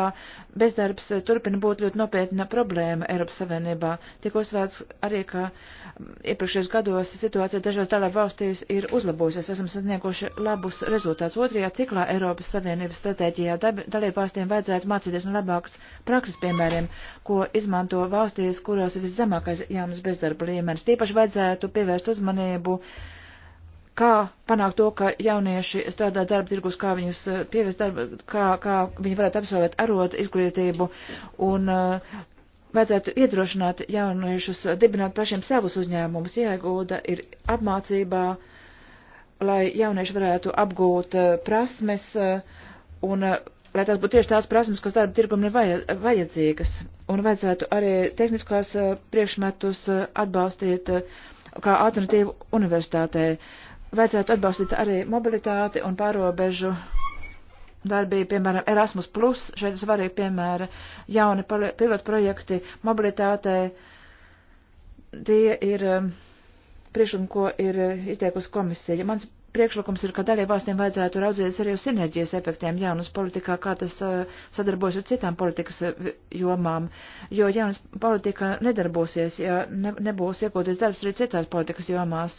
bezdarbs eh, turpina būt ļoti nopietna problēma Eiropas Savienībā. Tiek uzsvērts arī, ka mm, iepriekšējos gados situācija dažās dalību valstīs ir uzlabojusies. Esam sasnieguši labus rezultātus. Otrajā ciklā Eiropas Savienības stratēģijā dalību valstīm vajadzētu mācīties no labākas prakses piemēriem, ko izmanto valstīs, kurās viszemākais jaunas bezdarba līmenis. Tīpaši vajadzētu pievērst uzmanību. Uh, kā panākt to, ka jaunieši strādā darba tirgus, kā viņus eh, pievest darba, kā, kā viņi varētu apsolvēt arot izglītību un uh, vajadzētu iedrošināt jauniešus eh, dibināt pašiem savus uzņēmumus, jāiegūda ir apmācībā, lai jaunieši varētu apgūt uh, prasmes uh, un lai tās būtu tieši tās prasmes, kas darba tirgum ir vajadzīgas. Un vajadzētu arī tehniskās priekšmetus atbalstīt kā alternatīvu universitātē. Uh, vajadzētu atbalstīt arī mobilitāti un pārobežu darbību, piemēram, Erasmus, šeit ir svarīgi, piemēram, jauni pilotu projekti mobilitātē. Tie ir um, priekšlikumi, ko ir uh, izteikusi komisija. Mans priekšlikums ir, ka dalību valstīm vajadzētu raudzīties arī uz sinerģijas efektiem jaunas politikā, kā tas uh, sadarbojas ar citām politikas jomām, jo jaunas politika nedarbosies, ja ne, nebūs iegūties darbs arī citās politikas jomās.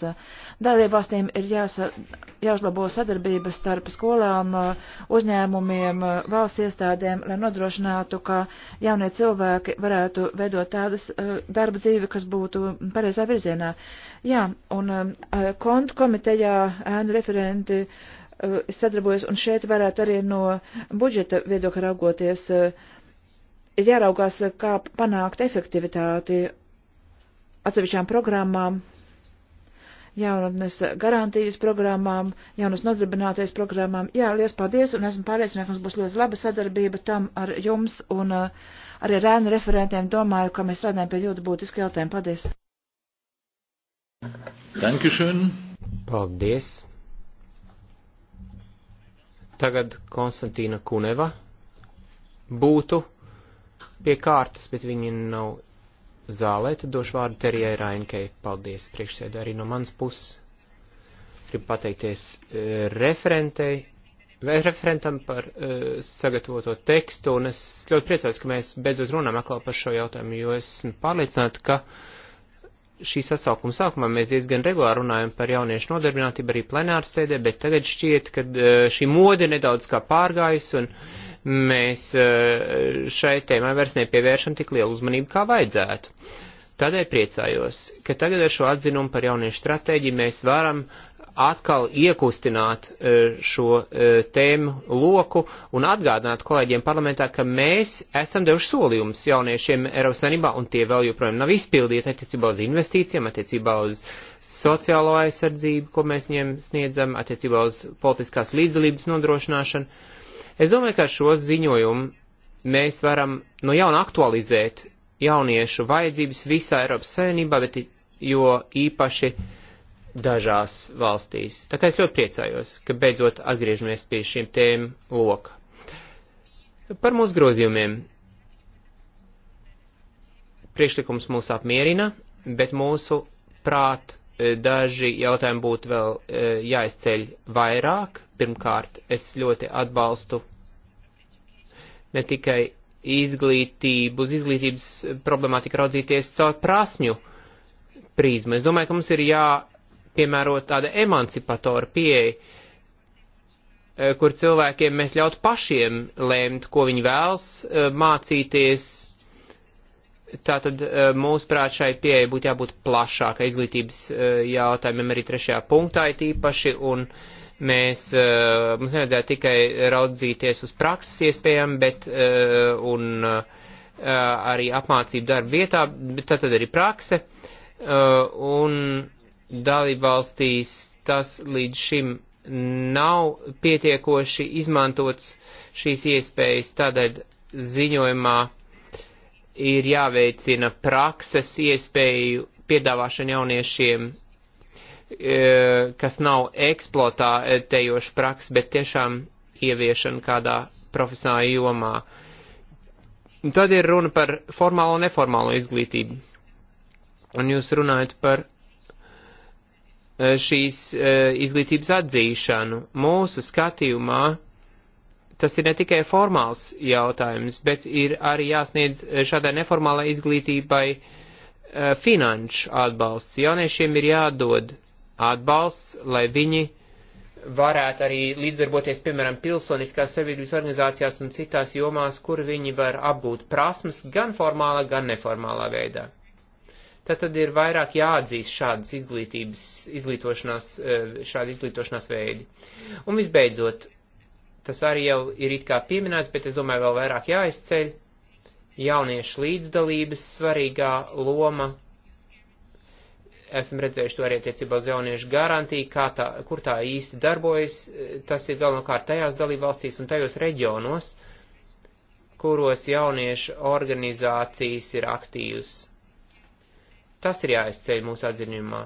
Dalību valstīm ir jāsa, jāuzlabo sadarbības starp skolām, uzņēmumiem, valsts iestādēm, lai nodrošinātu, ka jaunie cilvēki varētu veidot tādas uh, darba dzīvi, kas būtu pareizā virzienā. Uh, Jā, un uh, kontu komitejā ēnu referenti uh, sadarbojas, un šeit varētu arī no budžeta viedokļa raugoties. Uh, eh, ir jāraugās, kā panākt efektivitāti atsevišķām programmām, jaunatnes garantijas programmām, jaunas nodarbinātais programmām. Jā, liels paldies, un esmu pārliecināts, ka mums būs ļoti laba sadarbība tam ar jums, un uh, arī ar ēnu referentiem domāju, ka mēs strādājam pie ļoti būtiski jautājumi. Paldies! Dankeschön. Paldies. Tagad Konstantīna Kuneva būtu pie kārtas, bet viņa nav zālē, tad došu vārdu Terijai Rainkei. Paldies priekšsēdē arī no manas puses. Gribu pateikties e, referentei, referentam par uh, sagatavoto tekstu, un es ļoti priecājos, ka mēs beidzot runām atkal par šo jautājumu, jo esmu pārliecināta, ka uh, šī sasaukuma sākumā mēs diezgan regulāri runājam par jauniešu nodarbinātību arī plenāras sēdē, bet tagad šķiet, ka e, šī mode nedaudz kā pārgājis un mēs e, šai tēmai vairs nepievēršam tik lielu uzmanību, kā vajadzētu. Tādēļ priecājos, ka tagad ar šo atzinumu par jauniešu stratēģiju mēs varam uh, atkal iekustināt e, šo e, tēmu loku un atgādināt kolēģiem parlamentā, ka mēs esam devuši solījumus jauniešiem Eiropas Savienībā, un tie vēl joprojām nav izpildīti attiecībā uz investīcijām, attiecībā uz sociālo aizsardzību, ko mēs viņiem sniedzam, attiecībā uz politiskās līdzdalības nodrošināšanu. Es domāju, ka ar šo ziņojumu mēs varam no jauna aktualizēt jauniešu vajadzības visā Eiropas Savienībā, bet jo īpaši uh, dažās valstīs. Tā kā es ļoti priecājos, ka beidzot atgriežamies pie šīm tēmu loka. Par mūsu grozījumiem. Priekšlikums mūs apmierina, bet mūsu prāt e, daži jautājumi būtu vēl e, jāizceļ vairāk. Pirmkārt, es ļoti atbalstu ne tikai izglītību, uz izglītības problemātiku raudzīties caur prasmju prizmu. Es domāju, ka mums ir jā piemērot tāda emancipatora pieeja, e, kur cilvēkiem mēs ļaut pašiem lēmt, ko viņi vēlas e, mācīties. Tātad e, mūsuprāt šai pieeja būtu jābūt plašākai izglītības jautājumiem arī trešajā punktā it īpaši, un mēs, mums nevajadzētu tikai raudzīties uz prakses iespējām, bet un arī apmācību darbu vietā, bet tātad arī prakse. Un dalībvalstīs tas līdz šim nav pietiekoši izmantots šīs iespējas, tādēļ ziņojumā ir jāveicina prakses iespēju piedāvāšana jauniešiem, e, kas nav eksploatējoša praksa, bet tiešām ieviešana kādā profesionālā jomā. Tad ir runa par formālo un neformālo izglītību. Un jūs runājat par E, šīs e, izglītības atzīšanu. Mūsu skatījumā tas ir ne tikai formāls jautājums, bet ir arī jāsniedz šādai neformālai izglītībai e, finanšu atbalsts. Jauniešiem ir jādod atbalsts, lai viņi varētu arī līdzdarboties, piemēram, pilsoniskās sabiedrības organizācijās un citās jomās, kur viņi var apgūt prasmes gan formālā, gan neformālā veidā tad, tad ir vairāk jāatzīst šādas izglītības, izglītošanās, e, šādi izglītošanās veidi. Un visbeidzot, tas arī jau ir it kā pieminēts, bet es domāju vēl vairāk jāizceļ jauniešu līdzdalības svarīgā loma. Esam redzējuši to arī attiecībā uz jauniešu garantiju, kā tā, kur tā īsti darbojas. E, tas ir galvenokārt tajās dalībvalstīs un tajos reģionos, kuros jauniešu organizācijas ir aktīvas Tas ir jāizceļ mūsu atziņumā.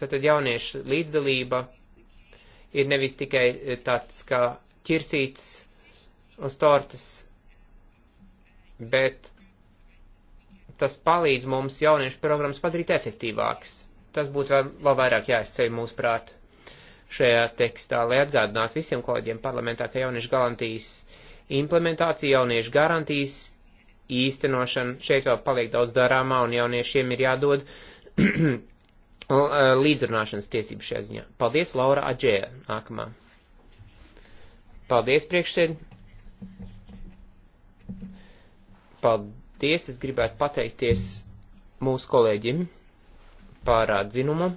Tātad jauniešu līdzdalība ir nevis tikai e, tāds kā ķirsīts uz tortas, bet tas palīdz mums jauniešu programmas padarīt efektīvākas. Tas būtu vēl, vēl vairāk jāizceļ mūsu prāt šajā tekstā, lai atgādinātu visiem kolēģiem parlamentā, ka jauniešu garantijas implementācija, jauniešu garantijas īstenošanu. Šeit vēl paliek daudz darāmā un jauniešiem ir jādod līdzrunāšanas tiesības šajā ziņā. Paldies, Laura Aģēja, nākamā. Paldies, priekšsēd. Paldies, es gribētu pateikties mūsu kolēģim par atzinumu.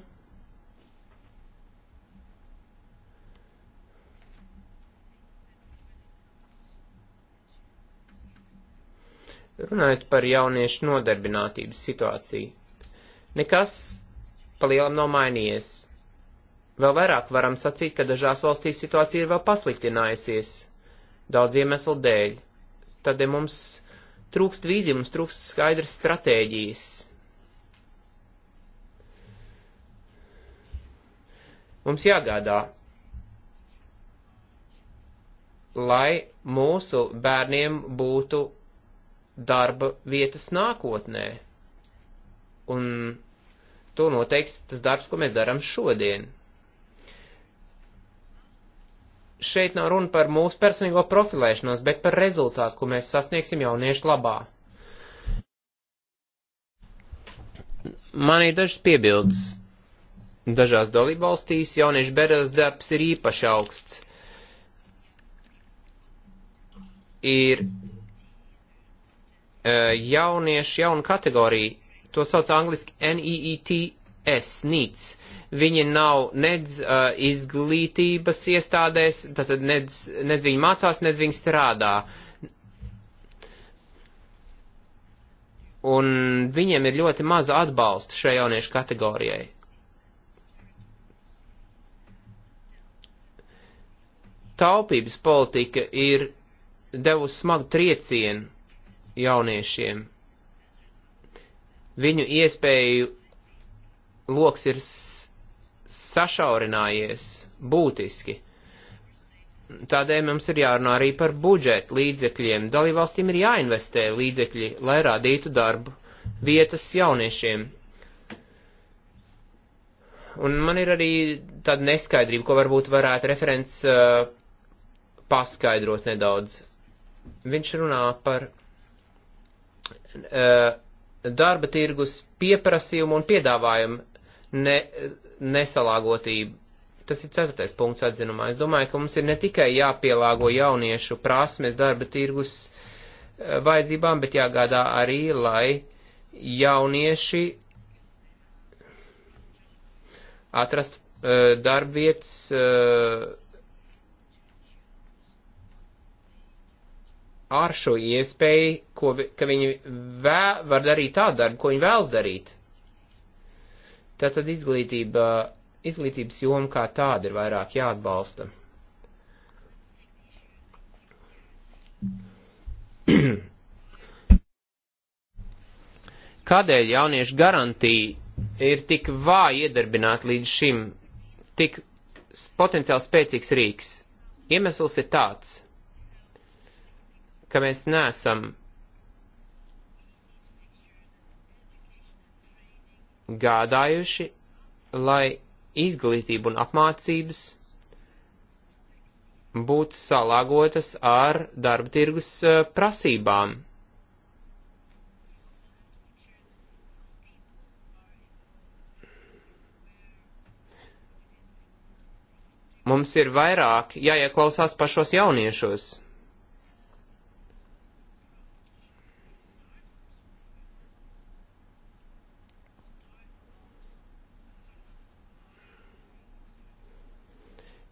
Runājot par jauniešu nodarbinātības situāciju, nekas palielam nav mainījies. Vēl vairāk varam sacīt, ka dažās valstīs situācija ir vēl pasliktinājusies, daudz iemeslu dēļ. Tādēļ mums trūkst vīzija, mums trūkst skaidras stratēģijas. Mums jāgādā, lai mūsu bērniem būtu darba vietas nākotnē. Un to noteiks tas darbs, ko mēs darām šodien. Šeit nav runa par mūsu personīgo profilēšanos, bet par rezultātu, ko mēs sasniegsim jauniešu labā. Man ir dažas piebildes. Dažās dalībvalstīs jauniešu beras darbs ir īpaši augsts. Ir Eh, jaunieši, jauna kategorija, to sauc angliski NEETS, NEETS. Viņi nav nedz uh, izglītības iestādēs, tātad nedz, nedz viņi mācās, nedz viņi strādā. Un viņiem ir ļoti maza atbalsta šai jauniešu kategorijai. Taupības politika ir devusi smagu triecienu jauniešiem. Viņu iespēju loks ir sašaurinājies būtiski. Tādēļ mums ir jārunā arī par budžetu līdzekļiem. Dalībvalstīm ir jāinvestē līdzekļi, lai rādītu darbu vietas jauniešiem. Un man ir arī tāda neskaidrība, ko varbūt varētu referents uh, paskaidrot nedaudz. Viņš runā par Uh, darba tirgus pieprasījumu un piedāvājumu ne, nesalāgotību. Tas ir ceturtais punkts atzinumā. Es domāju, ka mums ir ne tikai jāpielāgo jauniešu prasmes darba tirgus uh, vajadzībām, bet jāgādā arī, lai jaunieši atrast uh, darbvietas uh, ar šo iespēju, ko, vi, ka viņi vēl, var darīt tādu darbu, ko viņi vēlas darīt. Tātad izglītība, izglītības joma kā tāda ir vairāk jāatbalsta. Kādēļ jauniešu garantija ir tik vāji iedarbināta līdz šim, tik potenciāli spēcīgs rīks? Iemesls ir tāds ka mēs neesam gādājuši, lai izglītība un apmācības būtu salāgotas ar darba tirgus eh, prasībām. Mums ir vairāk jāieklausās pašos jauniešos.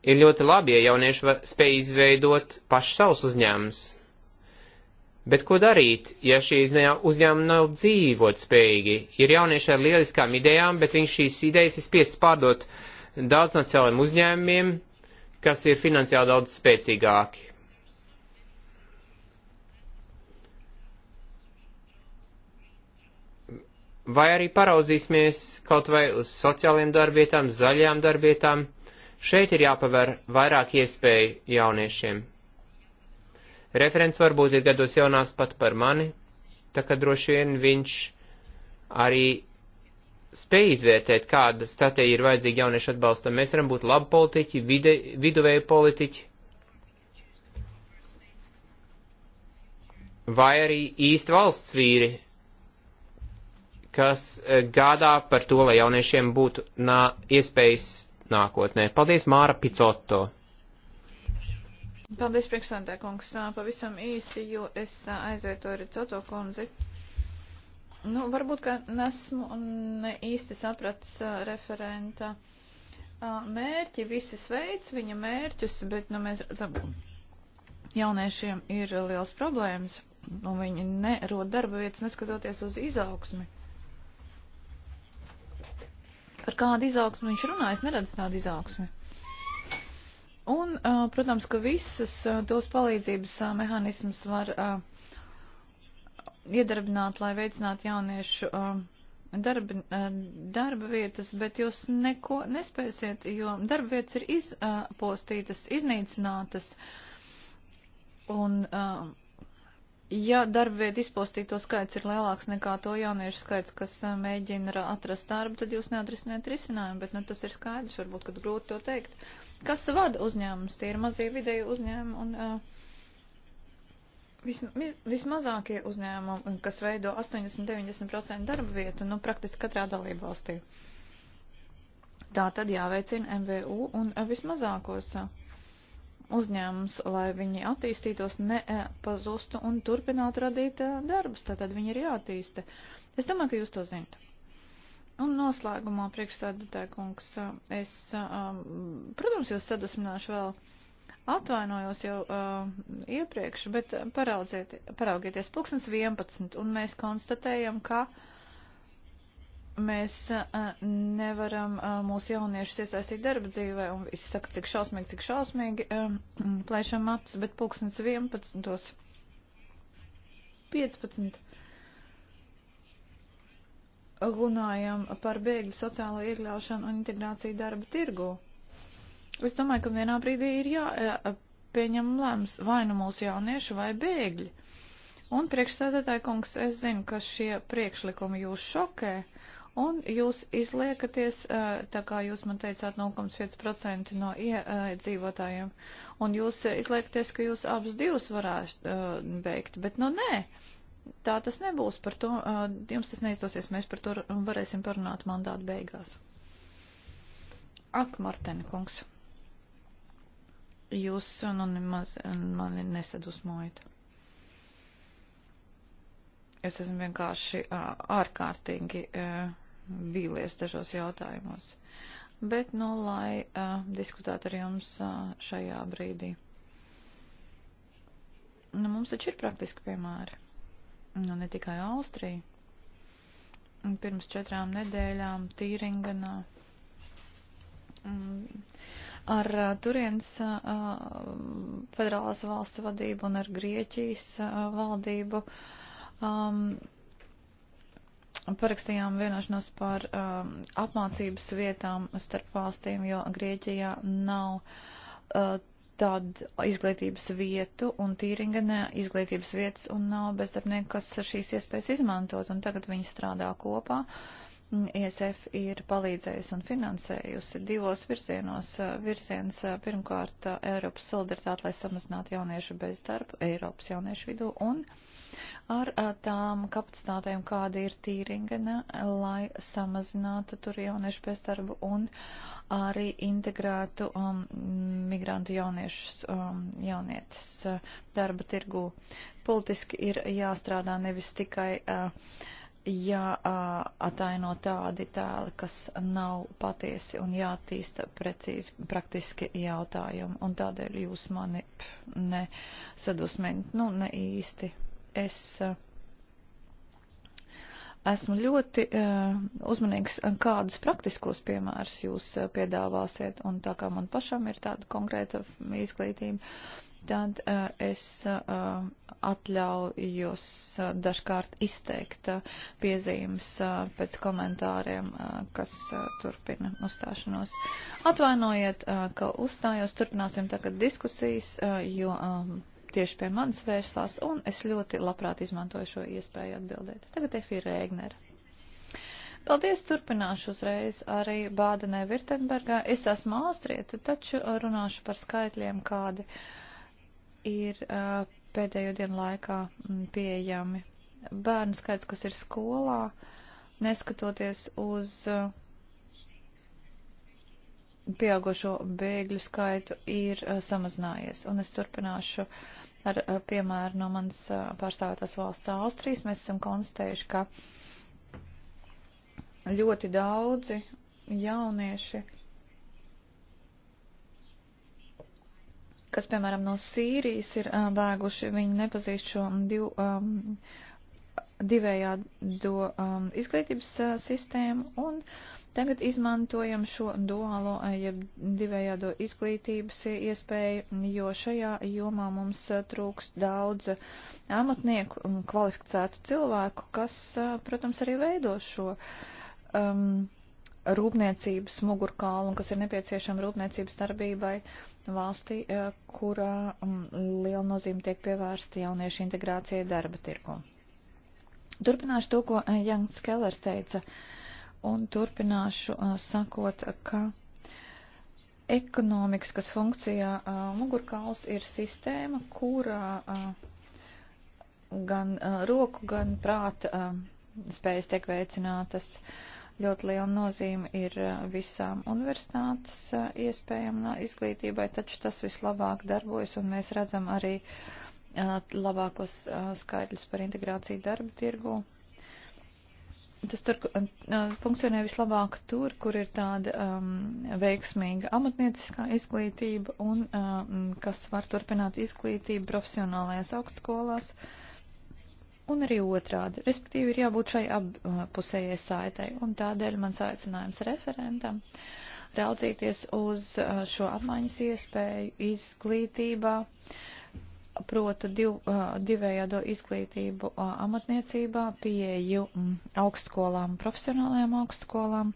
Ir ļoti labi, ja jaunieši spēj izveidot pašu savus uzņēmumus. Bet ko darīt, ja šī uzņēmuma nav dzīvot spējīgi? Ir jaunieši ar lieliskām idejām, bet viņš šīs idejas ir spiests pārdot daudznacionāliem uzņēmumiem, kas ir finansiāli daudz spēcīgāki. Vai arī paraudzīsimies kaut vai uz sociāliem darbietām, zaļajām darbietām? Šeit ir jāpavēr vairāk iespēju jauniešiem. Referents varbūt ir gados jaunāks pat par mani, tā ka droši vien viņš arī spēj izvērtēt, kāda stratēja ir vajadzīga jauniešu atbalstam. Mēs varam būt labi politiķi, vide, viduvēji politiķi, vai arī īsti valsts vīri, kas eh, gādā par to, lai jauniešiem būtu nā, iespējas nākotnē. Paldies, Māra Picotto! Paldies, priekšsēdē, kungs. Pavisam īsi, jo es aizvietoju Ricoto kundzi. Nu, varbūt, ka nesmu ne īsti sapratis referenta mērķi, visi sveic viņa mērķus, bet, nu, mēs redzam, jauniešiem ir liels problēmas, un nu, viņi nerod darba vietas neskatoties uz izaugsmi par kādu izaugsmu viņš runā, es neredzu tādu izaugsmu. Un, protams, ka visas tos palīdzības mehānismus var iedarbināt, lai veicinātu jauniešu darba, darba vietas, bet jūs neko nespēsiet, jo darba vietas ir izpostītas, iznīcinātas. Un, uh, Ja darbvietu izpostīto skaits ir lielāks nekā to jauniešu skaits, kas eh, mēģina atrast darbu, tad jūs neatrisiniet risinājumu, bet nu, tas ir skaidrs, varbūt, kad grūti to teikt. Kas vada uzņēmums? Tie ir mazie vidēji uzņēmumi un uh, vis, vis, vismazākie uzņēmumi, kas veido 80-90% darba vietu, nu, praktiski katrā dalība valstī. Tā tad jāveicina MVU un uh, vismazākos. Uh, uzņēmums, lai viņi attīstītos, nepazustu e, un turpinātu radīt e, darbus. Tātad viņi ir jātīsta. Es domāju, ka jūs to zinat. Un noslēgumā priekšstādātāja kungs, e, es, protams, jūs sadusmināšu vēl atvainojos jau uh, iepriekš, bet paraudzieties, paraugieties, pulkstens 11, un mēs konstatējam, ka uh, mēs nevaram mūsu jauniešus iesaistīt darba dzīvē un viss saka, cik šausmīgi, cik šausmīgi plēšam matus, bet pulkstens 11. 15. runājam par bēgļu sociālo iekļaušanu un integrāciju darba tirgu. Es domāju, ka vienā brīdī ir jāpieņem lēms vai nu mūsu jaunieši vai bēgļi. Un priekšstādātāji kungs, es zinu, ka šie priekšlikumi jūs šokē, Un jūs izliekaties, tā kā jūs man teicāt, 0,5% no iedzīvotājiem, un jūs izliekaties, ka jūs abus divus varētu veikt, bet nu nē, tā tas nebūs, par to jums tas neizdosies, mēs par to varēsim parunāt mandātu beigās. Ak, Marteni kungs, jūs nu nemaz mani nesadusmojat. Es esmu vienkārši ārkārtīgi. Uh, vīlies dažos jautājumos. Bet, nu, lai uh, diskutētu ar jums uh, šajā brīdī. Nu, mums taču ir praktiski piemēri. Nu, ne tikai Austrija. Pirms četrām nedēļām Tīringanā. Mm, ar turienes federālās valsts vadību un ar Grieķijas valdību um, parakstījām vienošanos par um, apmācības vietām starp valstīm, jo Grieķijā nav uh, tādu izglītības vietu un tīringanē izglītības vietas un nav bezdarbnieku, kas šīs iespējas izmantot, un tagad viņi strādā kopā. ISF ir palīdzējusi un finansējusi divos virzienos. Virziens uh, pirmkārt uh, Eiropas solidaritāte, lai samazinātu jauniešu bezdarbu Eiropas jauniešu vidū, un uh, ar tām kapacitātēm, kāda ir tīringene, lai samazinātu tur jauniešu bezdarbu un arī integrētu um, migrantu jauniešus, um, jaunietis uh, darba tirgū. Politiski ir jāstrādā nevis tikai. Uh, ja ataino tādi tēli, kas nav patiesi un jātīsta precīzi praktiski jautājumi, un tādēļ jūs mani ne sadusmeni, nu, ne īsti es eh, esmu ļoti uh, uzmanīgs, eh, kādus praktiskos piemērus jūs uh, piedāvāsiet, un tā kā man pašam ir tāda konkrēta izglītība, tad uh, es uh, atļaujos uh, dažkārt izteikt uh, piezīmes uh, pēc komentāriem, uh, kas uh, turpina uzstāšanos. Atvainojiet, uh, ka uzstājos, turpināsim tagad diskusijas, uh, jo. Um, tieši pie manis vērsās, un es ļoti labprāt izmantoju šo iespēju atbildēt. Tagad Efija Rēgnera. Paldies, turpināšu uzreiz arī Bādenē Virtenbergā. Es esmu austrieta, taču runāšu par skaitļiem, kādi ir uh, pēdējo dienu laikā pieejami. Bērnu skaits, kas ir skolā, neskatoties uz pieaugušo bēgļu skaitu, ir samazinājies. Un es turpināšu ar eh, piemēru no manas eh, pārstāvētās valsts Austrijas. Mēs esam konstatējuši, ka ļoti daudzi jaunieši, kas, piemēram, no Sīrijas ir eh, bēguši, viņi nepazīst šo divu. Um, divējādo um, izglītības uh, sistēmu un uh, Tagad izmantojam šo duālo, eh, jeb divējādo izglītības iespēju, jo šajā jomā mums eh, trūks daudz amatnieku un kvalificētu cilvēku, kas, eh, protams, arī veido šo um, rūpniecības mugurkālu un kas ir nepieciešama rūpniecības darbībai valstī, kurā um, liela nozīme tiek pievērsta jauniešu integrācijai darba tirgu. Turpināšu to, ko Jānis Kellers teica. Uh, un turpināšu sakot, ka ekonomikas, kas funkcijā mugurkauls ir sistēma, kurā gan roku, gan prāta spējas tiek veicinātas. Ļoti liela nozīme ir visām universitātes iespējama izglītībai, taču tas vislabāk darbojas, un mēs redzam arī labākos skaitļus par integrāciju darba tirgu Tas tur funkcionē vislabāk tur, kur ir tāda um, veiksmīga amatnieciskā izglītība un um, kas var turpināt izglītību profesionālajās augstskolās. Un arī otrādi, respektīvi ir jābūt šai apusējai saitai. Un tādēļ mans aicinājums referentam raudzīties uz šo apmaiņas iespēju izglītībā. Uh, protu div, uh, divējādo izglītību uh, amatniecībā, pieeju mm, augstskolām, profesionālajām augstskolām,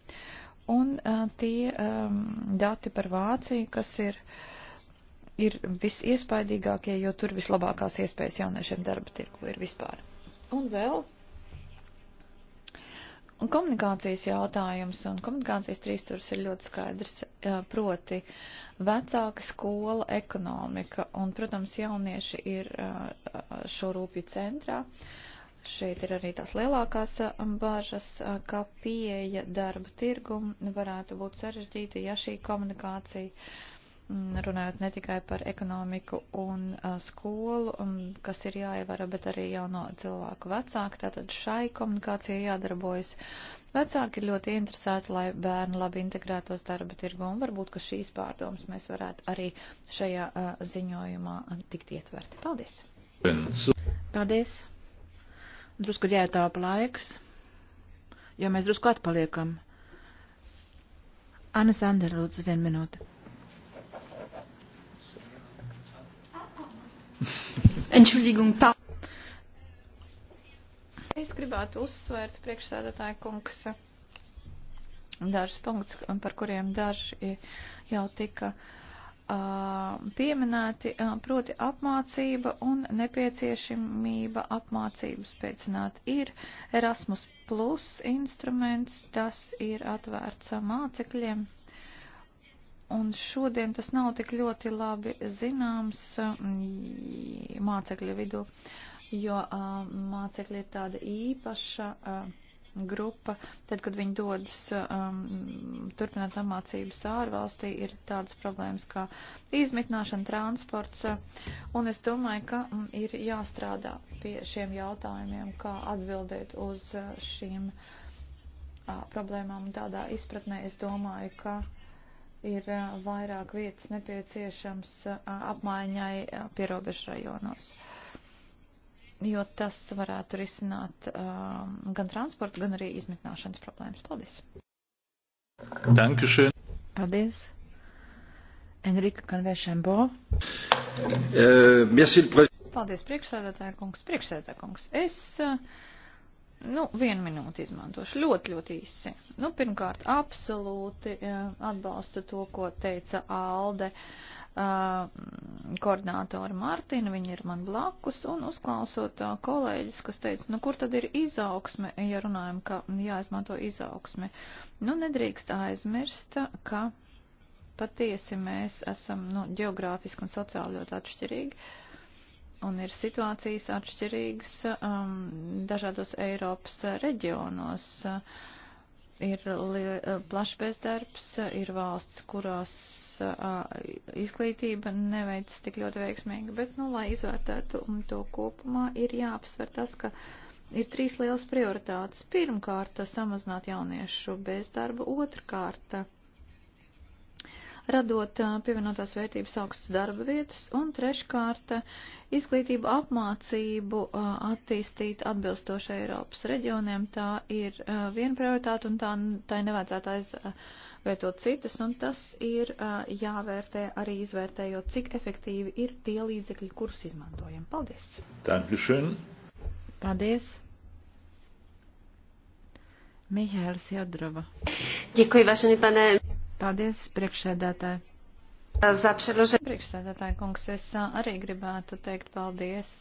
un uh, tie um, dati par Vāciju, kas ir, ir visiespaidīgākie, jo tur vislabākās iespējas jauniešiem darba tirgu ir vispār. Un vēl Un komunikācijas jautājums un komunikācijas trīsstūris ir ļoti skaidrs, proti vecāka skola, ekonomika un, protams, jaunieši ir šo rūpju centrā. Šeit ir arī tās lielākās bažas, ka pieeja darba tirgumu varētu būt sarežģīta, ja šī komunikācija Mm, runājot ne tikai par ekonomiku un skolu, um, kas ir jāievara, bet arī jauno cilvēku vecāku. Tātad šai komunikācijai jādarbojas. Vecāki ir ļoti interesēti, lai bērni labi integrētos darba tirgu, un varbūt, ka šīs pārdomas mēs varētu arī šajā ziņojumā tikt ietverti. Paldies! Paldies! Drusku jātāpa laiks, jo mēs drusku atpaliekam. Anna Sandera, lūdzu, vienu minūti. Entschuldigung, par. Es gribētu uzsvērt priekšsēdētāju kungs dažus punktus, par kuriem daži jau tika uh, pieminēti, uh, proti apmācība un nepieciešamība apmācību spēcināt. Ir Erasmus Plus instruments, tas ir atvērts mācekļiem. Uh, Un šodien tas nav tik ļoti labi zināms mm, mācekļa vidū, jo mācekļi ir tāda īpaša grupa. Tad, kad viņi dodas turpināt apmācības ārvalstī, ir tādas problēmas kā izmitināšana, transports. Un es domāju, ka ir jāstrādā pie šiem jautājumiem, kā atbildēt uz šīm problēmām. Tādā izpratnē es domāju, ka ir vairāk vietas nepieciešams apmaiņai pierobežu rajonos. Jo tas varētu risināt gan transportu, gan arī izmitināšanas problēmas. Paldies! Dankeschön! Paldies! Enrika Kanvēršembo. Uh, Paldies, priekšsēdētāja kungs, priekšsēdētāja kungs. Es uh, Nu, vienu minūti izmantošu. Ļoti, ļoti īsi. Nu, pirmkārt, absolūti eh, atbalstu to, ko teica Alde eh, koordinātori Mārtiņa. Viņi ir man blakus un uzklausot eh, kolēģis, kas teica, nu, kur tad ir izaugsme, ja runājam, ka jāizmanto izaugsme. Nu, nedrīkst aizmirst, ka patiesi mēs esam, nu, geogrāfiski un sociāli ļoti atšķirīgi. Uh, un ir situācijas atšķirīgas um, dažādos Eiropas reģionos. Ir uh, plašs bezdarbs, ir valsts, kurās uh, izglītība neveic tik ļoti veiksmīgi, bet, nu, lai izvērtētu to kopumā, ir jāapsver tas, ka ir trīs lielas prioritātes. Pirmkārt, samazināt jauniešu bezdarbu, otrkārt, uh, radot pievienotās vērtības augstas darba vietas, un treškārt izglītību apmācību attīstīt atbilstoši Eiropas reģioniem. Tā ir viena prioritāte, un tā, tā nevajadzētu aizvietot citas, un tas ir jāvērtē arī izvērtējot, cik efektīvi ir tie līdzekļi, kurus izmantojam. Paldies! Dankeschön. Paldies! Mihály Sjadrova. Děkuji, vážený pane Paldies, priekšsēdētāji. Priekšsēdētāji kungs, es arī gribētu teikt paldies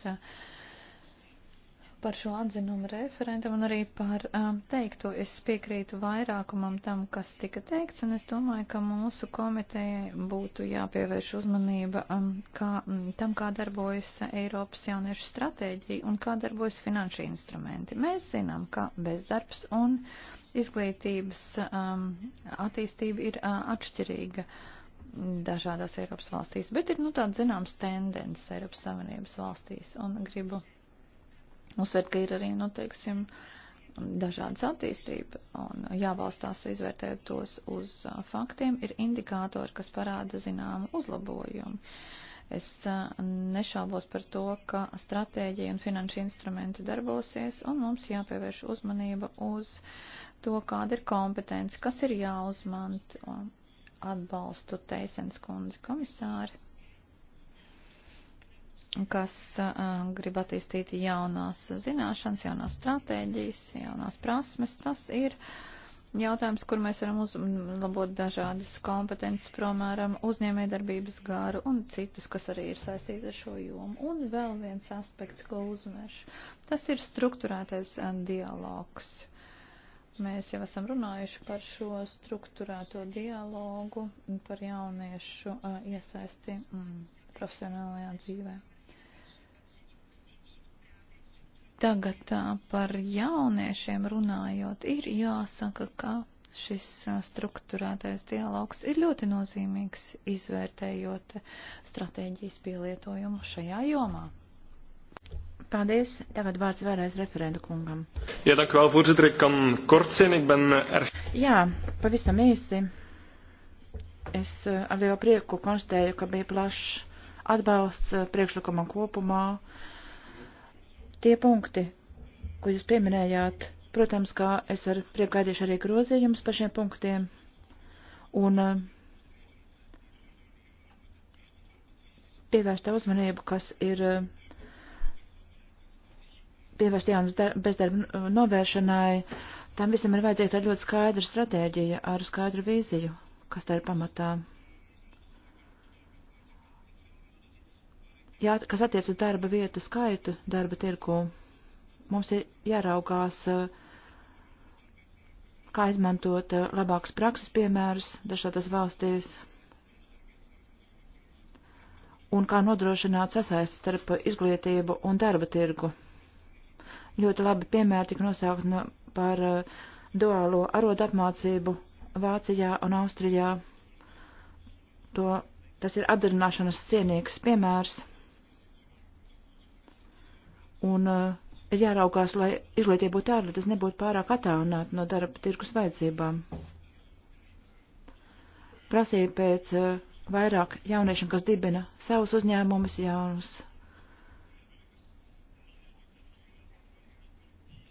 par šo atzinumu referentam un arī par um, teikto. Es piekrītu vairākumam tam, kas tika teikts, un es domāju, ka mūsu komitejai būtu jāpievērš uzmanība um, kā, um, tam, kā darbojas Eiropas jauniešu stratēģija un kā darbojas finanšu instrumenti. Mēs zinām, ka bezdarbs un. Um, Izglītības um, attīstība ir uh, atšķirīga dažādās Eiropas valstīs, bet ir nu tāds zināms tendence Eiropas Savienības valstīs. Un gribu uzsvērt, ka ir arī, nu, teiksim, dažādas attīstība un jābalstās izvērtēt tos uz uh, faktiem, ir indikātori, kas parāda zināmu uzlabojumu. Es uh, nešaubos par to, ka stratēģija un finanšu instrumenti darbosies, un mums jāpievērš uzmanība uz to, kāda ir kompetence, kas ir jāuzmanto. Atbalstu Teisens kundzi komisāri, kas uh, grib attīstīt jaunās zināšanas, jaunās stratēģijas, jaunās prasmes. Tas ir jautājums, kur mēs varam uzlabot dažādas kompetences, promēram, uzņēmējdarbības gāru un citus, kas arī ir saistīti ar šo jomu. Un vēl viens aspekts, ko uzmēršu, tas ir struktūrētais dialogs Mēs jau esam runājuši par šo struktūrēto dialogu, par jauniešu iesaisti profesionālajā dzīvē. Tagad par jauniešiem runājot, ir jāsaka, ka šis struktūrētais dialogs ir ļoti nozīmīgs, izvērtējot stratēģijas pielietojumu šajā jomā. Paldies. Tagad vārds vēlreiz referentu kungam. Jā, tā kā voorzitter, ik kan kort zijn, ik ben erg. Jā, pavisam īsi. Es eh, ar lielu prieku konstatēju, ka bija plašs atbalsts eh, priekšlikumam kopumā. Tie punkti, ko jūs pieminējāt, protams, kā es ar prieku gaidīšu arī grozījumus par šiem punktiem. Un eh, pievērst uzmanību, kas ir uh, pievērst jaunas bezdarba uh, novēršanai, tam visam ir vajadzīga tāda ļoti skaidra stratēģija ar skaidru vīziju, kas tā ir pamatā. Jā, kas attiec uz darba vietu skaitu darba tirku, mums ir jāraugās, uh, kā izmantot uh, labākas prakses piemērus dažādās valstīs un kā nodrošināt sasaisti starp izglītību un darba tirgu. Ļoti labi piemēri tika nosaukt no, par uh, duālo arodu apmācību Vācijā un Austrijā. To, tas ir atdarināšanas cienīgs piemērs. Un uh, ir jāraukās, lai izglītība būtu tāda, lai tas nebūtu pārāk attālināta no darba tirkus vajadzībām. Prasīja pēc uh, vairāk jauniešiem, kas dibina savus uzņēmumus, jaunus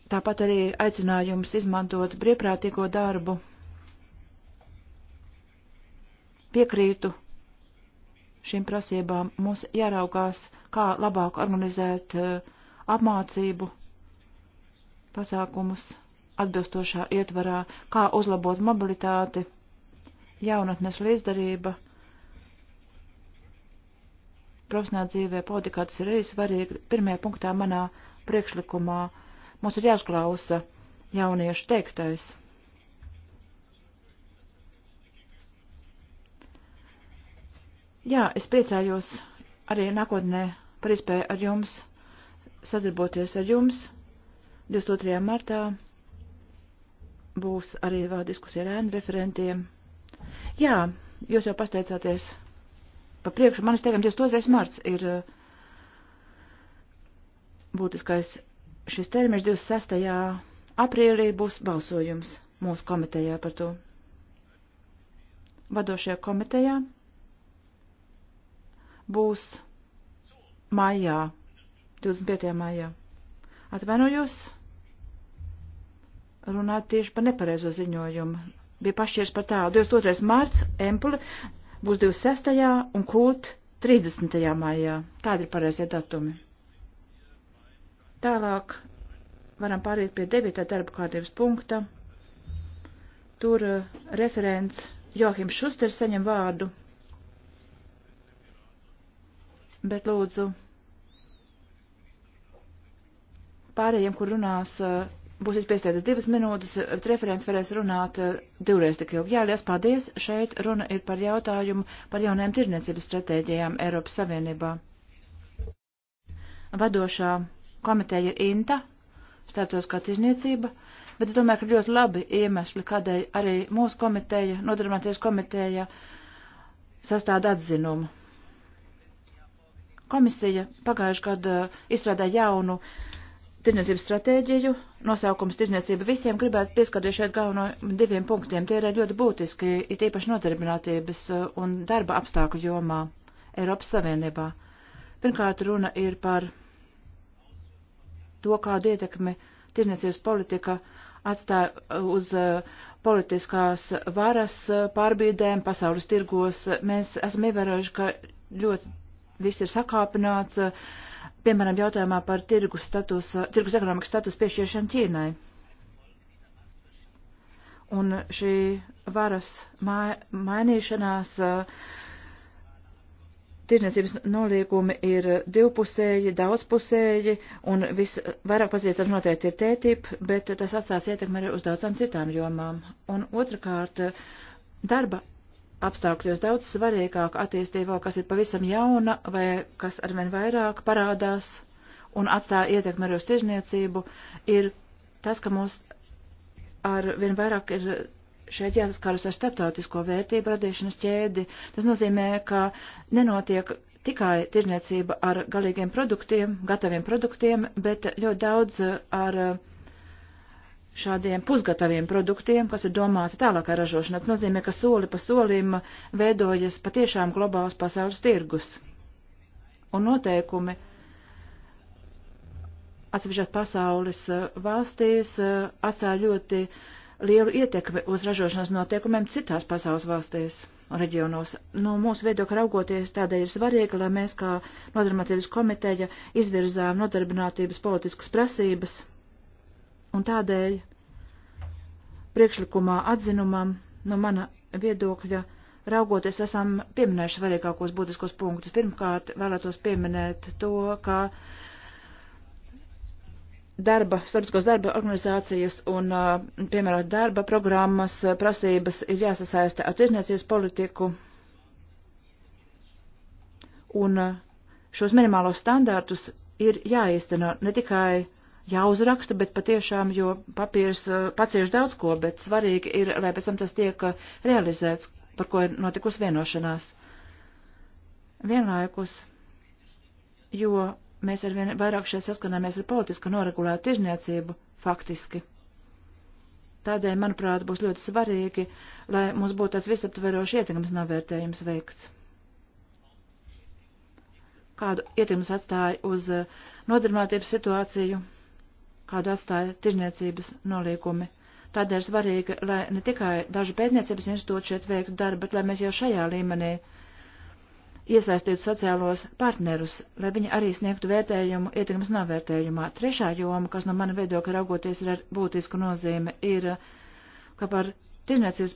Tāpat arī aicinājums izmantot brīvprātīgo darbu. Piekrītu šīm prasībām. Mums jāraugās, kā labāk organizēt uh, apmācību pasākumus atbilstošā ietvarā, kā uzlabot mobilitāti, jaunatnes līdzdarība. Profesionālā dzīvē politikā tas ir arī svarīgi. Pirmajā punktā manā priekšlikumā Mums ir jāuzklausa jauniešu teiktais. Jā, es priecājos arī nākotnē par iespēju ar jums sadarboties ar jums. 22. martā būs arī vēl diskusija ar ēnu referentiem. Jā, jūs jau pasteicāties pa priekšu. Manis teikam, 22. marts ir eh, būtiskais šis termiņš 26. aprīlī būs balsojums mūsu komitejā par to. Vadošajā komitejā būs maijā, 25. maijā. Atvainojos runāt tieši par nepareizo ziņojumu. Bija pašķirs par tādu 22. mārts, Empuli būs 26. un Kult 30. maijā. Tādi ir pareizie datumi. Tālāk varam pāriet pie 9. darba kārtības punkta. Tur uh, referents Johims Šusters saņem vārdu. Bet lūdzu, pārējiem, kur runās, uh, būs izpiestētas divas minūtes, uh, bet referents varēs runāt uh, divreiz tik ilgi. Jā, liels paldies. Šeit runa ir par jautājumu par jaunajām tirzniecības stratēģijām Eiropas Savienībā. Vadošā komiteja ir INTA, starptautiskā tirzniecība, bet es domāju, ka ļoti labi iemesli, kādēļ arī mūsu komiteja, nodarbināties komiteja, sastāda atzinumu. Komisija pagājuši gadu izstrādāja jaunu tirniecības stratēģiju, nosaukums tirniecība visiem, gribētu pieskarties šeit galveno diviem punktiem. Tie ir ļoti būtiski, it īpaši nodarbinātības uh, un darba apstākļu jomā Eiropas Savienībā. Pirmkārt, runa ir par to, kādu ietekmi tirniecības politika atstāja uz uh, politiskās varas uh, pārbīdēm pasaules tirgos. Mēs esam ievērojuši, ka ļoti viss ir sakāpināts, uh, piemēram, jautājumā par tirgus, status, tirgus ekonomikas status piešķiešanu Ķīnai. Un šī varas mai, mainīšanās uh, tirnesības noliegumi ir divpusēji, daudzpusēji, un visvairāk pazīstams noteikti ir tētip, bet tas atstās ietekmi arī uz daudzām citām jomām. Un otrkārt, darba apstākļos daudz svarīgāk attīstībā, kas ir pavisam jauna vai kas arvien vairāk parādās un atstāja ietekmi arī uz tirzniecību, ir tas, ka mums ar vien vairāk ir šeit jāsaskaras ar starptautisko vērtību radīšanas ķēdi. Tas nozīmē, ka nenotiek tikai tirzniecība ar galīgiem produktiem, gataviem produktiem, bet ļoti daudz ar eh, šādiem pusgataviem produktiem, kas ir domāti tālākai ražošanai. Tas nozīmē, ka soli pa solim veidojas patiešām globāls pasaules tirgus. Un noteikumi atsevišķās pasaules eh, valstīs eh, atstāja ļoti uh, lielu ietekmi uz ražošanas noteikumiem citās pasaules valstīs un reģionos. No mūsu viedokļa raugoties, tādēļ ir svarīgi, lai mēs kā nodarbinātības komiteja izvirzām nodarbinātības politiskas prasības, un tādēļ priekšlikumā atzinumam no mana viedokļa raugoties esam pieminējuši svarīgākos būtiskos punktus. Pirmkārt, vēlētos pieminēt to, ka darba, starptautiskos darba organizācijas un, uh, piemēram, darba programmas uh, prasības ir jāsasaista ar tirzniecības politiku. Un uh, šos minimālos standārtus ir jāīsteno ne tikai jāuzraksta, bet patiešām, jo papīrs pacieš daudz ko, bet svarīgi ir, lai pēc tam tas tiek realizēts, par ko ir notikusi vienošanās. Vienlaikus, jo mēs arvien vairāk šeit saskanāmies ar politisku noregulētu tirzniecību faktiski. Tādēļ, manuprāt, būs ļoti svarīgi, lai mums būtu tāds visaptverošs ietekmes novērtējums veikts. Kādu ietekmes atstāja uz eh, nodarbinātības situāciju, kādu atstāja tirzniecības nolīkumi. Tādēļ svarīgi, lai ne tikai daži pētniecības institūti šeit veiktu darbu, bet lai mēs jau šajā līmenī uh, iesaistīt sociālos partnerus, lai viņi arī sniegtu vērtējumu ietekmes novērtējumā. Trešā joma, kas no mana viedokļa raugoties ir ar būtisku nozīme, ir, ka par tirzniecības,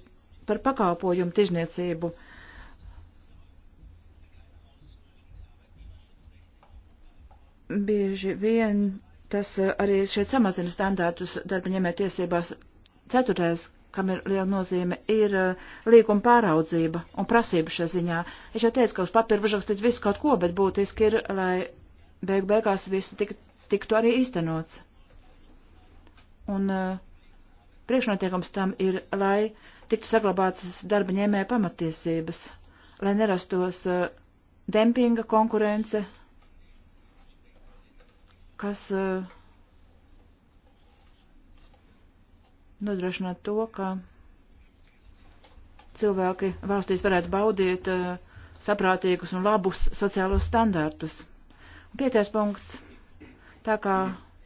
par pakalpojumu tirzniecību bieži vien tas arī šeit samazina standārtus darba ņemē tiesībās. Ceturtais, kam ir liela nozīme, ir eh, līguma pāraudzība un prasība šajā ziņā. Es jau teicu, ka uz papīra var rakstīt visu kaut ko, bet būtiski ir, lai beig beigās viss tik, tiktu arī īstenots. Un uh, priekšnotiekums tam ir, lai tiktu saglabātas darba ņēmēja pamatiesības, lai nerastos uh, dempinga konkurence, kas. Uh, nodrošināt to, ka cilvēki valstīs varētu baudīt uh, saprātīgus un labus sociālos standartus. Un pietais punkts. Tā kā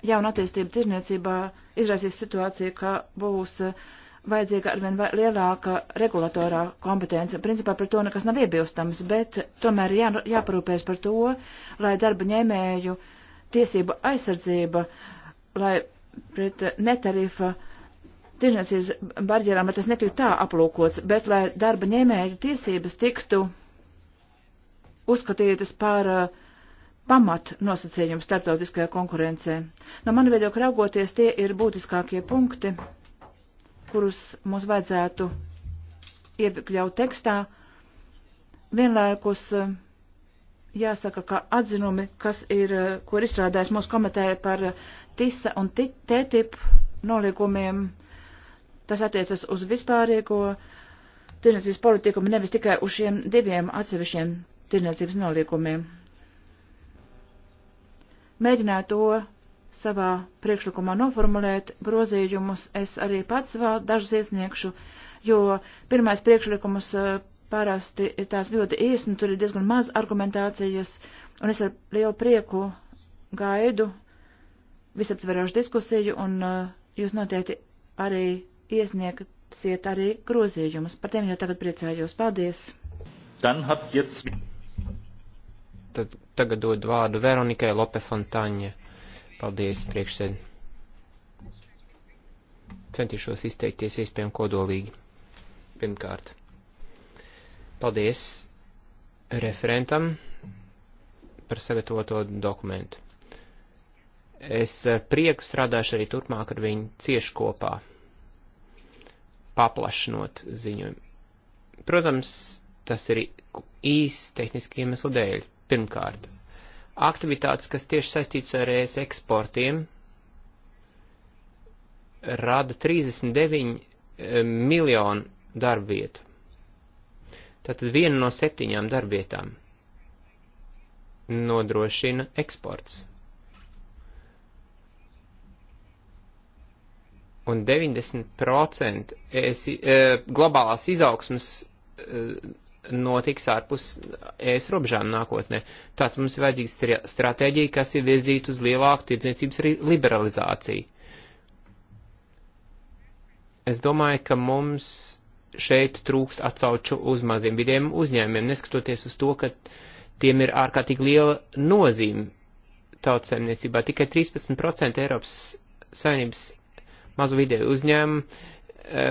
jauna attīstība tirniecībā izraisīs situāciju, ka būs uh, vajadzīga arvien lielāka regulatorā kompetence. Principā par to nekas nav iebilstams, bet tomēr jā, jāparūpēs par to, lai darba ņēmēju tiesība aizsardzība, lai pret netarifa uh, tirzniecības barjerām, bet tas netiktu tā aplūkots, bet lai darba ņēmēju tiesības tiktu uzskatītas par uh, pamat nosacījums starptautiskajā konkurencē. No manu viedokļa raugoties, tie ir būtiskākie punkti, kurus mums vajadzētu iekļaut tekstā. Vienlaikus uh, jāsaka, ka atzinumi, kas ir, uh, ko ir izstrādājis mūsu komiteja par uh, TISA un TTIP noliekumiem, uh, Tas attiecas uz vispārīgo tirnēcības politikumu, nevis tikai uz šiem diviem atsevišķiem tirnēcības noliekumiem. Mēģināju to savā priekšlikumā noformulēt grozījumus, es arī pats vēl dažus iesniegšu, jo pirmais priekšlikums eh, parasti ir tās ļoti īsti, tur ir diezgan maz argumentācijas, un es ar lielu prieku gaidu visaptverošu diskusiju, un uh, jūs noteikti arī iesniegsiet arī grozījumus. Par tiem jau tagad priecājos. Paldies! Jetzt... Tad, tagad dod vārdu Veronikai Lope Fontaņa. Paldies, priekšsēd. Centīšos izteikties iespējami kodolīgi. Pirmkārt. Paldies referentam par sagatavoto dokumentu. Es eh, prieku strādāšu arī turpmāk ar viņu cieši kopā paplašinot ziņojumu. Protams, tas ir īsts tehniski iemeslu dēļ. Pirmkārt, aktivitātes, kas tieši saistīts ar ES eksportiem, rada 39 eh, miljonu darbvietu. Tātad viena no septiņām darbvietām nodrošina eksports. un 90% esi, e, globālās izaugsmas e, notiks ārpus ES robežām nākotnē. Tātad mums ir vajadzīga stratēģija, kas ir virzīta uz lielāku tirdzniecības liberalizāciju. Es domāju, ka mums šeit trūkst atsauču uz maziem vidiem uzņēmiem, neskatoties uz to, ka tiem ir ārkārtīgi liela nozīme tautsēmniecībā. Tikai 13% Eiropas saimnības mazu vidēju uzņēmumu e,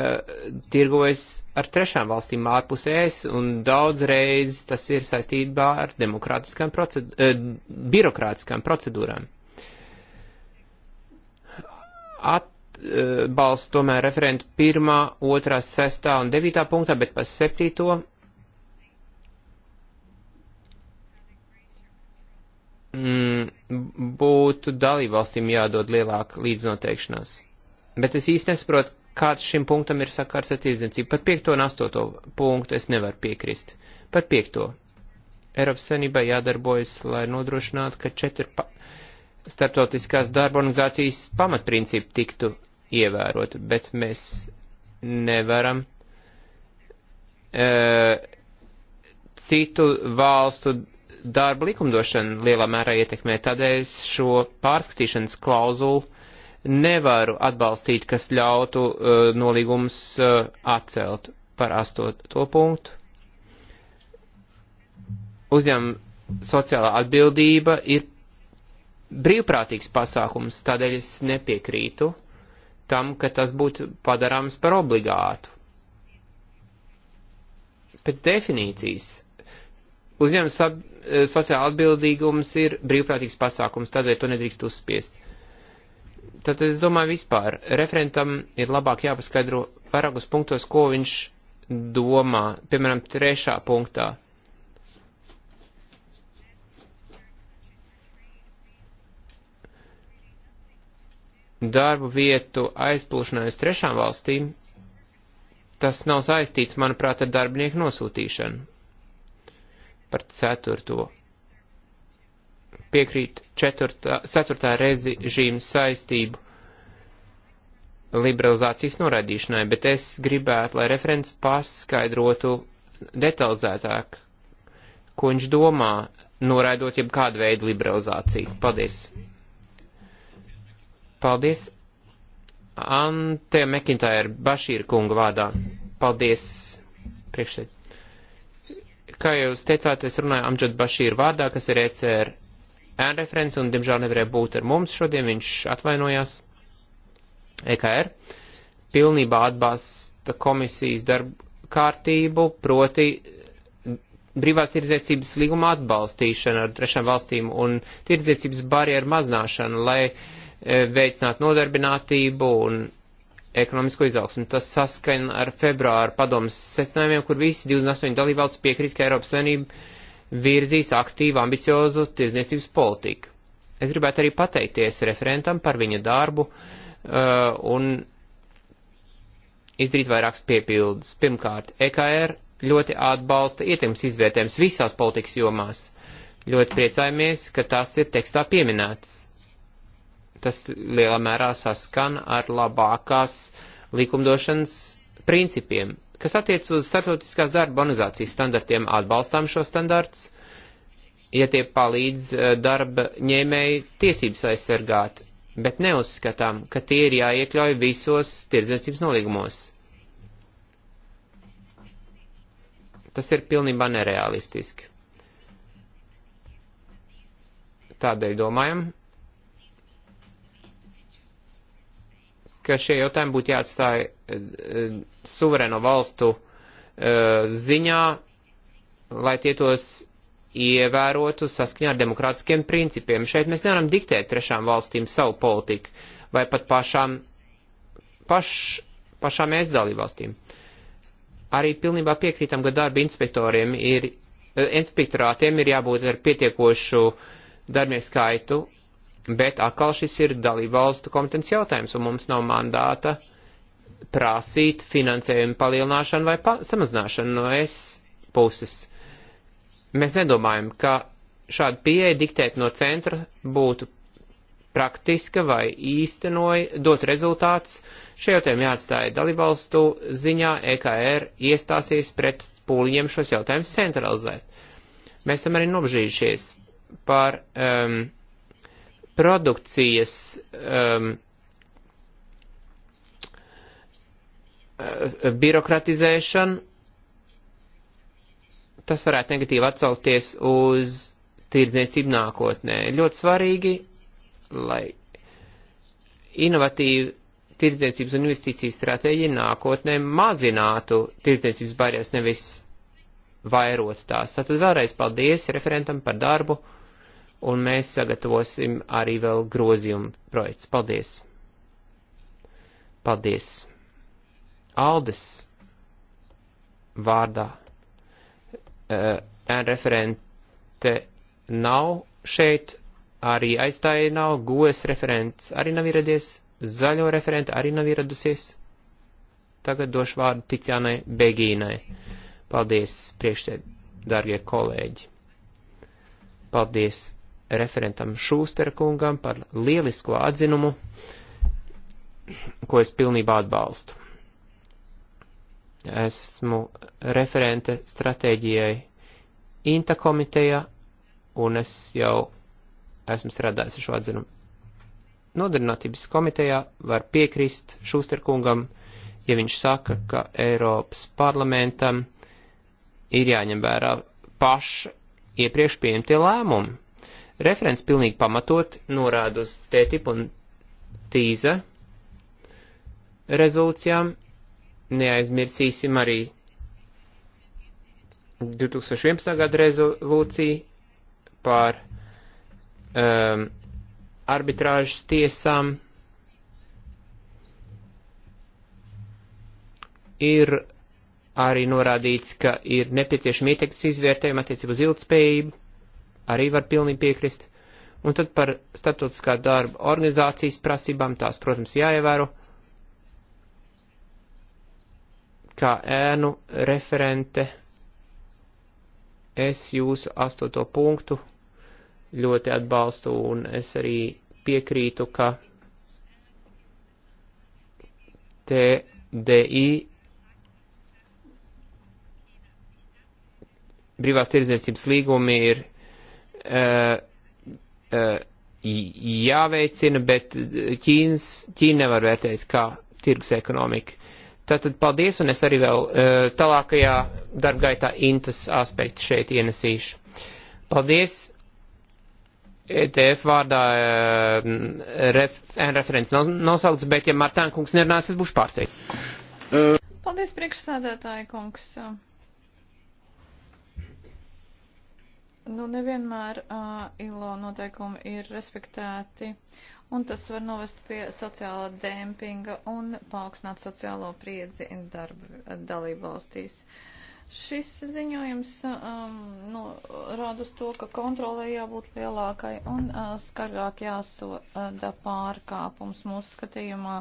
tirgojas ar trešām valstīm ārpus ES, un daudzreiz tas ir saistībā ar demokrātiskām procedūrām, e, birokrātiskām procedūrām. At e, balsts tomēr referentu 1, 2, 6 un 9 punktā, bet pa 7. Mm, būtu dalībvalstīm jādod lielāka līdznoteikšanās. Bet es īsti nesaprotu, kāds šim punktam ir sakars ar tirdzniecību. Par 5. un 8. punktu es nevaru piekrist. Par 5. Eiropas Savienībai jādarbojas, lai nodrošinātu, ka četri pa starptautiskās darba organizācijas pamatprincipi tiktu ievērot, bet mēs nevaram e, citu valstu darba likumdošanu lielā mērā ietekmēt. Tādēļ šo pārskatīšanas klauzulu nevaru atbalstīt, kas ļautu uh, eh, nolīgums uh, eh, atcelt par astoto punktu. Uzņēmuma sociālā atbildība ir brīvprātīgs pasākums, tādēļ es nepiekrītu tam, ka tas būtu padarāms par obligātu. Pēc definīcijas uzņēmuma eh, sociāla atbildīgums ir brīvprātīgs pasākums, tādēļ to nedrīkst uzspiest Tad es domāju vispār, referentam ir labāk jāpaskaidro vairākos punktos, ko viņš domā, piemēram, trešā punktā. Darbu vietu aizplūšanai uz trešām valstīm, tas nav saistīts, manuprāt, ar darbinieku nosūtīšanu. Par ceturto. Piekrīt četurtā, ceturtā režīma saistību liberalizācijas noraidīšanai, bet es gribētu, lai referents paskaidrotu detalizētāk, ko viņš domā, noraidot jeb kādu veidu liberalizāciju. Paldies! Paldies! Ante Mekintāja Bašīra kunga vārdā. Paldies! Priekšsēd. Kā jūs teicāt, es runāju Amdžad Bašīra vārdā, kas ir ECR ēnreferents un, diemžēl, nevarēja būt ar mums šodien, viņš atvainojās EKR, pilnībā atbalsta komisijas darbu kārtību, proti brīvās tirdzniecības līguma atbalstīšana ar trešām valstīm un tirdzniecības barjeru maznāšana, lai e, veicinātu nodarbinātību un ekonomisko izaugsmu. Tas saskaņ ar februāru padomas secinājumiem, kur visi 28 dalībvalsts piekrīt, ka Eiropas Savienība virzīs aktīvu ambiciozu tirzniecības politiku. Es gribētu arī pateikties referentam par viņa darbu uh, un izdarīt vairākas piepildes. Pirmkārt, EKR ļoti atbalsta ietekmes izvērtējums visās politikas jomās. Ļoti priecājamies, ka tas ir tekstā pieminēts. Tas lielā mērā saskan ar labākās likumdošanas principiem, Kas attiec uz starptautiskās darba organizācijas standartiem, atbalstām šo standarts, ja tie palīdz eh, darba ņēmēju tiesības aizsargāt, bet neuzskatām, ka tie ir jāiekļauj visos tirdzniecības nolīgumos. Tas ir pilnībā nereālistiski. Tādēļ domājam, ka šie jautājumi būtu jāatstāja uh, eh, suverēno valstu uh, ziņā, lai tie tos ievērotu saskaņā ar demokrātiskiem principiem. Šeit mēs nevaram diktēt trešām valstīm savu politiku vai pat pašām, paš, pašām mēs dalībvalstīm. Arī pilnībā piekrītam, ka darba inspektoriem ir, eh, inspektorātiem ir jābūt ar pietiekošu darbnieku skaitu, Bet atkal šis ir dalībvalstu kompetences jautājums, un mums nav mandāta prasīt finansējumu palielināšanu vai pa samazināšanu no es puses. Mēs nedomājam, ka šāda pieeja diktēt no centra būtu praktiska vai īstenoja, dot rezultāts. Šie jautājumi jāatstāja dalībvalstu ziņā, EKR iestāsies pret pūliņiem šos jautājumus centralizēt. Mēs esam arī nobežījušies par um, produkcijas um, uh, birokratizēšanu, tas varētu negatīvi atsaukties uz tirdzniecību nākotnē. Ļoti svarīgi, lai inovatīvi tirdzniecības un investīciju stratēģija nākotnē mazinātu tirdzniecības barjeras, nevis vairot tās. Tātad vēlreiz paldies referentam par darbu un mēs sagatavosim arī vēl grozījumu projekts. Paldies! Paldies! Aldes vārdā uh, referente nav šeit, arī aizstāja nav, gojas referents arī nav ieradies, zaļo referente arī nav ieradusies. Tagad došu vārdu Ticijānai Begīnai. Paldies, priekšsēd, dārgie kolēģi! Paldies referentam Šūsterkungam par lielisko atzinumu, ko es pilnībā atbalstu. Esmu referente stratēģijai Inta komiteja, un es jau esmu strādājis ar šo atzinumu. Nodarbinātības komitejā var piekrist Šūsterkungam, ja viņš saka, ka Eiropas parlamentam ir jāņem vērā paši iepriekš pieņemtie lēmumi Referents pilnīgi pamatot norāda uz TTIP un TISA rezolūcijām. Neaizmirsīsim arī 2011. gada rezolūciju par um, arbitrāžas tiesām. Ir arī norādīts, ka ir nepieciešama ietekmes izvērtējuma attiecībā uz ilgspējību arī var pilnīgi piekrist. Un tad par starptautiskā darba organizācijas prasībām tās, protams, jāievēro. Kā ēnu referente es jūsu astoto punktu ļoti atbalstu un es arī piekrītu, ka TDI brīvās tirdzniecības līgumi ir Eh, eh, jāveicina, bet Ķīnas, Ķīna nevar vērtēt kā tirgus ekonomika. Tātad paldies, un es arī vēl eh, tālākajā darbgaitā intas aspektu šeit ienesīšu. Paldies! ETF vārdā ref, referents nosaukts, bet ja Martāna kungs nerunās, es būšu pārsteigts. Paldies, priekšsādātāja kungs. Nu, nevienmēr uh, ILO noteikumi ir respektēti, un tas var novest pie sociālā dēmpinga un paaugstināt sociālo priedzi darba dalību valstīs. Šis ziņojums um, nu, rāda uz to, ka kontrolē jābūt lielākai un uh, skargāk jāsoda pārkāpums mūsu skatījumā.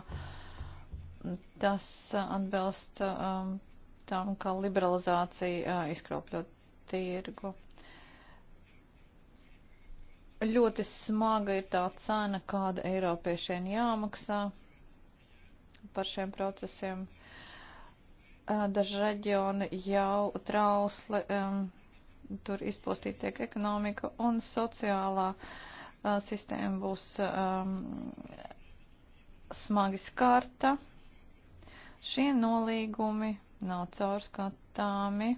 Tas uh, atbilst um, tam, ka liberalizācija uh, izkropļo tirgu. Ļoti smaga ir tā cena, kāda Eiropiešiem jāmaksā par šiem procesiem. Daži reģioni jau trausli, um, tur izpostīt tiek ekonomika un sociālā uh, sistēma būs um, smagi skarta. Šie nolīgumi nav caurskatāmi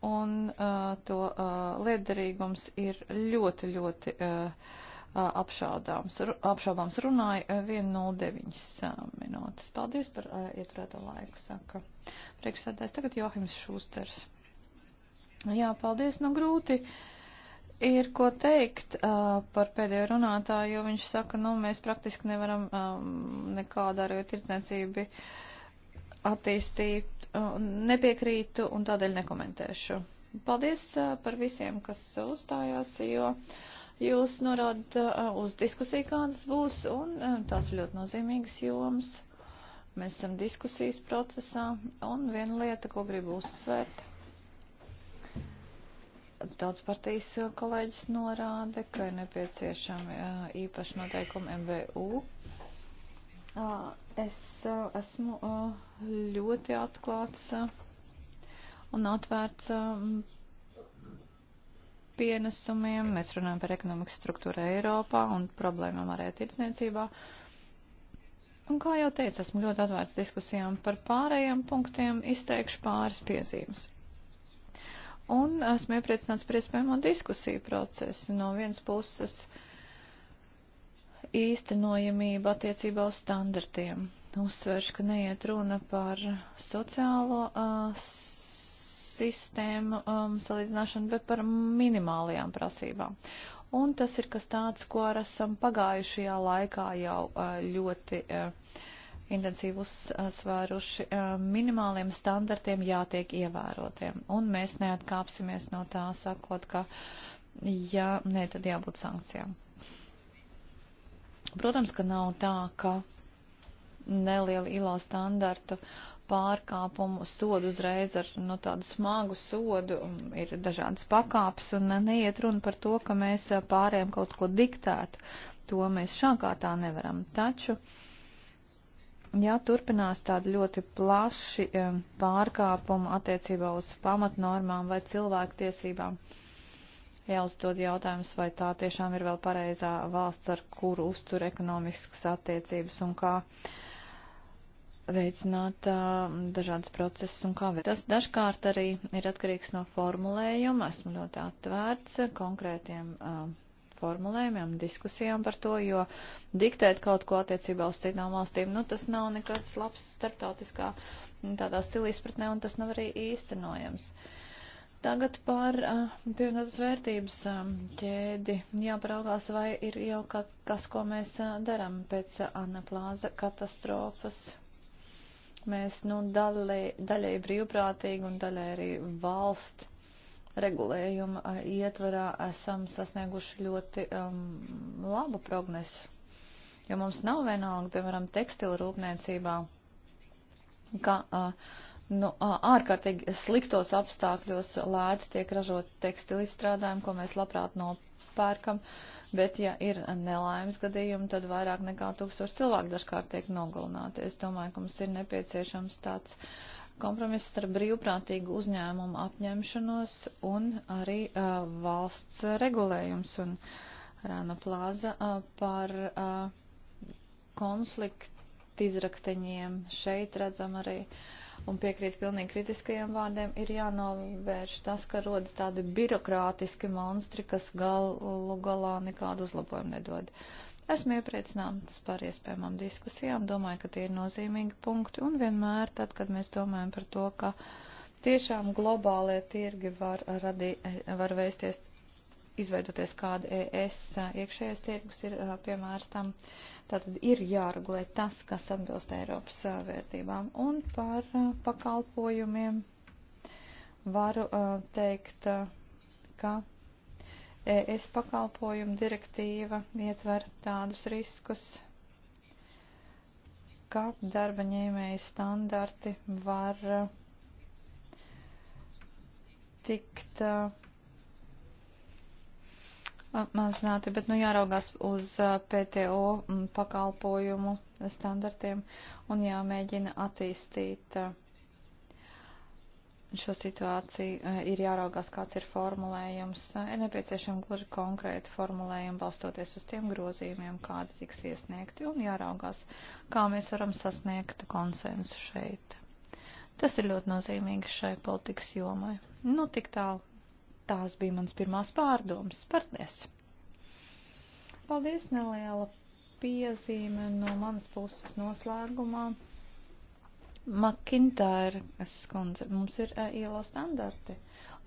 un uh, to uh, liederīgums ir ļoti, ļoti uh, uh apšaudāms, ru, apšaubāms runāja 1.09 uh, uh, minūtes. Paldies par uh, ieturēto laiku, saka priekšsēdājs. Tagad Johims Šūsters. Jā, paldies, nu grūti. Uh, ir ko teikt uh, par pēdējo runātāju, jo viņš saka, nu, mēs praktiski nevaram um, nekādā arī tirdzniecību attīstīt Uh, nepiekrītu un tādēļ nekomentēšu. Paldies uh, par visiem, kas uzstājās, jo jūs norādat uh, uz diskusiju, kādas būs, un tās ir ļoti nozīmīgas jomas. Mēs esam diskusijas procesā, un viena lieta, ko gribu uzsvērt. Daudz partijas kolēģis norāda, ka ir nepieciešami īpaši noteikumi MVU Es esmu ļoti atklāts un atvērts pienesumiem. Mēs runājam par ekonomikas struktūru Eiropā un problēmām arī tirdzniecībā. Un kā jau teicu, esmu ļoti atvērts diskusijām par pārējiem punktiem, izteikšu pāris piezīmes. Un esmu iepriecināts par iespējamo diskusiju procesu. No vienas puses. Uh, īstenojamību attiecībā uz standartiem. Uzsveršu, ka neiet runa par sociālo uh, sistēmu um, salīdzināšanu, bet par minimālajām prasībām. Un tas ir kas tāds, ko ar esam pagājušajā laikā jau uh, ļoti uh, intensīvi uzsvēruši uh, minimāliem standartiem jātiek ievērotiem. Un mēs neatkāpsimies no tā, sakot, ka ja nē, tad jābūt sankcijām. Protams, ka nav tā, ka nelielu ILO standartu pārkāpumu sodu uzreiz ar no nu, tādu smagu sodu ir dažādas pakāpes un neiet runa par to, ka mēs pārējiem kaut ko diktētu. To mēs šākā tā nevaram. Taču, ja turpinās tādi ļoti plaši pārkāpumi attiecībā uz pamatnormām vai cilvēktiesībām, tiesībām, jāuzdod jautājums, vai tā tiešām ir vēl pareizā valsts, ar kuru uztur ekonomiskas attiecības un kā veicināt uh, dažādas procesus un kā. Tas dažkārt arī ir atkarīgs no formulējuma. Esmu ļoti atvērts konkrētiem. Uh, formulējumiem, diskusijām par to, jo diktēt kaut ko attiecībā uz citām valstīm, nu tas nav nekas labs starptautiskā tādā stilī izpratnē un tas nav arī īstenojams. Uh, Tagad par uh, ah, pievienotās vērtības um, ķēdi jāparaugās, vai ir jau kaut kas, ko mēs uh, darām pēc uh, anaplāza katastrofas. Mēs nu, dalē, daļai brīvprātīgi un daļai arī valstu regulējuma uh, ietvarā esam sasnieguši ļoti um, labu progresu. Jo mums nav vienalga, piemēram, tekstilu rūpniecībā, ka uh, nu, ārkārtīgi sliktos apstākļos lēti tiek ražot tekstilizstrādājumi, ko mēs labprāt nopērkam, bet ja ir nelaimes gadījumi, tad vairāk nekā tūkstoši cilvēku dažkārt tiek nogalināti. Es domāju, ka mums ir nepieciešams tāds kompromiss starp brīvprātīgu uzņēmumu apņemšanos un arī uh, valsts regulējums. Un Rāna Plāza uh, par uh, konfliktu izrakteņiem šeit redzam arī uh, un piekrīt pilnīgi kritiskajiem vārdiem, ir jānovērš tas, ka rodas tādi birokrātiski monstri, kas galu galā nekādu uzlabojumu nedod. Esmu iepriecināts par iespējamām diskusijām, domāju, ka tie ir nozīmīgi punkti, un vienmēr tad, kad mēs domājam par to, ka tiešām globālie tirgi var, radī, var vēsties izveidoties kāda ES iekšējais tirgus ir piemērs tam. Tātad ir jāregulē tas, kas atbilst Eiropas vērtībām. Un par pakalpojumiem varu teikt, ka ES pakalpojumu direktīva ietver tādus riskus, ka darba ņēmēja standarti var tikt uh, mazināti, bet nu jāraugās uz PTO pakalpojumu standartiem un jāmēģina attīstīt šo situāciju. Ir jāraugās, kāds ir formulējums. Ir nepieciešama gluži konkrēta formulējuma balstoties uz tiem grozījumiem, kādi tiks iesniegti un jāraugās, kā mēs varam sasniegt konsensu šeit. Tas ir ļoti nozīmīgi šai politikas jomai. Nu, tik tālu. Tās bija mans pirmās pārdomas. Paldies! Paldies, neliela piezīme no manas puses noslēgumā. Makintāra skundze, mums ir eh, ILO standarti.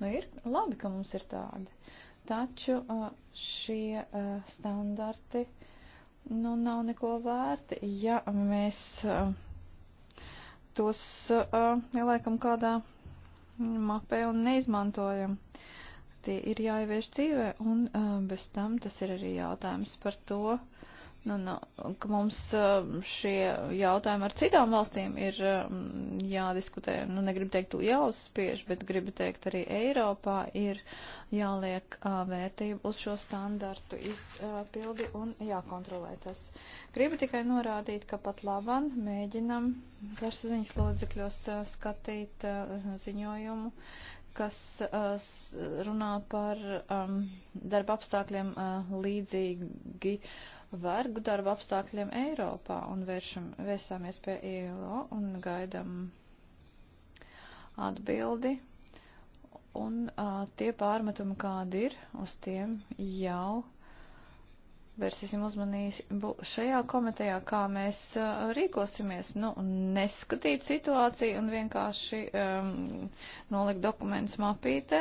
Nu, ir labi, ka mums ir tādi. Taču eh, šie eh, standarti, nu, nav neko vērti, ja mēs tos ieliekam kādā mapē un neizmantojam. Uh, tie ir jāievieš dzīvē, un uh, bez tam tas ir arī jautājums par to, nu, nu, ka mums uh, šie jautājumi ar citām valstīm ir uh, jādiskutē, nu, negribu teikt jāuzspiež, bet gribu teikt arī Eiropā ir jāliek uh, vērtību uz šo standartu izpildi uh, un jākontrolē tas. Gribu tikai norādīt, ka pat laban mēģinam plašsaziņas lodzekļos uh, skatīt uh, ziņojumu, kas uh, runā par um, darba apstākļiem uh, līdzīgi vergu darba apstākļiem Eiropā un vēršam, vērsāmies pie ILO un gaidam atbildi. Un uh, tie pārmetumi, kādi ir, uz tiem jau uh, pievērsīsim uzmanību šajā komitejā, kā mēs uh, rīkosimies, nu, neskatīt situāciju un vienkārši um, nolikt dokumentus mapītē.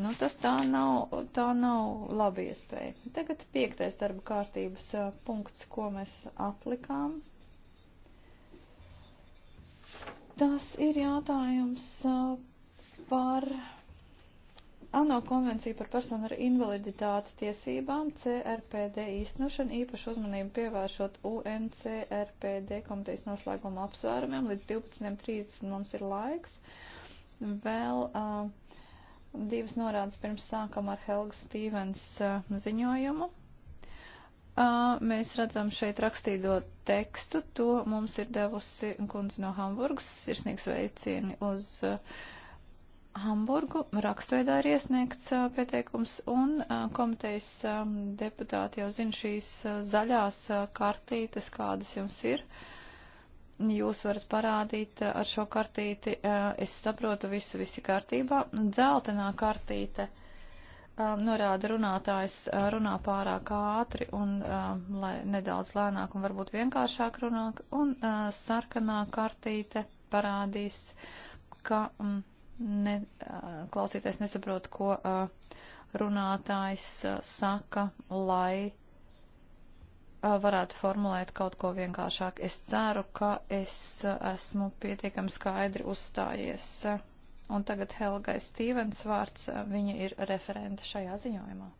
Nu, tas tā nav, tā nav laba iespēja. Tagad piektais darba kārtības uh, punkts, ko mēs atlikām. Tas ir jautājums uh, par ANO konvencija par personu ar invaliditāti tiesībām CRPD īstenošana īpašu uzmanību pievēršot UNCRPD komitejas noslēguma apsvērumiem. Līdz 12.30 mums ir laiks. Vēl uh, divas norādes pirms sākam ar Helga Stīvens uh, ziņojumu. Uh, mēs redzam šeit rakstīto tekstu, to mums ir devusi kundze no Hamburgas, sirsnīgs veicieni uz uh, Hamburgu rakstveidā ir iesniegts pieteikums, un komitejas deputāti jau zina šīs zaļās kartītes, kādas jums ir. Jūs varat parādīt ar šo kartīti, es saprotu visu, visi kārtībā. Dzeltenā kartīte norāda runātājs runā pārāk ātri un lai nedaudz lēnāk un varbūt vienkāršāk runāk, un sarkanā kartīte parādīs, ka. Mm, ne, klausīties nesaprotu, ko runātājs saka, lai varētu formulēt kaut ko vienkāršāk. Es ceru, ka es esmu pietiekami skaidri uzstājies. Un tagad Helgai Stīvens vārds, viņa ir referente šajā ziņojumā.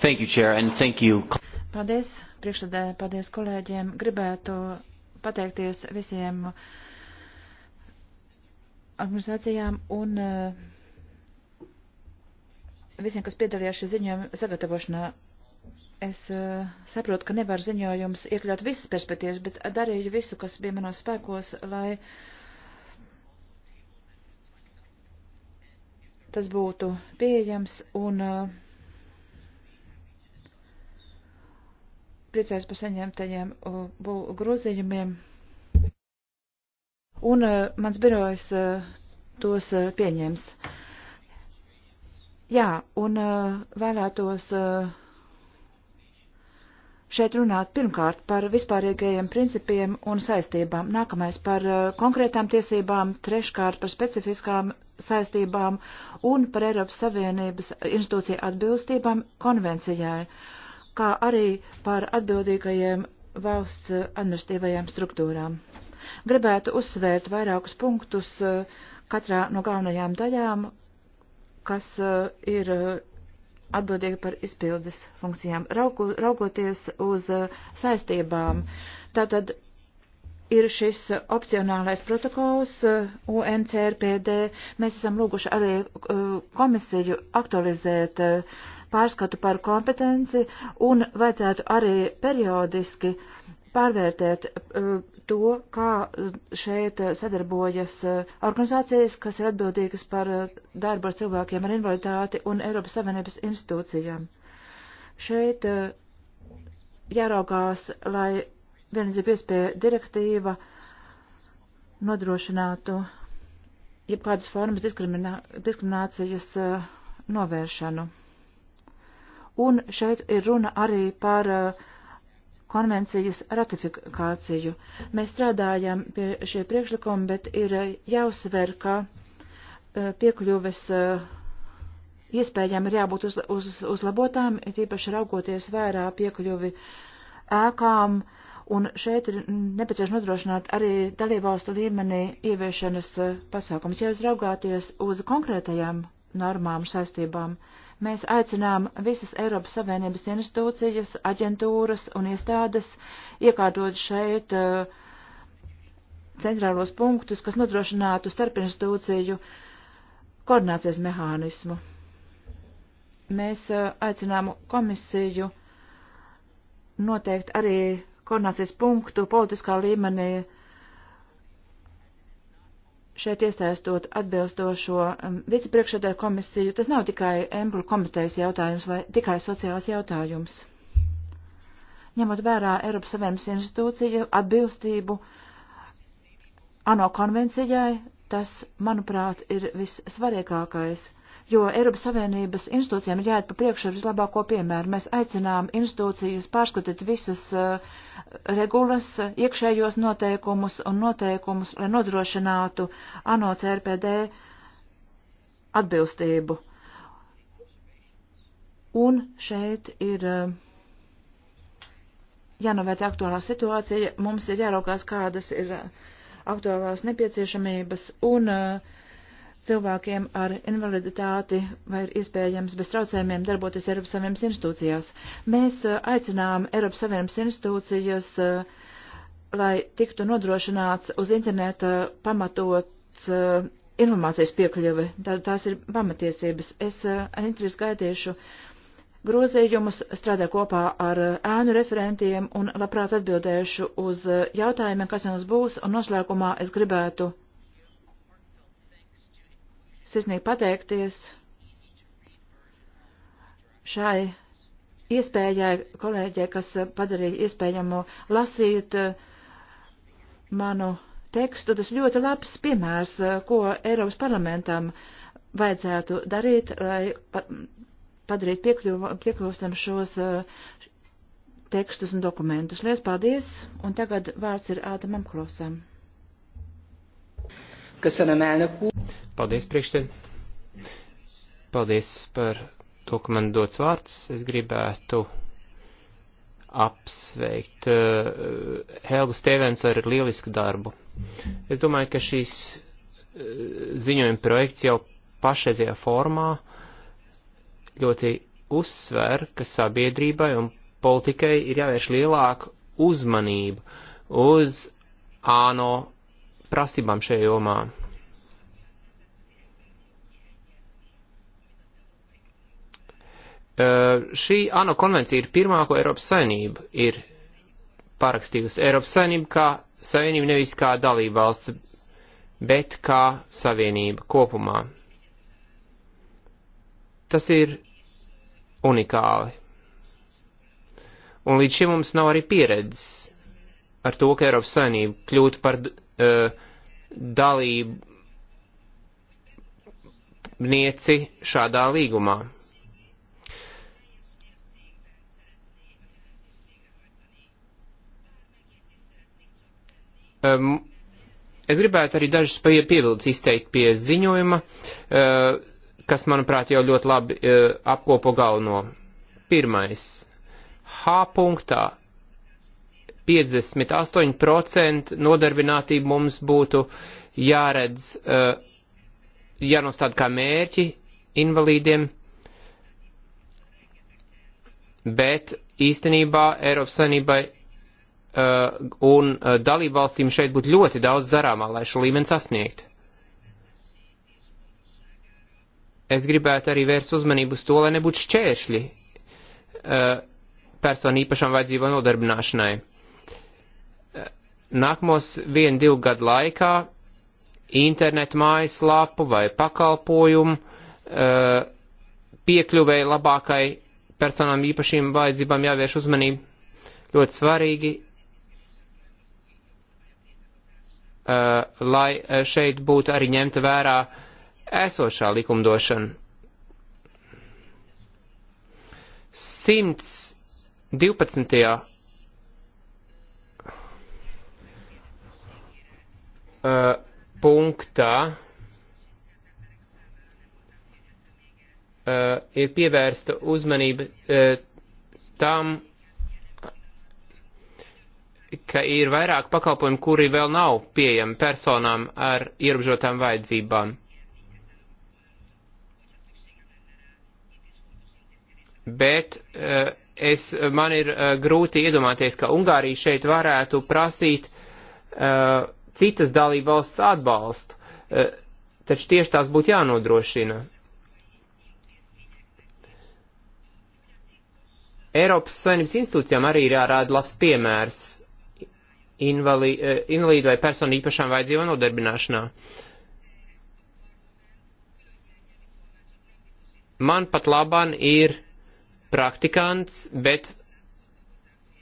Thank you, Chair, and thank you. Paldies, priekšsēdē, paldies kolēģiem. Gribētu pateikties visiem administrācijām un eh, visiem, kas piedalījās šī ziņojuma sagatavošanā. Es eh, saprotu, ka nevar ziņojums iekļaut visas perspektīvas, bet darīju visu, kas bija manos spēkos, lai tas būtu pieejams un uh, priecājos par saņemtajiem uh, grozījumiem. Un uh, mans birojs uh, tos uh, pieņems. Jā, un uh, vēlētos uh, šeit runāt pirmkārt par vispārīgajiem principiem un saistībām, nākamais par uh, konkrētām tiesībām, treškārt par specifiskām saistībām un par Eiropas Savienības institūciju atbilstībām konvencijai. Uh, kā arī par atbildīgajiem valsts administratīvajām struktūrām. Gribētu uzsvērt vairākus punktus eh, katrā no galvenajām daļām, kas eh, ir eh, atbildīgi par izpildes funkcijām, Raugu, raugoties uz saistībām. Tātad ir šis opcionālais protokols UNCRPD. Mēs esam lūguši arī komisiju aktualizēt uh, pārskatu par kompetenci un vajadzētu arī periodiski pārvērtēt uh, to, kā uh, šeit uh, sadarbojas organizācijas, kas ir atbildīgas par darbu ar cilvēkiem ar invaliditāti un Eiropas Savienības institūcijām. Šeit jāraugās, lai vienlīdzība iespēja direktīva nodrošinātu jebkādas formas diskriminācijas novēršanu un šeit ir runa arī par uh, konvencijas ratifikāciju. Mēs strādājam pie šie priekšlikumi, bet ir uh, jāuzsver, ka uh, piekļuves uh, iespējām ir jābūt uz, uz, uzlabotām, it īpaši raugoties vērā piekļuvi ēkām, un šeit ir nepieciešams nodrošināt arī dalībvalstu līmenī ieviešanas uh, pasākums. Ja jūs raugāties uz konkrētajām normām, saistībām, uh, Mēs aicinām visas Eiropas Savienības institūcijas, aģentūras un iestādes iekārtot šeit uh, centrālos punktus, kas nodrošinātu starpinstitūciju koordinācijas mehānismu. Mēs uh, aicinām komisiju noteikt arī koordinācijas punktu politiskā līmenī uh, šeit iesaistot atbilstošo um, vicepriekšēdē komisiju, tas nav tikai embru komitejas jautājums vai tikai sociāls jautājums. Ņemot vērā Eiropas Savienības institūciju atbilstību ANO konvencijai, tas, manuprāt, ir vissvarīgākais jo Eiropas Savienības institūcijām ir jāiet pa priekšu ar vislabāko piemēru. Mēs aicinām institūcijas pārskatīt visas uh, regulas, iekšējos noteikumus un noteikumus, lai nodrošinātu ANO CRPD atbilstību. Un šeit ir uh, jānovērtē aktuālā situācija, mums ir jāraukās, kādas ir eh, aktuālās nepieciešamības un uh, cilvēkiem ar invaliditāti vai ir iespējams bez traucējumiem darboties Eiropas Savienības institūcijās. Mēs eh, aicinām Eiropas Savienības institūcijas, eh, lai tiktu nodrošināts uz interneta pamatots eh, informācijas piekļuve. Tā, tās ir pamatiesības. Es ar interesi gaidīšu grozījumus, strādāju kopā ar ēnu referentiem un labprāt atbildēšu uz jautājumiem, kas jums būs, un noslēgumā es gribētu sirsnīgi pateikties šai iespējai kolēģē, kas padarīja iespējamu lasīt eh, manu tekstu. Tas ļoti labs piemērs, eh, ko Eiropas parlamentam vajadzētu darīt, lai padarīt piekļūstam šos eh, tekstus un dokumentus. Lies paldies, un tagad vārds ir Ādamam Klosam. Köszönöm, elnök úr! Paldies, priekšsēd. Paldies par to, ka man dots vārds. Es gribētu apsveikt uh, Helgu Stevens ar lielisku darbu. Es domāju, ka šīs uh, ziņojuma projekts jau pašreizajā formā ļoti uzsver, ka sabiedrībai un politikai ir jāvērš lielāku uzmanību uz āno prasībām šajā jomā. Eh, šī ANO konvencija ir pirmā, ko Eiropas Savienība ir parakstījusi. Eiropas Savienība kā Savienība nevis kā dalība valsts, bet kā Savienība kopumā. Tas ir unikāli. Un līdz šim mums nav arī pieredzes ar to, ka Eiropas Savienība kļūtu par uh, eh, dalību nieci šādā līgumā. Um, es gribētu arī dažas piebildes izteikt pie ziņojuma, uh, kas, manuprāt, jau ļoti labi uh, apkopo galveno. Pirmais. H punktā 58% nodarbinātība mums būtu jāredz, uh, jānostāda kā mērķi invalīdiem, bet īstenībā Eiropas Sanībai Eh, un eh, dalību valstīm šeit būtu ļoti daudz darāmā, lai šo līmeni sasniegt. Es gribētu arī vērst uzmanību uz to, lai nebūtu šķēršļi eh, personu īpašām vajadzību nodarbināšanai. Nākamos vienu, divu gadu laikā internetu mājaslapu vai pakalpojumu piekļuvēja labākai personām īpašīm vajadzībām jāvērš uzmanība. Ļoti svarīgi Eh, lai eh, šeit būtu arī ņemta vērā esošā likumdošana. 112. Uh, eh, punktā uh, ir pievērsta uzmanība uh, tam, ka ir vairāk pakalpojumu, kuri vēl nav pieejami personām ar ierobežotām vajadzībām. Bet eh, es, man ir eh, grūti iedomāties, ka Ungārija šeit varētu prasīt uh, citas dalību valsts atbalstu, uh, taču tieši tās būtu jānodrošina. Eiropas saimnības institūcijām arī ir jārāda labs piemērs invalī, eh, invalīdu vai personu īpašām vajadzību nodarbināšanā. Man pat labāk ir praktikants, bet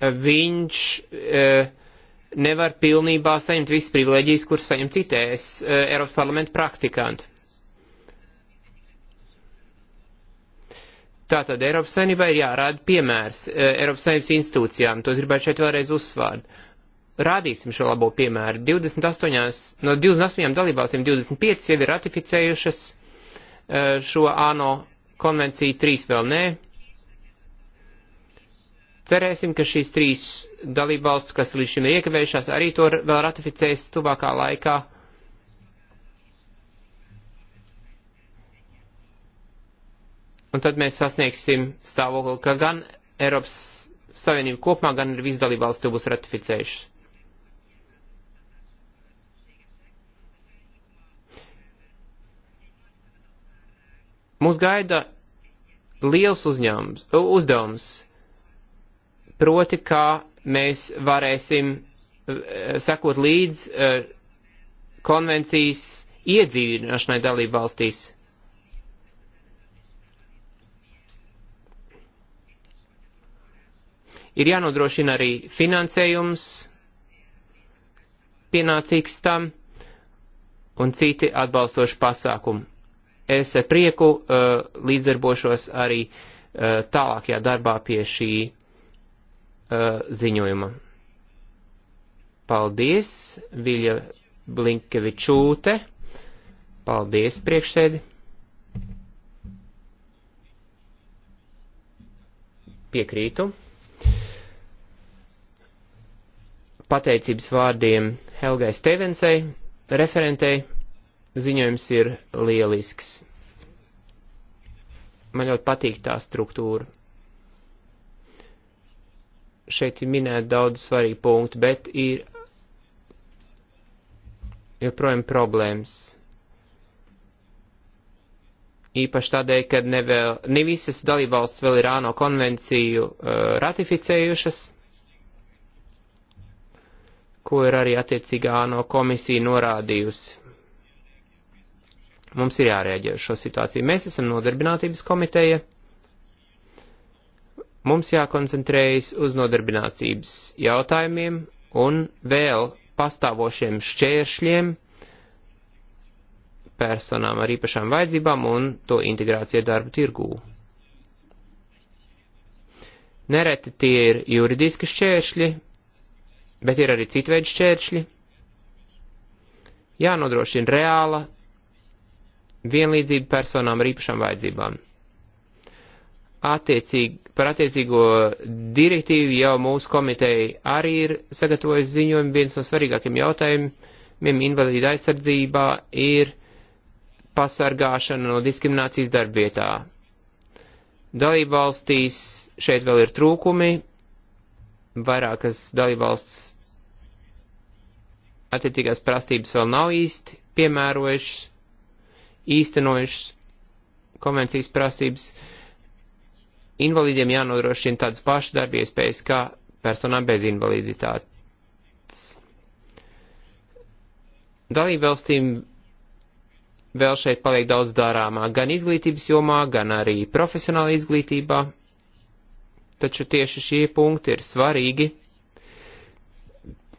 eh, viņš e, nevar pilnībā saņemt visas privileģijas, kuras saņem citēs e, Eiropas parlamenta praktikanti. Tātad Eiropas Savienībā ir jārāda piemērs e, Eiropas Savienības institūcijām, to gribētu šeit vēlreiz uzsvārt rādīsim šo labo piemēru. 28, no 28 dalībvalstīm 25 jau ir ratificējušas eh, šo ANO konvenciju, 3 vēl nē. Cerēsim, ka šīs trīs dalībvalsts, kas līdz šim ir iekavējušās, arī to vēl ratificēs tuvākā laikā. Un tad mēs sasniegsim stāvokli, ka gan Eiropas Savienība kopumā, gan arī visdalībvalsts to būs ratificējušas. Mūs gaida liels uzņēmums, uzdevums, proti kā mēs varēsim e, sekot līdz e, konvencijas iedzīvināšanai dalību valstīs. Ir jānodrošina arī finansējums pienācīgs tam un citi atbalstoši pasākumi es ar prieku uh, līdzdarbošos arī uh, tālākajā darbā pie šī uh, ziņojuma. Paldies, Viļa Blinkevičūte. Paldies, priekšsēdi. Piekrītu. Pateicības vārdiem Helgai Stevensai, referentei Ziņojums ir lielisks. Man ļoti patīk tā struktūra. Šeit ir minēti daudz svarīgi punkti, bet ir joprojām problēmas. Īpaši tādēļ, ka ne, vēl, ne visas dalībvalsts vēl ir ANO konvenciju uh, ratificējušas, ko ir arī attiecīgā ANO komisija norādījusi. Mums ir jārēģē uz šo situāciju. Mēs esam nodarbinātības komiteja. Mums jākoncentrējas uz nodarbinātības jautājumiem un vēl pastāvošiem šķēršļiem personām ar īpašām vajadzībām un to integrācija darba tirgū. Nereti tie ir juridiski šķēršļi, bet ir arī citveidi šķēršļi. Jānodrošina reāla vienlīdzību personām ar īpašām vajadzībām. Attiecīgi, par attiecīgo direktīvu jau mūsu komiteja arī ir sagatavojis ziņojumu. Viens no svarīgākiem jautājumiem invalīda aizsardzībā ir pasargāšana no diskriminācijas darbvietā. Dalībvalstīs šeit vēl ir trūkumi, vairākas dalībvalsts attiecīgās prasības vēl nav īsti piemērojušas īstenojušas konvencijas prasības. Invalīdiem jānodrošina tādas pašas darba iespējas kā personām bez invaliditātes. Dalībvalstīm vēl šeit paliek daudz darāmā, gan izglītības jomā, gan arī profesionāla izglītībā, taču tieši šie punkti ir svarīgi,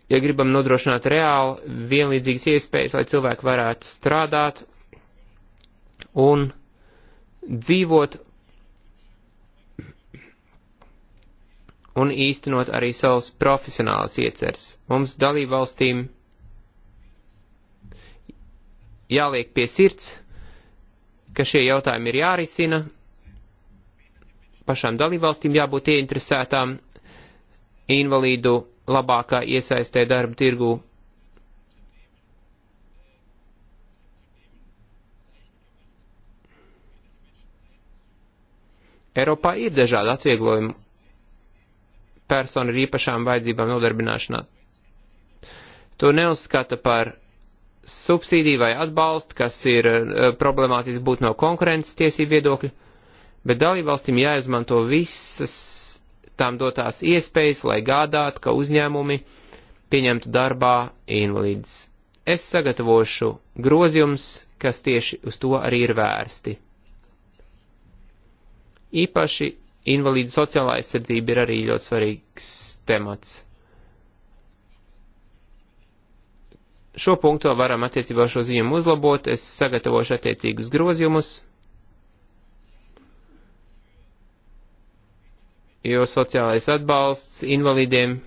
ja gribam nodrošināt reāli vienlīdzīgas iespējas, lai cilvēki varētu strādāt un dzīvot un īstenot arī savus profesionālus ieceres. Mums dalībvalstīm jāliek pie sirds, ka šie jautājumi ir jārisina, pašām dalībvalstīm jābūt ieinteresētām invalīdu labākā iesaistē darba tirgū Eiropā ir dažādi atvieglojumi personu ar īpašām vajadzībām nodarbināšanā. To neuzskata par subsīdiju vai atbalstu, kas ir eh, problemātiski būt no konkurences tiesību viedokļa, bet dalībvalstīm jāizmanto visas tām dotās iespējas, lai gādātu, ka uzņēmumi pieņemtu darbā invalīdus. Es sagatavošu grozījums, kas tieši uz to arī ir vērsti. Īpaši invalīdu sociālā aizsardzība ir arī ļoti svarīgs temats. Šo punktu vēl varam attiecībā šo ziņojumu uzlabot, es sagatavošu attiecīgus grozījumus, jo sociālais atbalsts invalīdiem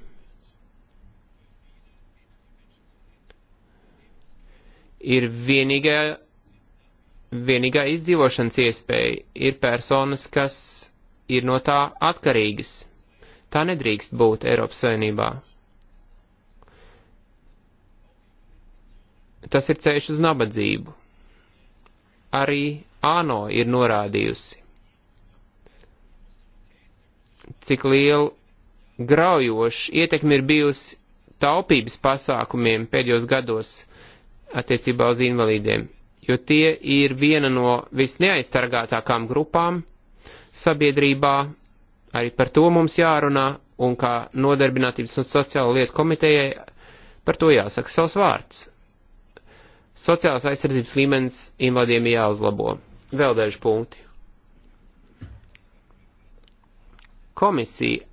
ir vienīgā vienīgā izdzīvošanas iespēja ir personas, kas ir no tā atkarīgas. Tā nedrīkst būt Eiropas Savienībā. Tas ir ceļš uz nabadzību. Arī ANO ir norādījusi, cik liela graujoša ietekme ir bijusi taupības pasākumiem pēdējos gados attiecībā uz invalīdiem jo tie ir viena no visneaizstargātākām grupām sabiedrībā, arī par to mums jārunā, un kā nodarbinātības un sociālo lietu komitejai par to jāsaka savs vārds. Sociālās aizsardzības līmenis invalidiem jāuzlabo. Vēl daži punkti. Komisija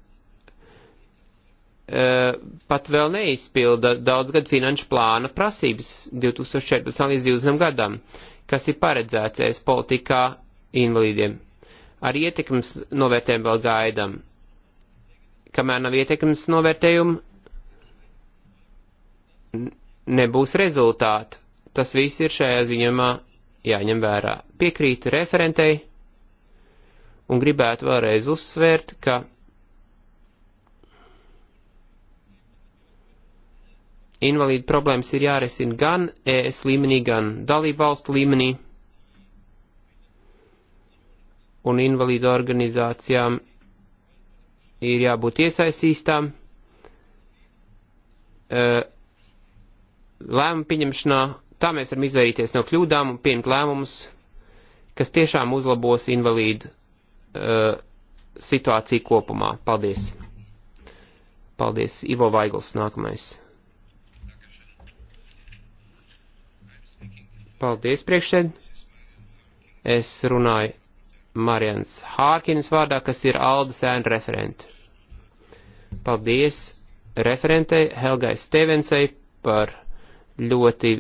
E, pat vēl neizpilda daudzgad finanšu plāna prasības 2014 līdz 20 gadam, kas ir paredzēts ES politikā invalīdiem. Ar ietekmes novērtējumu vēl gaidam. Kamēr nav ietekmes novērtējumu, nebūs rezultātu. Tas viss ir šajā ziņamā jāņem vērā. Piekrītu referentei un gribētu vēlreiz uzsvērt, ka invalīdu problēmas ir jāresina gan ES līmenī, gan dalību valstu līmenī. Un invalīdu organizācijām ir jābūt iesaistīstām e, lēmumu pieņemšanā. Tā mēs varam izvairīties no kļūdām un pieņemt lēmumus, kas tiešām uzlabos invalīdu uh, situāciju kopumā. Paldies! Paldies, Ivo Vaigls nākamais. Paldies, priekšsēd. Es runāju Marians Hārkins vārdā, kas ir Aldas ēna referente. Paldies referentei Helgai Stevensai par ļoti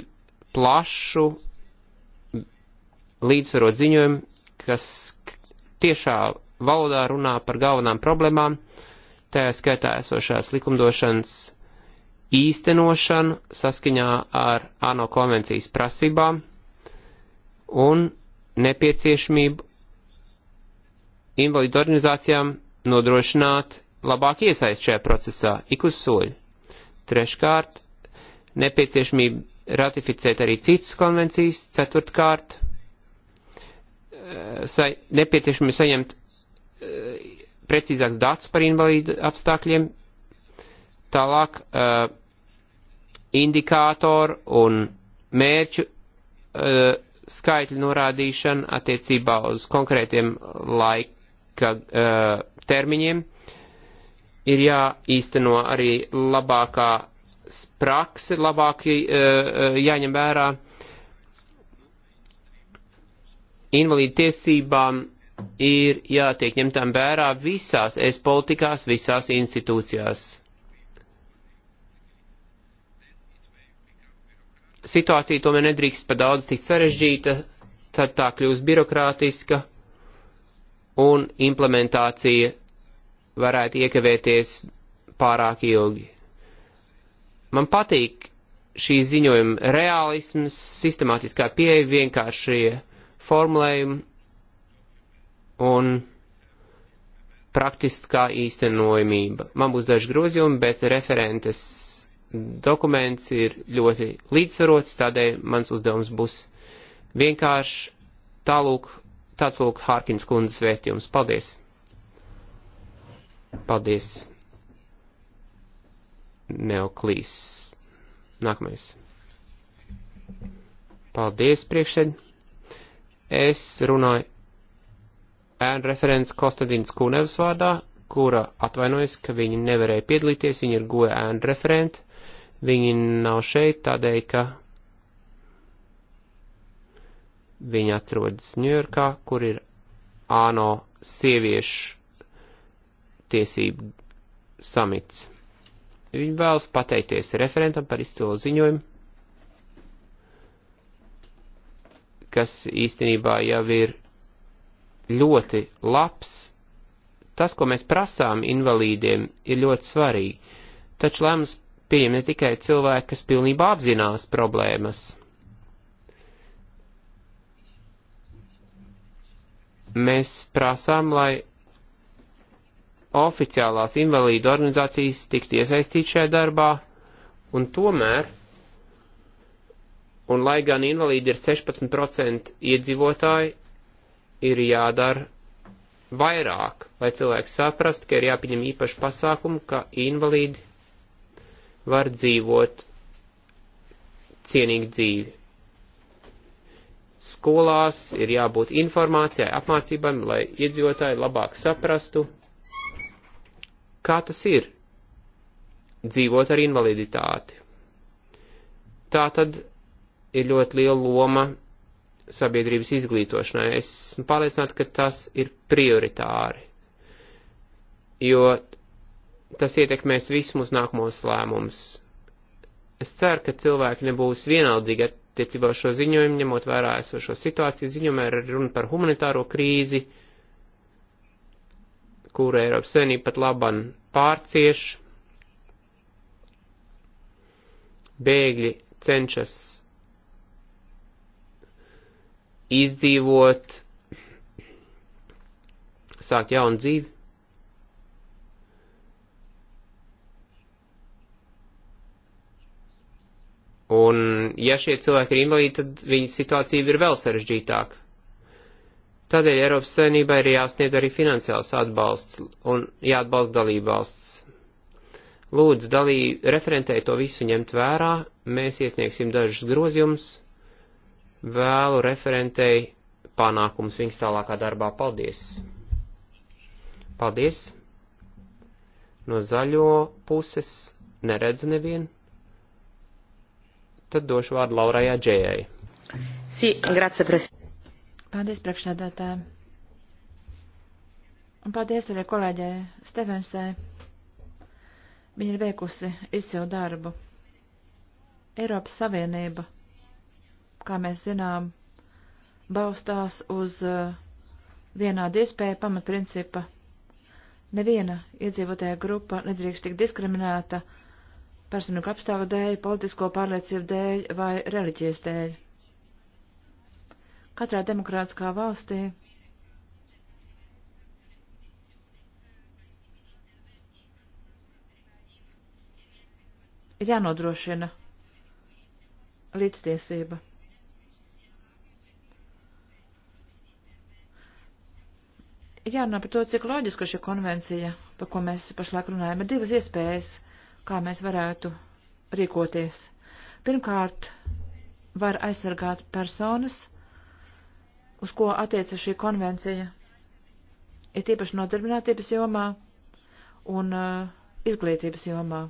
plašu līdzsvarot ziņojumu, kas tiešā valodā runā par galvenām problēmām, tajā skaitā esošās likumdošanas īstenošanu saskaņā ar ANO konvencijas prasībām un nepieciešamību invalīdu organizācijām nodrošināt labāk iesaist šajā procesā ik uz soļu. Treškārt, nepieciešamība ratificēt arī citas konvencijas. Ceturtkārt, eh, sa nepieciešamība saņemt eh, precīzāks dats par invalīdu apstākļiem. Tālāk uh, eh, indikātoru un mērķu uh, skaitļu norādīšana attiecībā uz konkrētiem laika uh, termiņiem ir jāīsteno arī labākā prakse, labāk uh, jāņem vērā invalīdu tiesībām ir jātiek ņemtām vērā visās es politikās, visās institūcijās. situācija tomēr nedrīkst pa daudz tik sarežģīta, tad tā kļūst birokrātiska un implementācija varētu iekavēties pārāk ilgi. Man patīk šī ziņojuma realisms, sistemātiskā pieeja, vienkāršie formulējumi un praktiskā īstenojumība. Man būs daži grozījumi, bet referentes dokuments ir ļoti līdzsvarots, tādēļ mans uzdevums būs vienkārši tālūk, tāds lūk Hārkins kundzes vēstījums. Paldies! Paldies! Neoklīs. Nākamais. Paldies, priekšsēd. Es runāju ēnu referents Kostadīns Kunevs vārdā, kura atvainojas, ka viņa nevarēja piedalīties, viņa ir goja ēnu referenta Viņi nav šeit tādēļ, ka viņi atrodas Ņujorkā, kur ir ANO sieviešu tiesību samits. Viņi vēlas pateikties referentam par izcilo ziņojumu, kas īstenībā jau ir ļoti labs. Tas, ko mēs prasām invalīdiem, ir ļoti svarīgi, taču lēmums pieejami ne tikai cilvēki, kas pilnībā apzinās problēmas. Mēs prasām, lai oficiālās invalīdu organizācijas tiktu iesaistīts šajā darbā, un tomēr, un lai gan invalīdi ir 16% iedzīvotāji, ir jādara vairāk, lai cilvēki saprast, ka ir jāpieņem īpaši pasākumu, ka invalīdi var dzīvot cienīgu dzīvi. Skolās ir jābūt informācijai, apmācībām, lai iedzīvotāji labāk saprastu, kā tas ir dzīvot ar invaliditāti. Tā tad ir ļoti liela loma sabiedrības izglītošanai. Esmu pārliecināta, ka tas ir prioritāri, jo tas ietekmēs visus mūsu nākamos lēmumus. Es ceru, ka cilvēki nebūs vienaldzīgi attiecībā uz šo ziņojumu, ņemot vērā esošo situāciju. Ziņojumā ir runa par humanitāro krīzi, kuru Eiropas Savienība pat laban pārcieš. Bēgļi cenšas izdzīvot, sākt jaunu dzīvi. Un, ja šie cilvēki ir invalīdi, tad viņa situācija ir vēl sarežģītāka. Tādēļ Eiropas Savienībai ir jāsniedz arī finansiāls atbalsts un jāatbalsta dalībvalsts. Lūdzu, dalī referentēji to visu ņemt vērā, mēs iesniegsim dažus grozījumus, vēlu referentēji panākums viņas tālākā darbā. Paldies! Paldies! No zaļo puses neredz nevienu. Tad došu vārdu Laurai Aģējai. Sī, grazie, prezident. Paldies, priekšsēdētāji. Un paldies arī kolēģei Stevensai. Viņa ir veikusi izcilu darbu. Eiropas Savienība, kā mēs zinām, balstās uz uh, vienādu iespēju pamatprincipa. Neviena iedzīvotāja grupa nedrīkst tik diskriminēta, uh, personīgu apstāvu dēļ, politisko pārliecību dēļ vai reliģijas dēļ. Katrā demokrātiskā valstī ir jānodrošina līdztiesība. Jārunā par to, cik loģiska šī konvencija, par ko mēs pašlaik runājam, ir divas iespējas kā mēs varētu rīkoties. Pirmkārt, var aizsargāt personas, uz ko attieca šī konvencija, ir tīpaši nodarbinātības jomā un uh, izglītības jomā,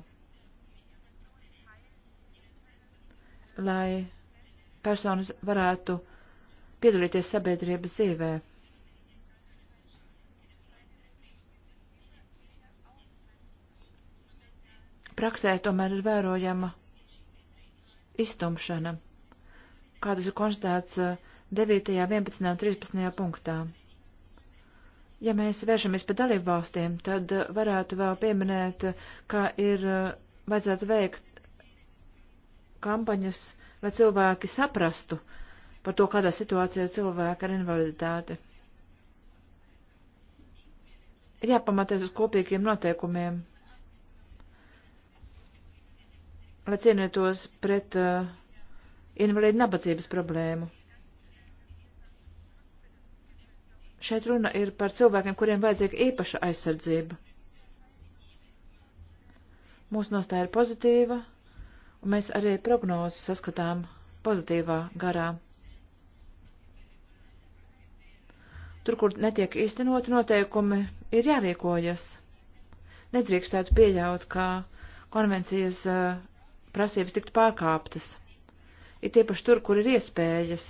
lai personas varētu piedalīties sabiedrības dzīvē. praksē tomēr ir vērojama iztumšana, kādas ir konstatēts 9., eh, 11. un 13. punktā. Ja mēs vēršamies pie dalību valstīm, tad eh, varētu vēl pieminēt, eh, ka ir vajadzētu veikt kampaņas, lai cilvēki saprastu par to, kādā situācijā ir cilvēki ar invaliditāti. Ir jāpamaties uz kopīgiem noteikumiem, lai cienītos pret uh, invalīdu nabadzības problēmu. Šeit runa ir par cilvēkiem, kuriem vajadzīga īpaša aizsardzība. Mūsu nostāja ir pozitīva, un mēs arī prognozes saskatām pozitīvā garā. Tur, kur netiek īstenoti noteikumi, ir jārīkojas. Nedrīkstētu pieļaut, ka konvencijas uh, prasības tiktu pārkāptas. Ir tiepaši tur, kur ir iespējas.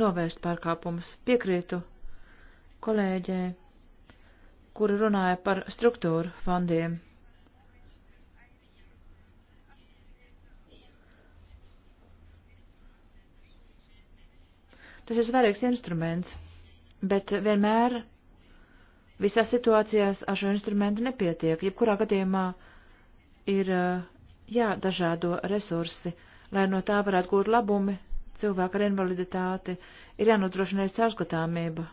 Novērst pārkāpumus. Piekrītu kolēģē, kura runāja par struktūru fondiem. Tas ir svarīgs instruments, bet vienmēr visās situācijās ar šo instrumentu nepietiek. Jebkurā gadījumā ir jādažādo resursi, lai no tā varētu gūt labumi cilvēku ar invaliditāti, ir jānodrošina arī caurskatāmība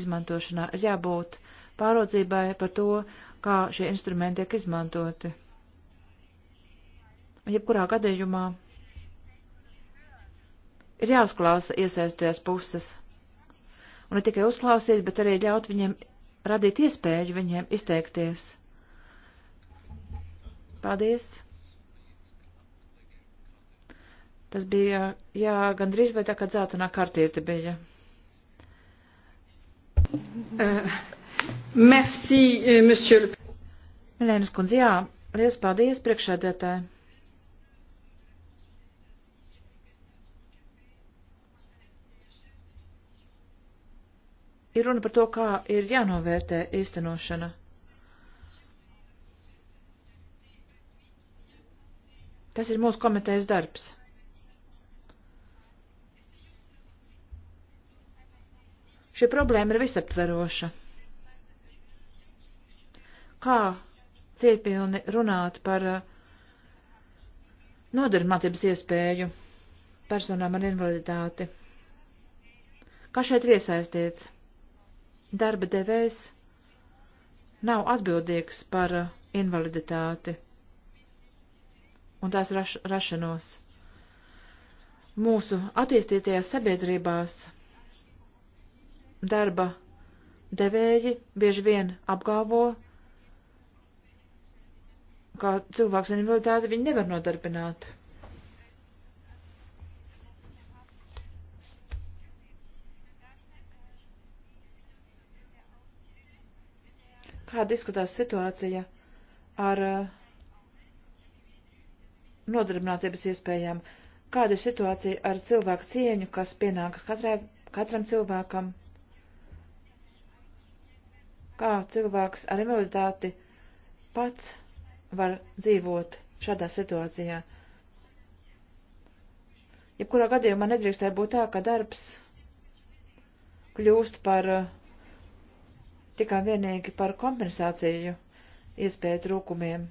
izmantošanā, ir jābūt pāraudzībai par to, kā šie instrumenti tiek izmantoti. Jebkurā gadījumā Ir jāuzklausa iesaistījās puses. Un ne tikai uzklausīt, bet arī ļaut viņiem radīt iespēju viņiem izteikties. Paldies! Tas bija, jā, gandrīz vai tā kā dzeltenā kartiete bija. Uh, merci, euh, monsieur. Milēnas kundze, jā, liels paldies priekšādētāji. ir runa par to, kā ir jānovērtē īstenošana. Tas ir mūsu komitejas darbs. Šī problēma ir visaptveroša. Kā cieņpilni runāt par uh, nodarbinātības iespēju personām ar invaliditāti? Kā šeit ir iesaistīts? darba devējs nav atbildīgs par uh, invaliditāti un tās raš rašanos. Mūsu attīstītajās sabiedrībās darba devēji bieži vien apgalvo, kā cilvēks ar invaliditāti viņi nevar nodarbināt. kāda izskatās situācija ar uh, nodarbinātības iespējām, kāda ir situācija ar cilvēku cieņu, kas pienākas katrai, katram cilvēkam, kā cilvēks ar invaliditāti pats var dzīvot šādā situācijā. Jebkurā gadījumā nedrīkstēja būt tā, ka darbs kļūst par uh, tikai vienīgi par kompensāciju iespēju trūkumiem.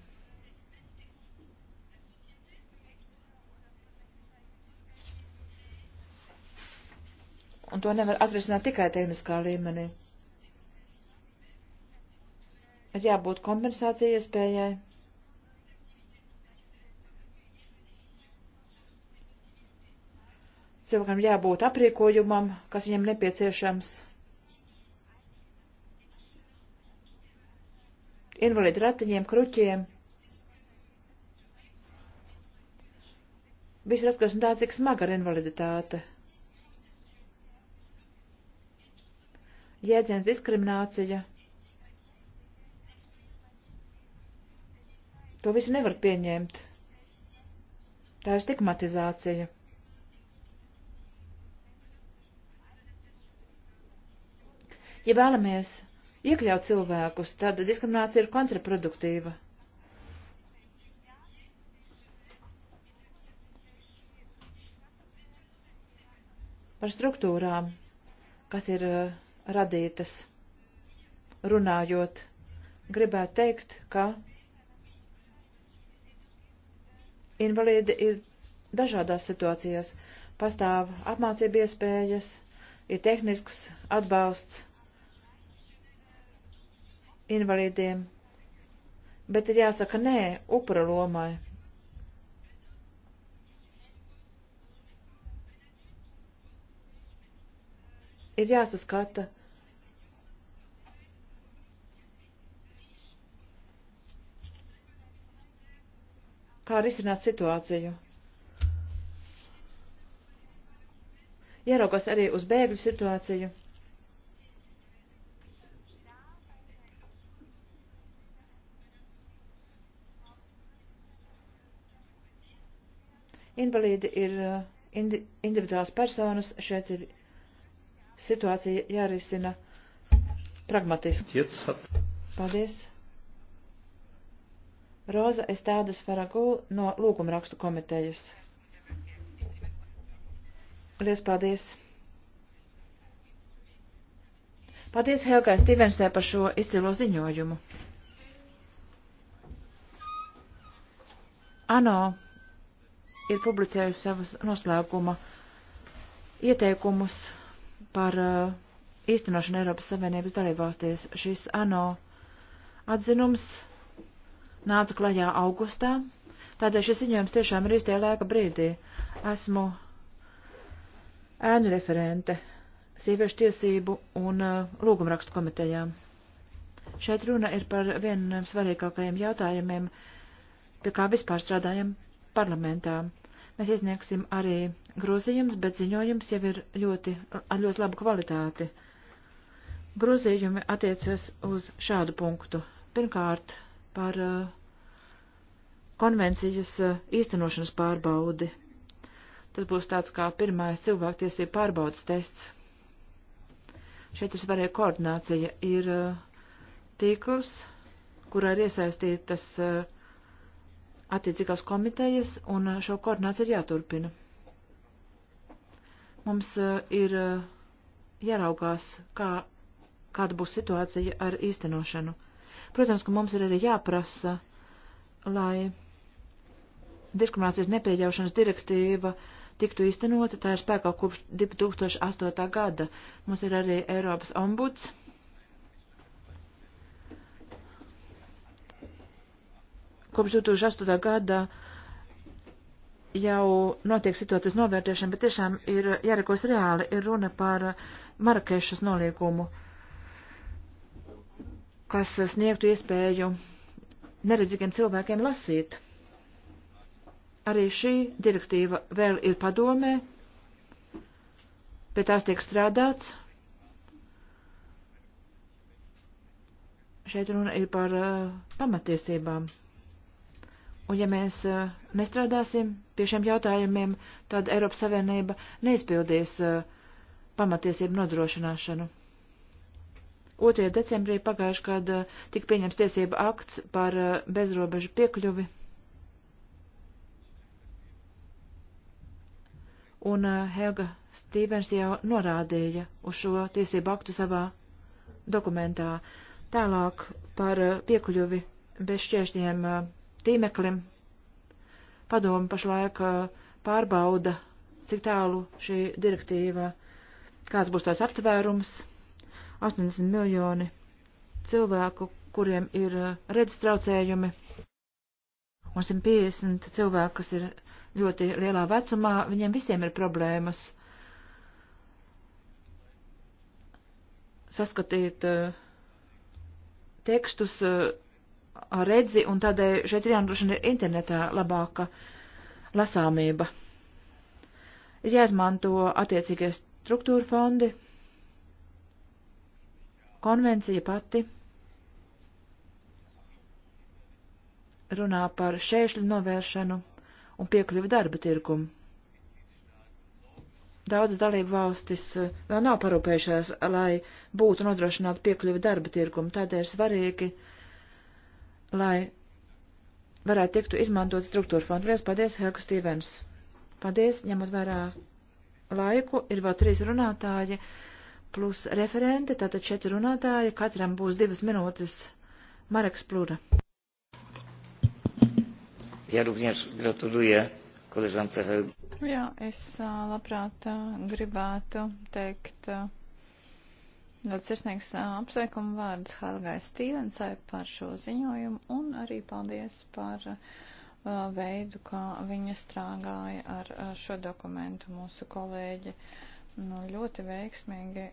Un to nevar atrisināt tikai tehniskā līmenī. Ir jābūt kompensācija iespējai. Cilvēkam jābūt aprīkojumam, kas viņam nepieciešams. invalīdu ratiņiem, kruķiem. Viss ir atkarīgs no tā, cik smaga ir invaliditāte. Jēdziens diskriminācija. To visu nevar pieņemt. Tā ir stigmatizācija. Ja vēlamies iekļaut cilvēkus, tad diskriminācija ir kontraproduktīva. Par struktūrām, kas ir uh, radītas, runājot, gribētu teikt, ka invalīdi ir dažādās situācijās. Pastāv apmācība iespējas, ir tehnisks atbalsts invalīdiem, bet ir jāsaka nē upura lomai. Ir jāsaskata. Kā risināt situāciju? Ieraugās arī uz bēgļu situāciju. Invalīdi ir uh, indi individuāls personas, šeit ir situācija jārisina pragmatiski. Paldies. Roza Estādes Faragū no Lūgumrakstu komitejas. Lies paldies! Paldies Helgai Stevensē par šo izcilo ziņojumu. Ano, ir publicējusi savus noslēguma ieteikumus par uh, īstenošanu Eiropas Savienības dalībvalstīs. Šis ANO atzinums nāca klajā augustā, tādēļ šis ziņojums tiešām ir īstajā laika brīdī. Esmu ēnu referente sieviešu tiesību un uh, lūgumrakstu komitejām. Šeit runa ir par vienu no svarīgākajiem jautājumiem, pie kā vispār strādājam parlamentā. Mēs iesniegsim arī grozījums, bet ziņojums jau ir ļoti, ar ļoti labu kvalitāti. Grozījumi attiecas uz šādu punktu. Pirmkārt, par uh, konvencijas uh, īstenošanas pārbaudi. Tas būs tāds kā pirmais cilvēktiesība pārbaudas tests. Šeit ir svarīga koordinācija. Ir uh, tīkls, kurā ir iesaistītas uh, attiecīgās komitejas, un eh, šo koordināciju ir jāturpina. Mums eh, ir eh, jāraugās, kā, kāda būs situācija ar īstenošanu. Protams, ka mums ir arī jāprasa, lai diskriminācijas nepieļaušanas direktīva tiktu īstenota, tā ir spēkā kopš 2008. gada. Mums ir arī Eiropas ombuds Kopš 2008. gada jau notiek situācijas novērtēšana, bet tiešām ir jārīkos reāli, ir runa par Marakešas noliegumu, kas sniegtu iespēju neredzīgiem cilvēkiem lasīt. Arī šī direktīva vēl ir padomē, pie tās tiek strādāts. Šeit runa ir par uh, pamatiesībām. Un ja mēs uh, nestrādāsim pie šiem jautājumiem, tad Eiropas Savienība neizpildīs uh, pamatiesību nodrošināšanu. 2. decembrī pagājuši, kad uh, eh, tika pieņems tiesība akts par bezrobežu piekļuvi. Un Helga Stīvens jau norādīja uz šo tiesību aktu savā dokumentā. Tālāk par piekļuvi bez šķēršļiem uh, tīmeklim. Padomu pašlaik eh, pārbauda, cik tālu šī direktīva, kāds būs tās aptvērums. 80 miljoni cilvēku, kuriem ir eh, redzes traucējumi, un 150 cilvēku, kas ir ļoti lielā vecumā, viņiem visiem ir problēmas saskatīt eh, tekstus, ar redzi, un tādēļ šeit ir jānodrošina internetā labāka lasāmība. Ir jāizmanto attiecīgie struktūra fondi, konvencija pati runā par šēšļu novēršanu un piekļuvi darba tirgumu. Daudz dalību valstis eh, vēl nav parūpējušās, lai būtu nodrošināta piekļuvi darba tirgumu, tādēļ ir svarīgi, uh, lai varētu tiktu izmantot struktūra fondu. Lielas paldies, Helga Stīvens. Paldies, ņemot vērā laiku, ir vēl trīs runātāji plus referenti, tātad četri runātāji, katram būs divas minūtes. Marek Splūra. Ja również gratuluję koleżance Helga. Jā, es labprāt gribētu teikt Ļoti sirsnīgs apsveikuma vārds Helgai Stīvensai par šo ziņojumu un arī paldies par veidu, kā viņa strāgāja ar šo dokumentu. Mūsu kolēģi nu, ļoti veiksmīgi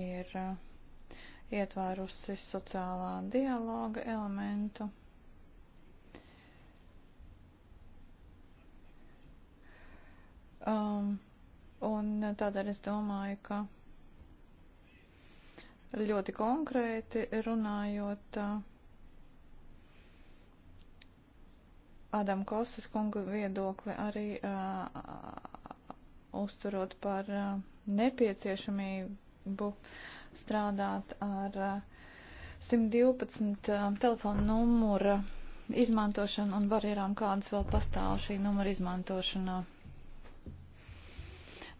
ir ietvērusi sociālā dialoga elementu. Um, un tādēļ es domāju, ka Ļoti konkrēti runājot, Adam Kostas kunga viedokli arī uzturot par nepieciešamību strādāt ar 112 telefonu numura izmantošanu un barjerām, kādas vēl pastāv šī numura izmantošanā.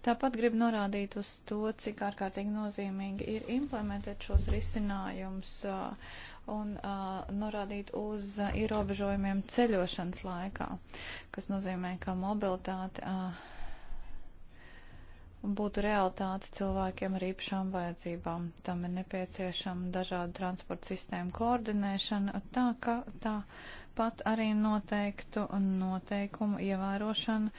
Tāpat gribu norādīt uz to, cik ārkārtīgi nozīmīgi ir implementēt šos risinājumus un norādīt uz ierobežojumiem ceļošanas laikā, kas nozīmē, ka mobilitāte būtu realitāte cilvēkiem ar īpašām vajadzībām. Tam ir nepieciešama dažāda transporta sistēma koordinēšana, tā ka tā pat arī noteiktu noteikumu ievērošana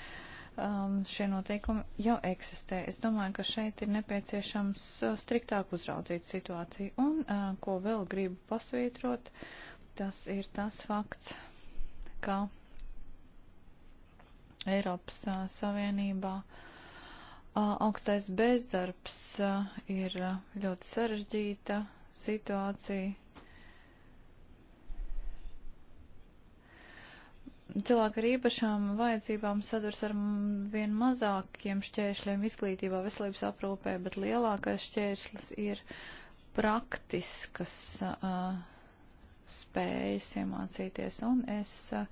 um, šie noteikumi jau eksistē. Es domāju, ka šeit ir nepieciešams uh, striktāk uzraudzīt situāciju. Un uh, ko vēl gribu pasvītrot, tas ir tas fakts, ka Eiropas uh, Savienībā uh, augstais bezdarbs uh, ir uh, ļoti sarežģīta situācija cilvēki ar īpašām vajadzībām sadurs ar vien mazākiem šķēršļiem izglītībā, veselības aprūpē, bet lielākais šķērslis ir praktiskas uh, spējas iemācīties. Un es uh,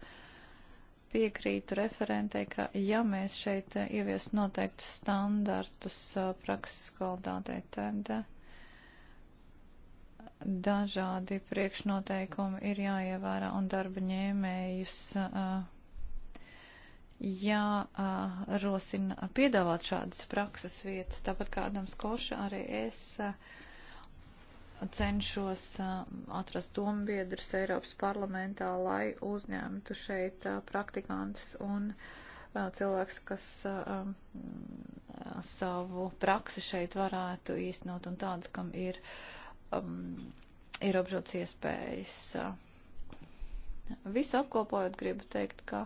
piekrītu referentei, ka ja mēs šeit uh, ievies noteiktus standartus uh, prakses kvalitātei, tad. Uh, dažādi priekšnoteikumi ir jāievērā un darba ņēmējus jārosina piedāvāt šādas prakses vietas. Tāpat kā Adams Koša arī es cenšos atrast dombiedrus Eiropas parlamentā, lai uzņemtu šeit praktikantus un cilvēks, kas savu praksi šeit varētu īstenot un tāds, kam ir uh, um, ierobežots iespējas. Uh, visu apkopojot, gribu teikt, ka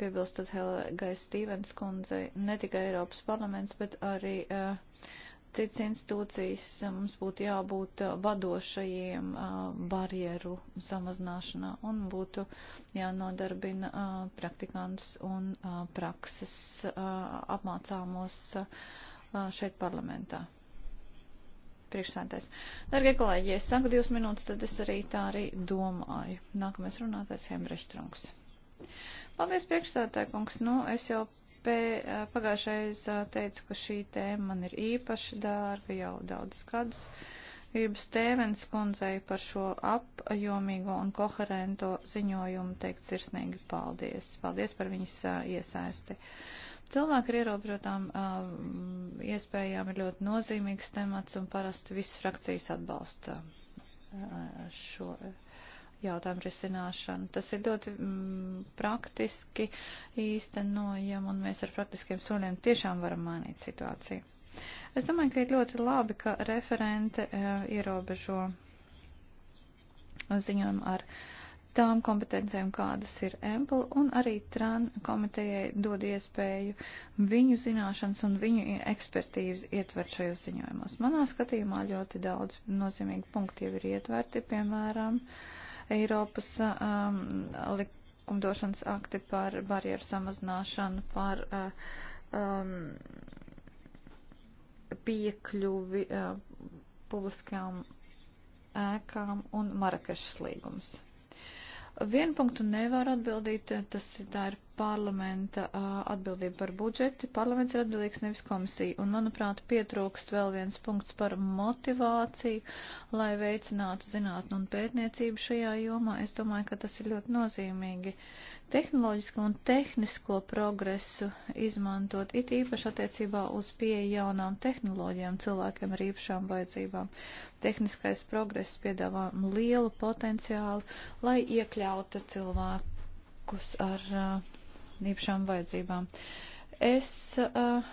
piebilstot Helgai Stīvens kundzei, ne tikai Eiropas parlaments, bet arī uh, cits institūcijas uh, mums būtu jābūt uh, vadošajiem barjeru samazināšanā un būtu jānodarbina praktikants un prakses apmācāmos šeit parlamentā priekšsēdētājs. Dargie kolēģi, ja es saku divas minūtes, tad es arī tā arī domāju. Nākamais runātājs Hemreštrungs. Paldies, priekšsēdētāji kungs. Nu, es jau pē, pagājušais teicu, ka šī tēma man ir īpaši dārga jau daudzus gadus. Gribu Stēvens kundzei par šo apjomīgo un koherento ziņojumu teikt sirsnīgi paldies. Paldies par viņas iesaisti. Uh, Cilvēki ar ierobežotām uh, iespējām ir ļoti nozīmīgs temats, un parasti visas frakcijas atbalsta uh, šo jautājumu risināšanu. Tas ir ļoti mm, praktiski īstenojam, un mēs ar praktiskiem soļiem tiešām varam mainīt situāciju. Es domāju, ka ir ļoti labi, ka referente uh, ierobežo ziņojumu ar uh, tām kompetencijām, kādas ir Empel, un arī TRAN komitejai dod iespēju viņu zināšanas un viņu ekspertīzi ietvert šajos ziņojumos. Manā skatījumā ļoti daudz nozīmīgi punkti jau ir ietverti, piemēram, Eiropas um, likumdošanas akti par barjeru samazināšanu, par uh, um, piekļuvi uh, publiskām ēkām un Marakešas līgums. Vienu punktu nevaru atbildīt, tas tā ir parlamenta atbildība par budžeti. Parlaments ir atbildīgs nevis komisija. Un, manuprāt, pietrūkst vēl viens punkts par motivāciju, lai veicinātu zinātnu un pētniecību šajā jomā. Es domāju, ka tas ir ļoti nozīmīgi. Tehnoloģisko un tehnisko progresu izmantot it īpaši attiecībā uz pieeja jaunām tehnoloģijām cilvēkiem ar īpašām vajadzībām. Tehniskais progress piedāvā lielu potenciālu, lai iekļauta cilvēkus ar uh, īpašām vajadzībām. Es uh,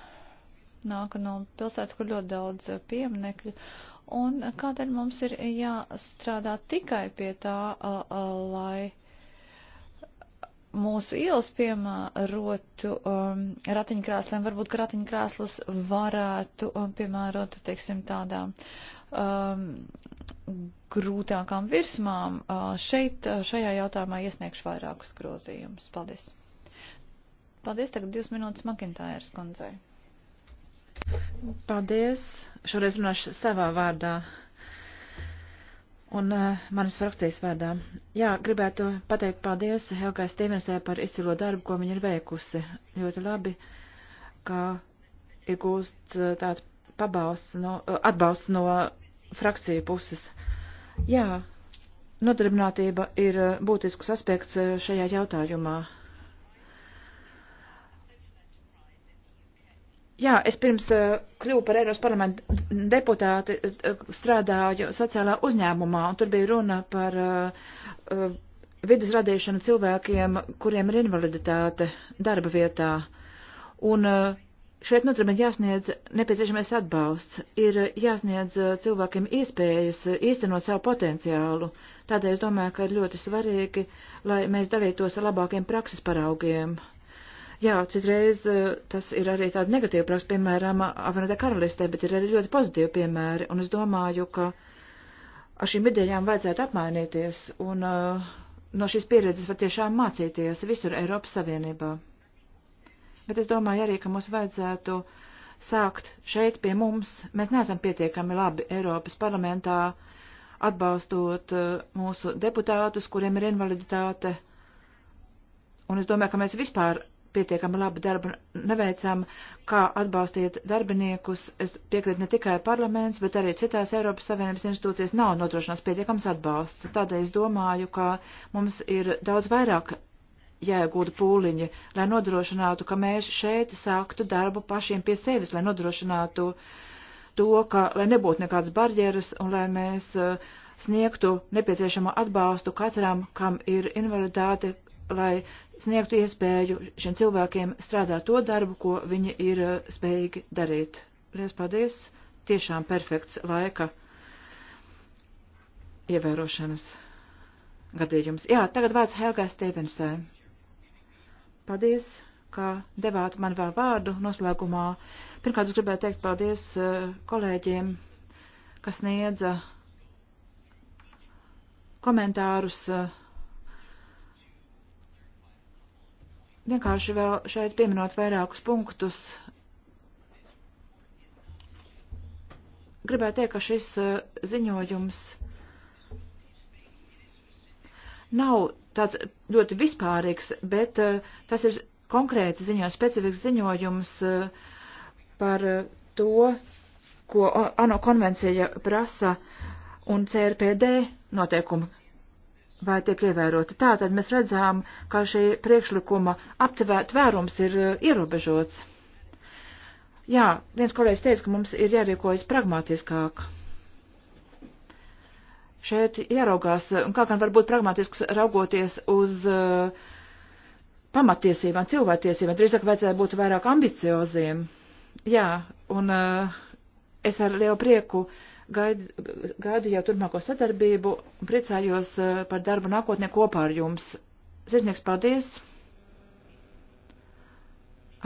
nāku no pilsētas, kur ļoti daudz eh, pieminekļu, un kādēļ mums ir jāstrādā tikai pie tā, uh, uh, lai mūsu ielas piemērotu um, ratiņkrāsliem, varbūt, ka ratiņkrāslus varētu um, piemērot, teiksim, tādām um, grūtākām virsmām. Uh, šeit, uh, šajā jautājumā iesniegšu vairākus grozījumus. Paldies! Paldies, tagad divas minūtes Makintājas kundzei. Paldies, šoreiz runāšu savā vārdā un uh, manas frakcijas vārdā. Jā, gribētu pateikt paldies Helgai Stevensai par izcilo darbu, ko viņa ir veikusi. Ļoti labi, ka ir gūst eh, tāds pabalsts no, eh, atbalsts no frakciju puses. Jā, nodarbinātība ir būtisks aspekts šajā jautājumā. Jā, es pirms eh, kļuvu par Eiropas parlamentu deputāti, eh, strādāju sociālā uzņēmumā, un tur bija runa par eh, vidas radīšanu cilvēkiem, kuriem ir invaliditāte darba vietā. Un šeit notarbēt nu, jāsniedz nepieciešamais atbalsts, ir jāsniedz cilvēkiem iespējas īstenot savu potenciālu. Tādēļ es domāju, ka ir ļoti svarīgi, lai mēs dalītos ar labākiem prakses paraugiem. Uh, Jā, citreiz eh, tas ir arī tāda negatīva praksa, piemēram, apvienotā karalistē, bet ir arī ļoti pozitīvi piemēri, un es domāju, ka ar šīm idejām vajadzētu apmainīties, un eh, no šīs pieredzes var tiešām mācīties visur Eiropas Savienībā. Bet es domāju arī, ka mums vajadzētu sākt šeit pie mums. Mēs neesam pietiekami labi Eiropas parlamentā atbalstot eh, mūsu deputātus, kuriem ir invaliditāte. Un es domāju, ka mēs vispār pietiekami labu darbu neveicam, kā atbalstīt darbiniekus. Es piekrītu ne tikai parlaments, bet arī citās Eiropas Savienības institūcijas nav nodrošināts pietiekams atbalsts. Tādēļ es domāju, ka mums ir daudz vairāk jāiegūda pūliņi, lai nodrošinātu, ka mēs šeit sāktu darbu pašiem pie sevis, lai nodrošinātu to, ka, lai nebūtu nekādas barjeras un lai mēs uh, sniegtu nepieciešamo atbalstu katram, kam ir invaliditāte, lai sniegtu iespēju šiem cilvēkiem strādāt to darbu, ko viņi ir eh, spējīgi darīt. Lielas paldies! Tiešām perfekts laika ievērošanas gadījums. Jā, tagad vārds Helgai Stevensai. Paldies, ka devāt man vēl vārdu noslēgumā. Pirmkārt, es gribēju teikt paldies eh, kolēģiem, kas sniedza komentārus uh, vienkārši vēl šeit pieminot vairākus punktus. Gribētu teikt, ka šis eh, ziņojums nav tāds ļoti vispārīgs, bet eh, tas ir konkrēts ziņojums, specifisks ziņojums eh, par to, ko ANO konvencija prasa un CRPD noteikumi vai tiek ievēroti. Tātad mēs redzām, ka šī priekšlikuma aptvērums ir eh, ierobežots. Jā, viens kolēģis teica, ka mums ir jārīkojas pragmatiskāk. Šeit jāraugās, un kā gan var būt pragmatisks raugoties uz uh, pamatiesībām, cilvēktiesībām, drīzāk vajadzēja būt vairāk ambicioziem. Jā, un uh, es ar lielu prieku uh, gaidu, gaidu jau turpmāko sadarbību un priecājos eh, par darbu nākotnē kopā ar jums. Zirznieks, paldies!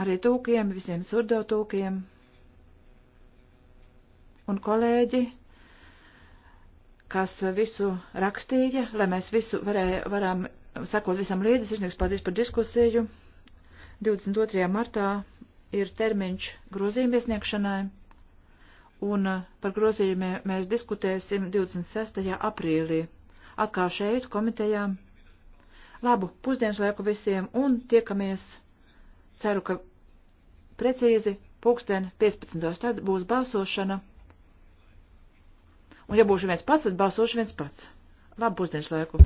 Arī tūkiem, visiem surdo tūkiem un kolēģi, kas visu rakstīja, lai mēs visu varē, varam sekot visam līdzi. Sirsnieks paldies par diskusiju. 22. martā ir termiņš grozījuma iesniegšanai un eh, par grozījumiem mēs diskutēsim 26. aprīlī. Atkal šeit, komitejā. Labu pusdienas laiku visiem un tiekamies, ceru, ka precīzi pulksten 15. tad būs balsošana. Un ja būšu viens pats, tad balsošu viens pats. Labu pusdienas laiku!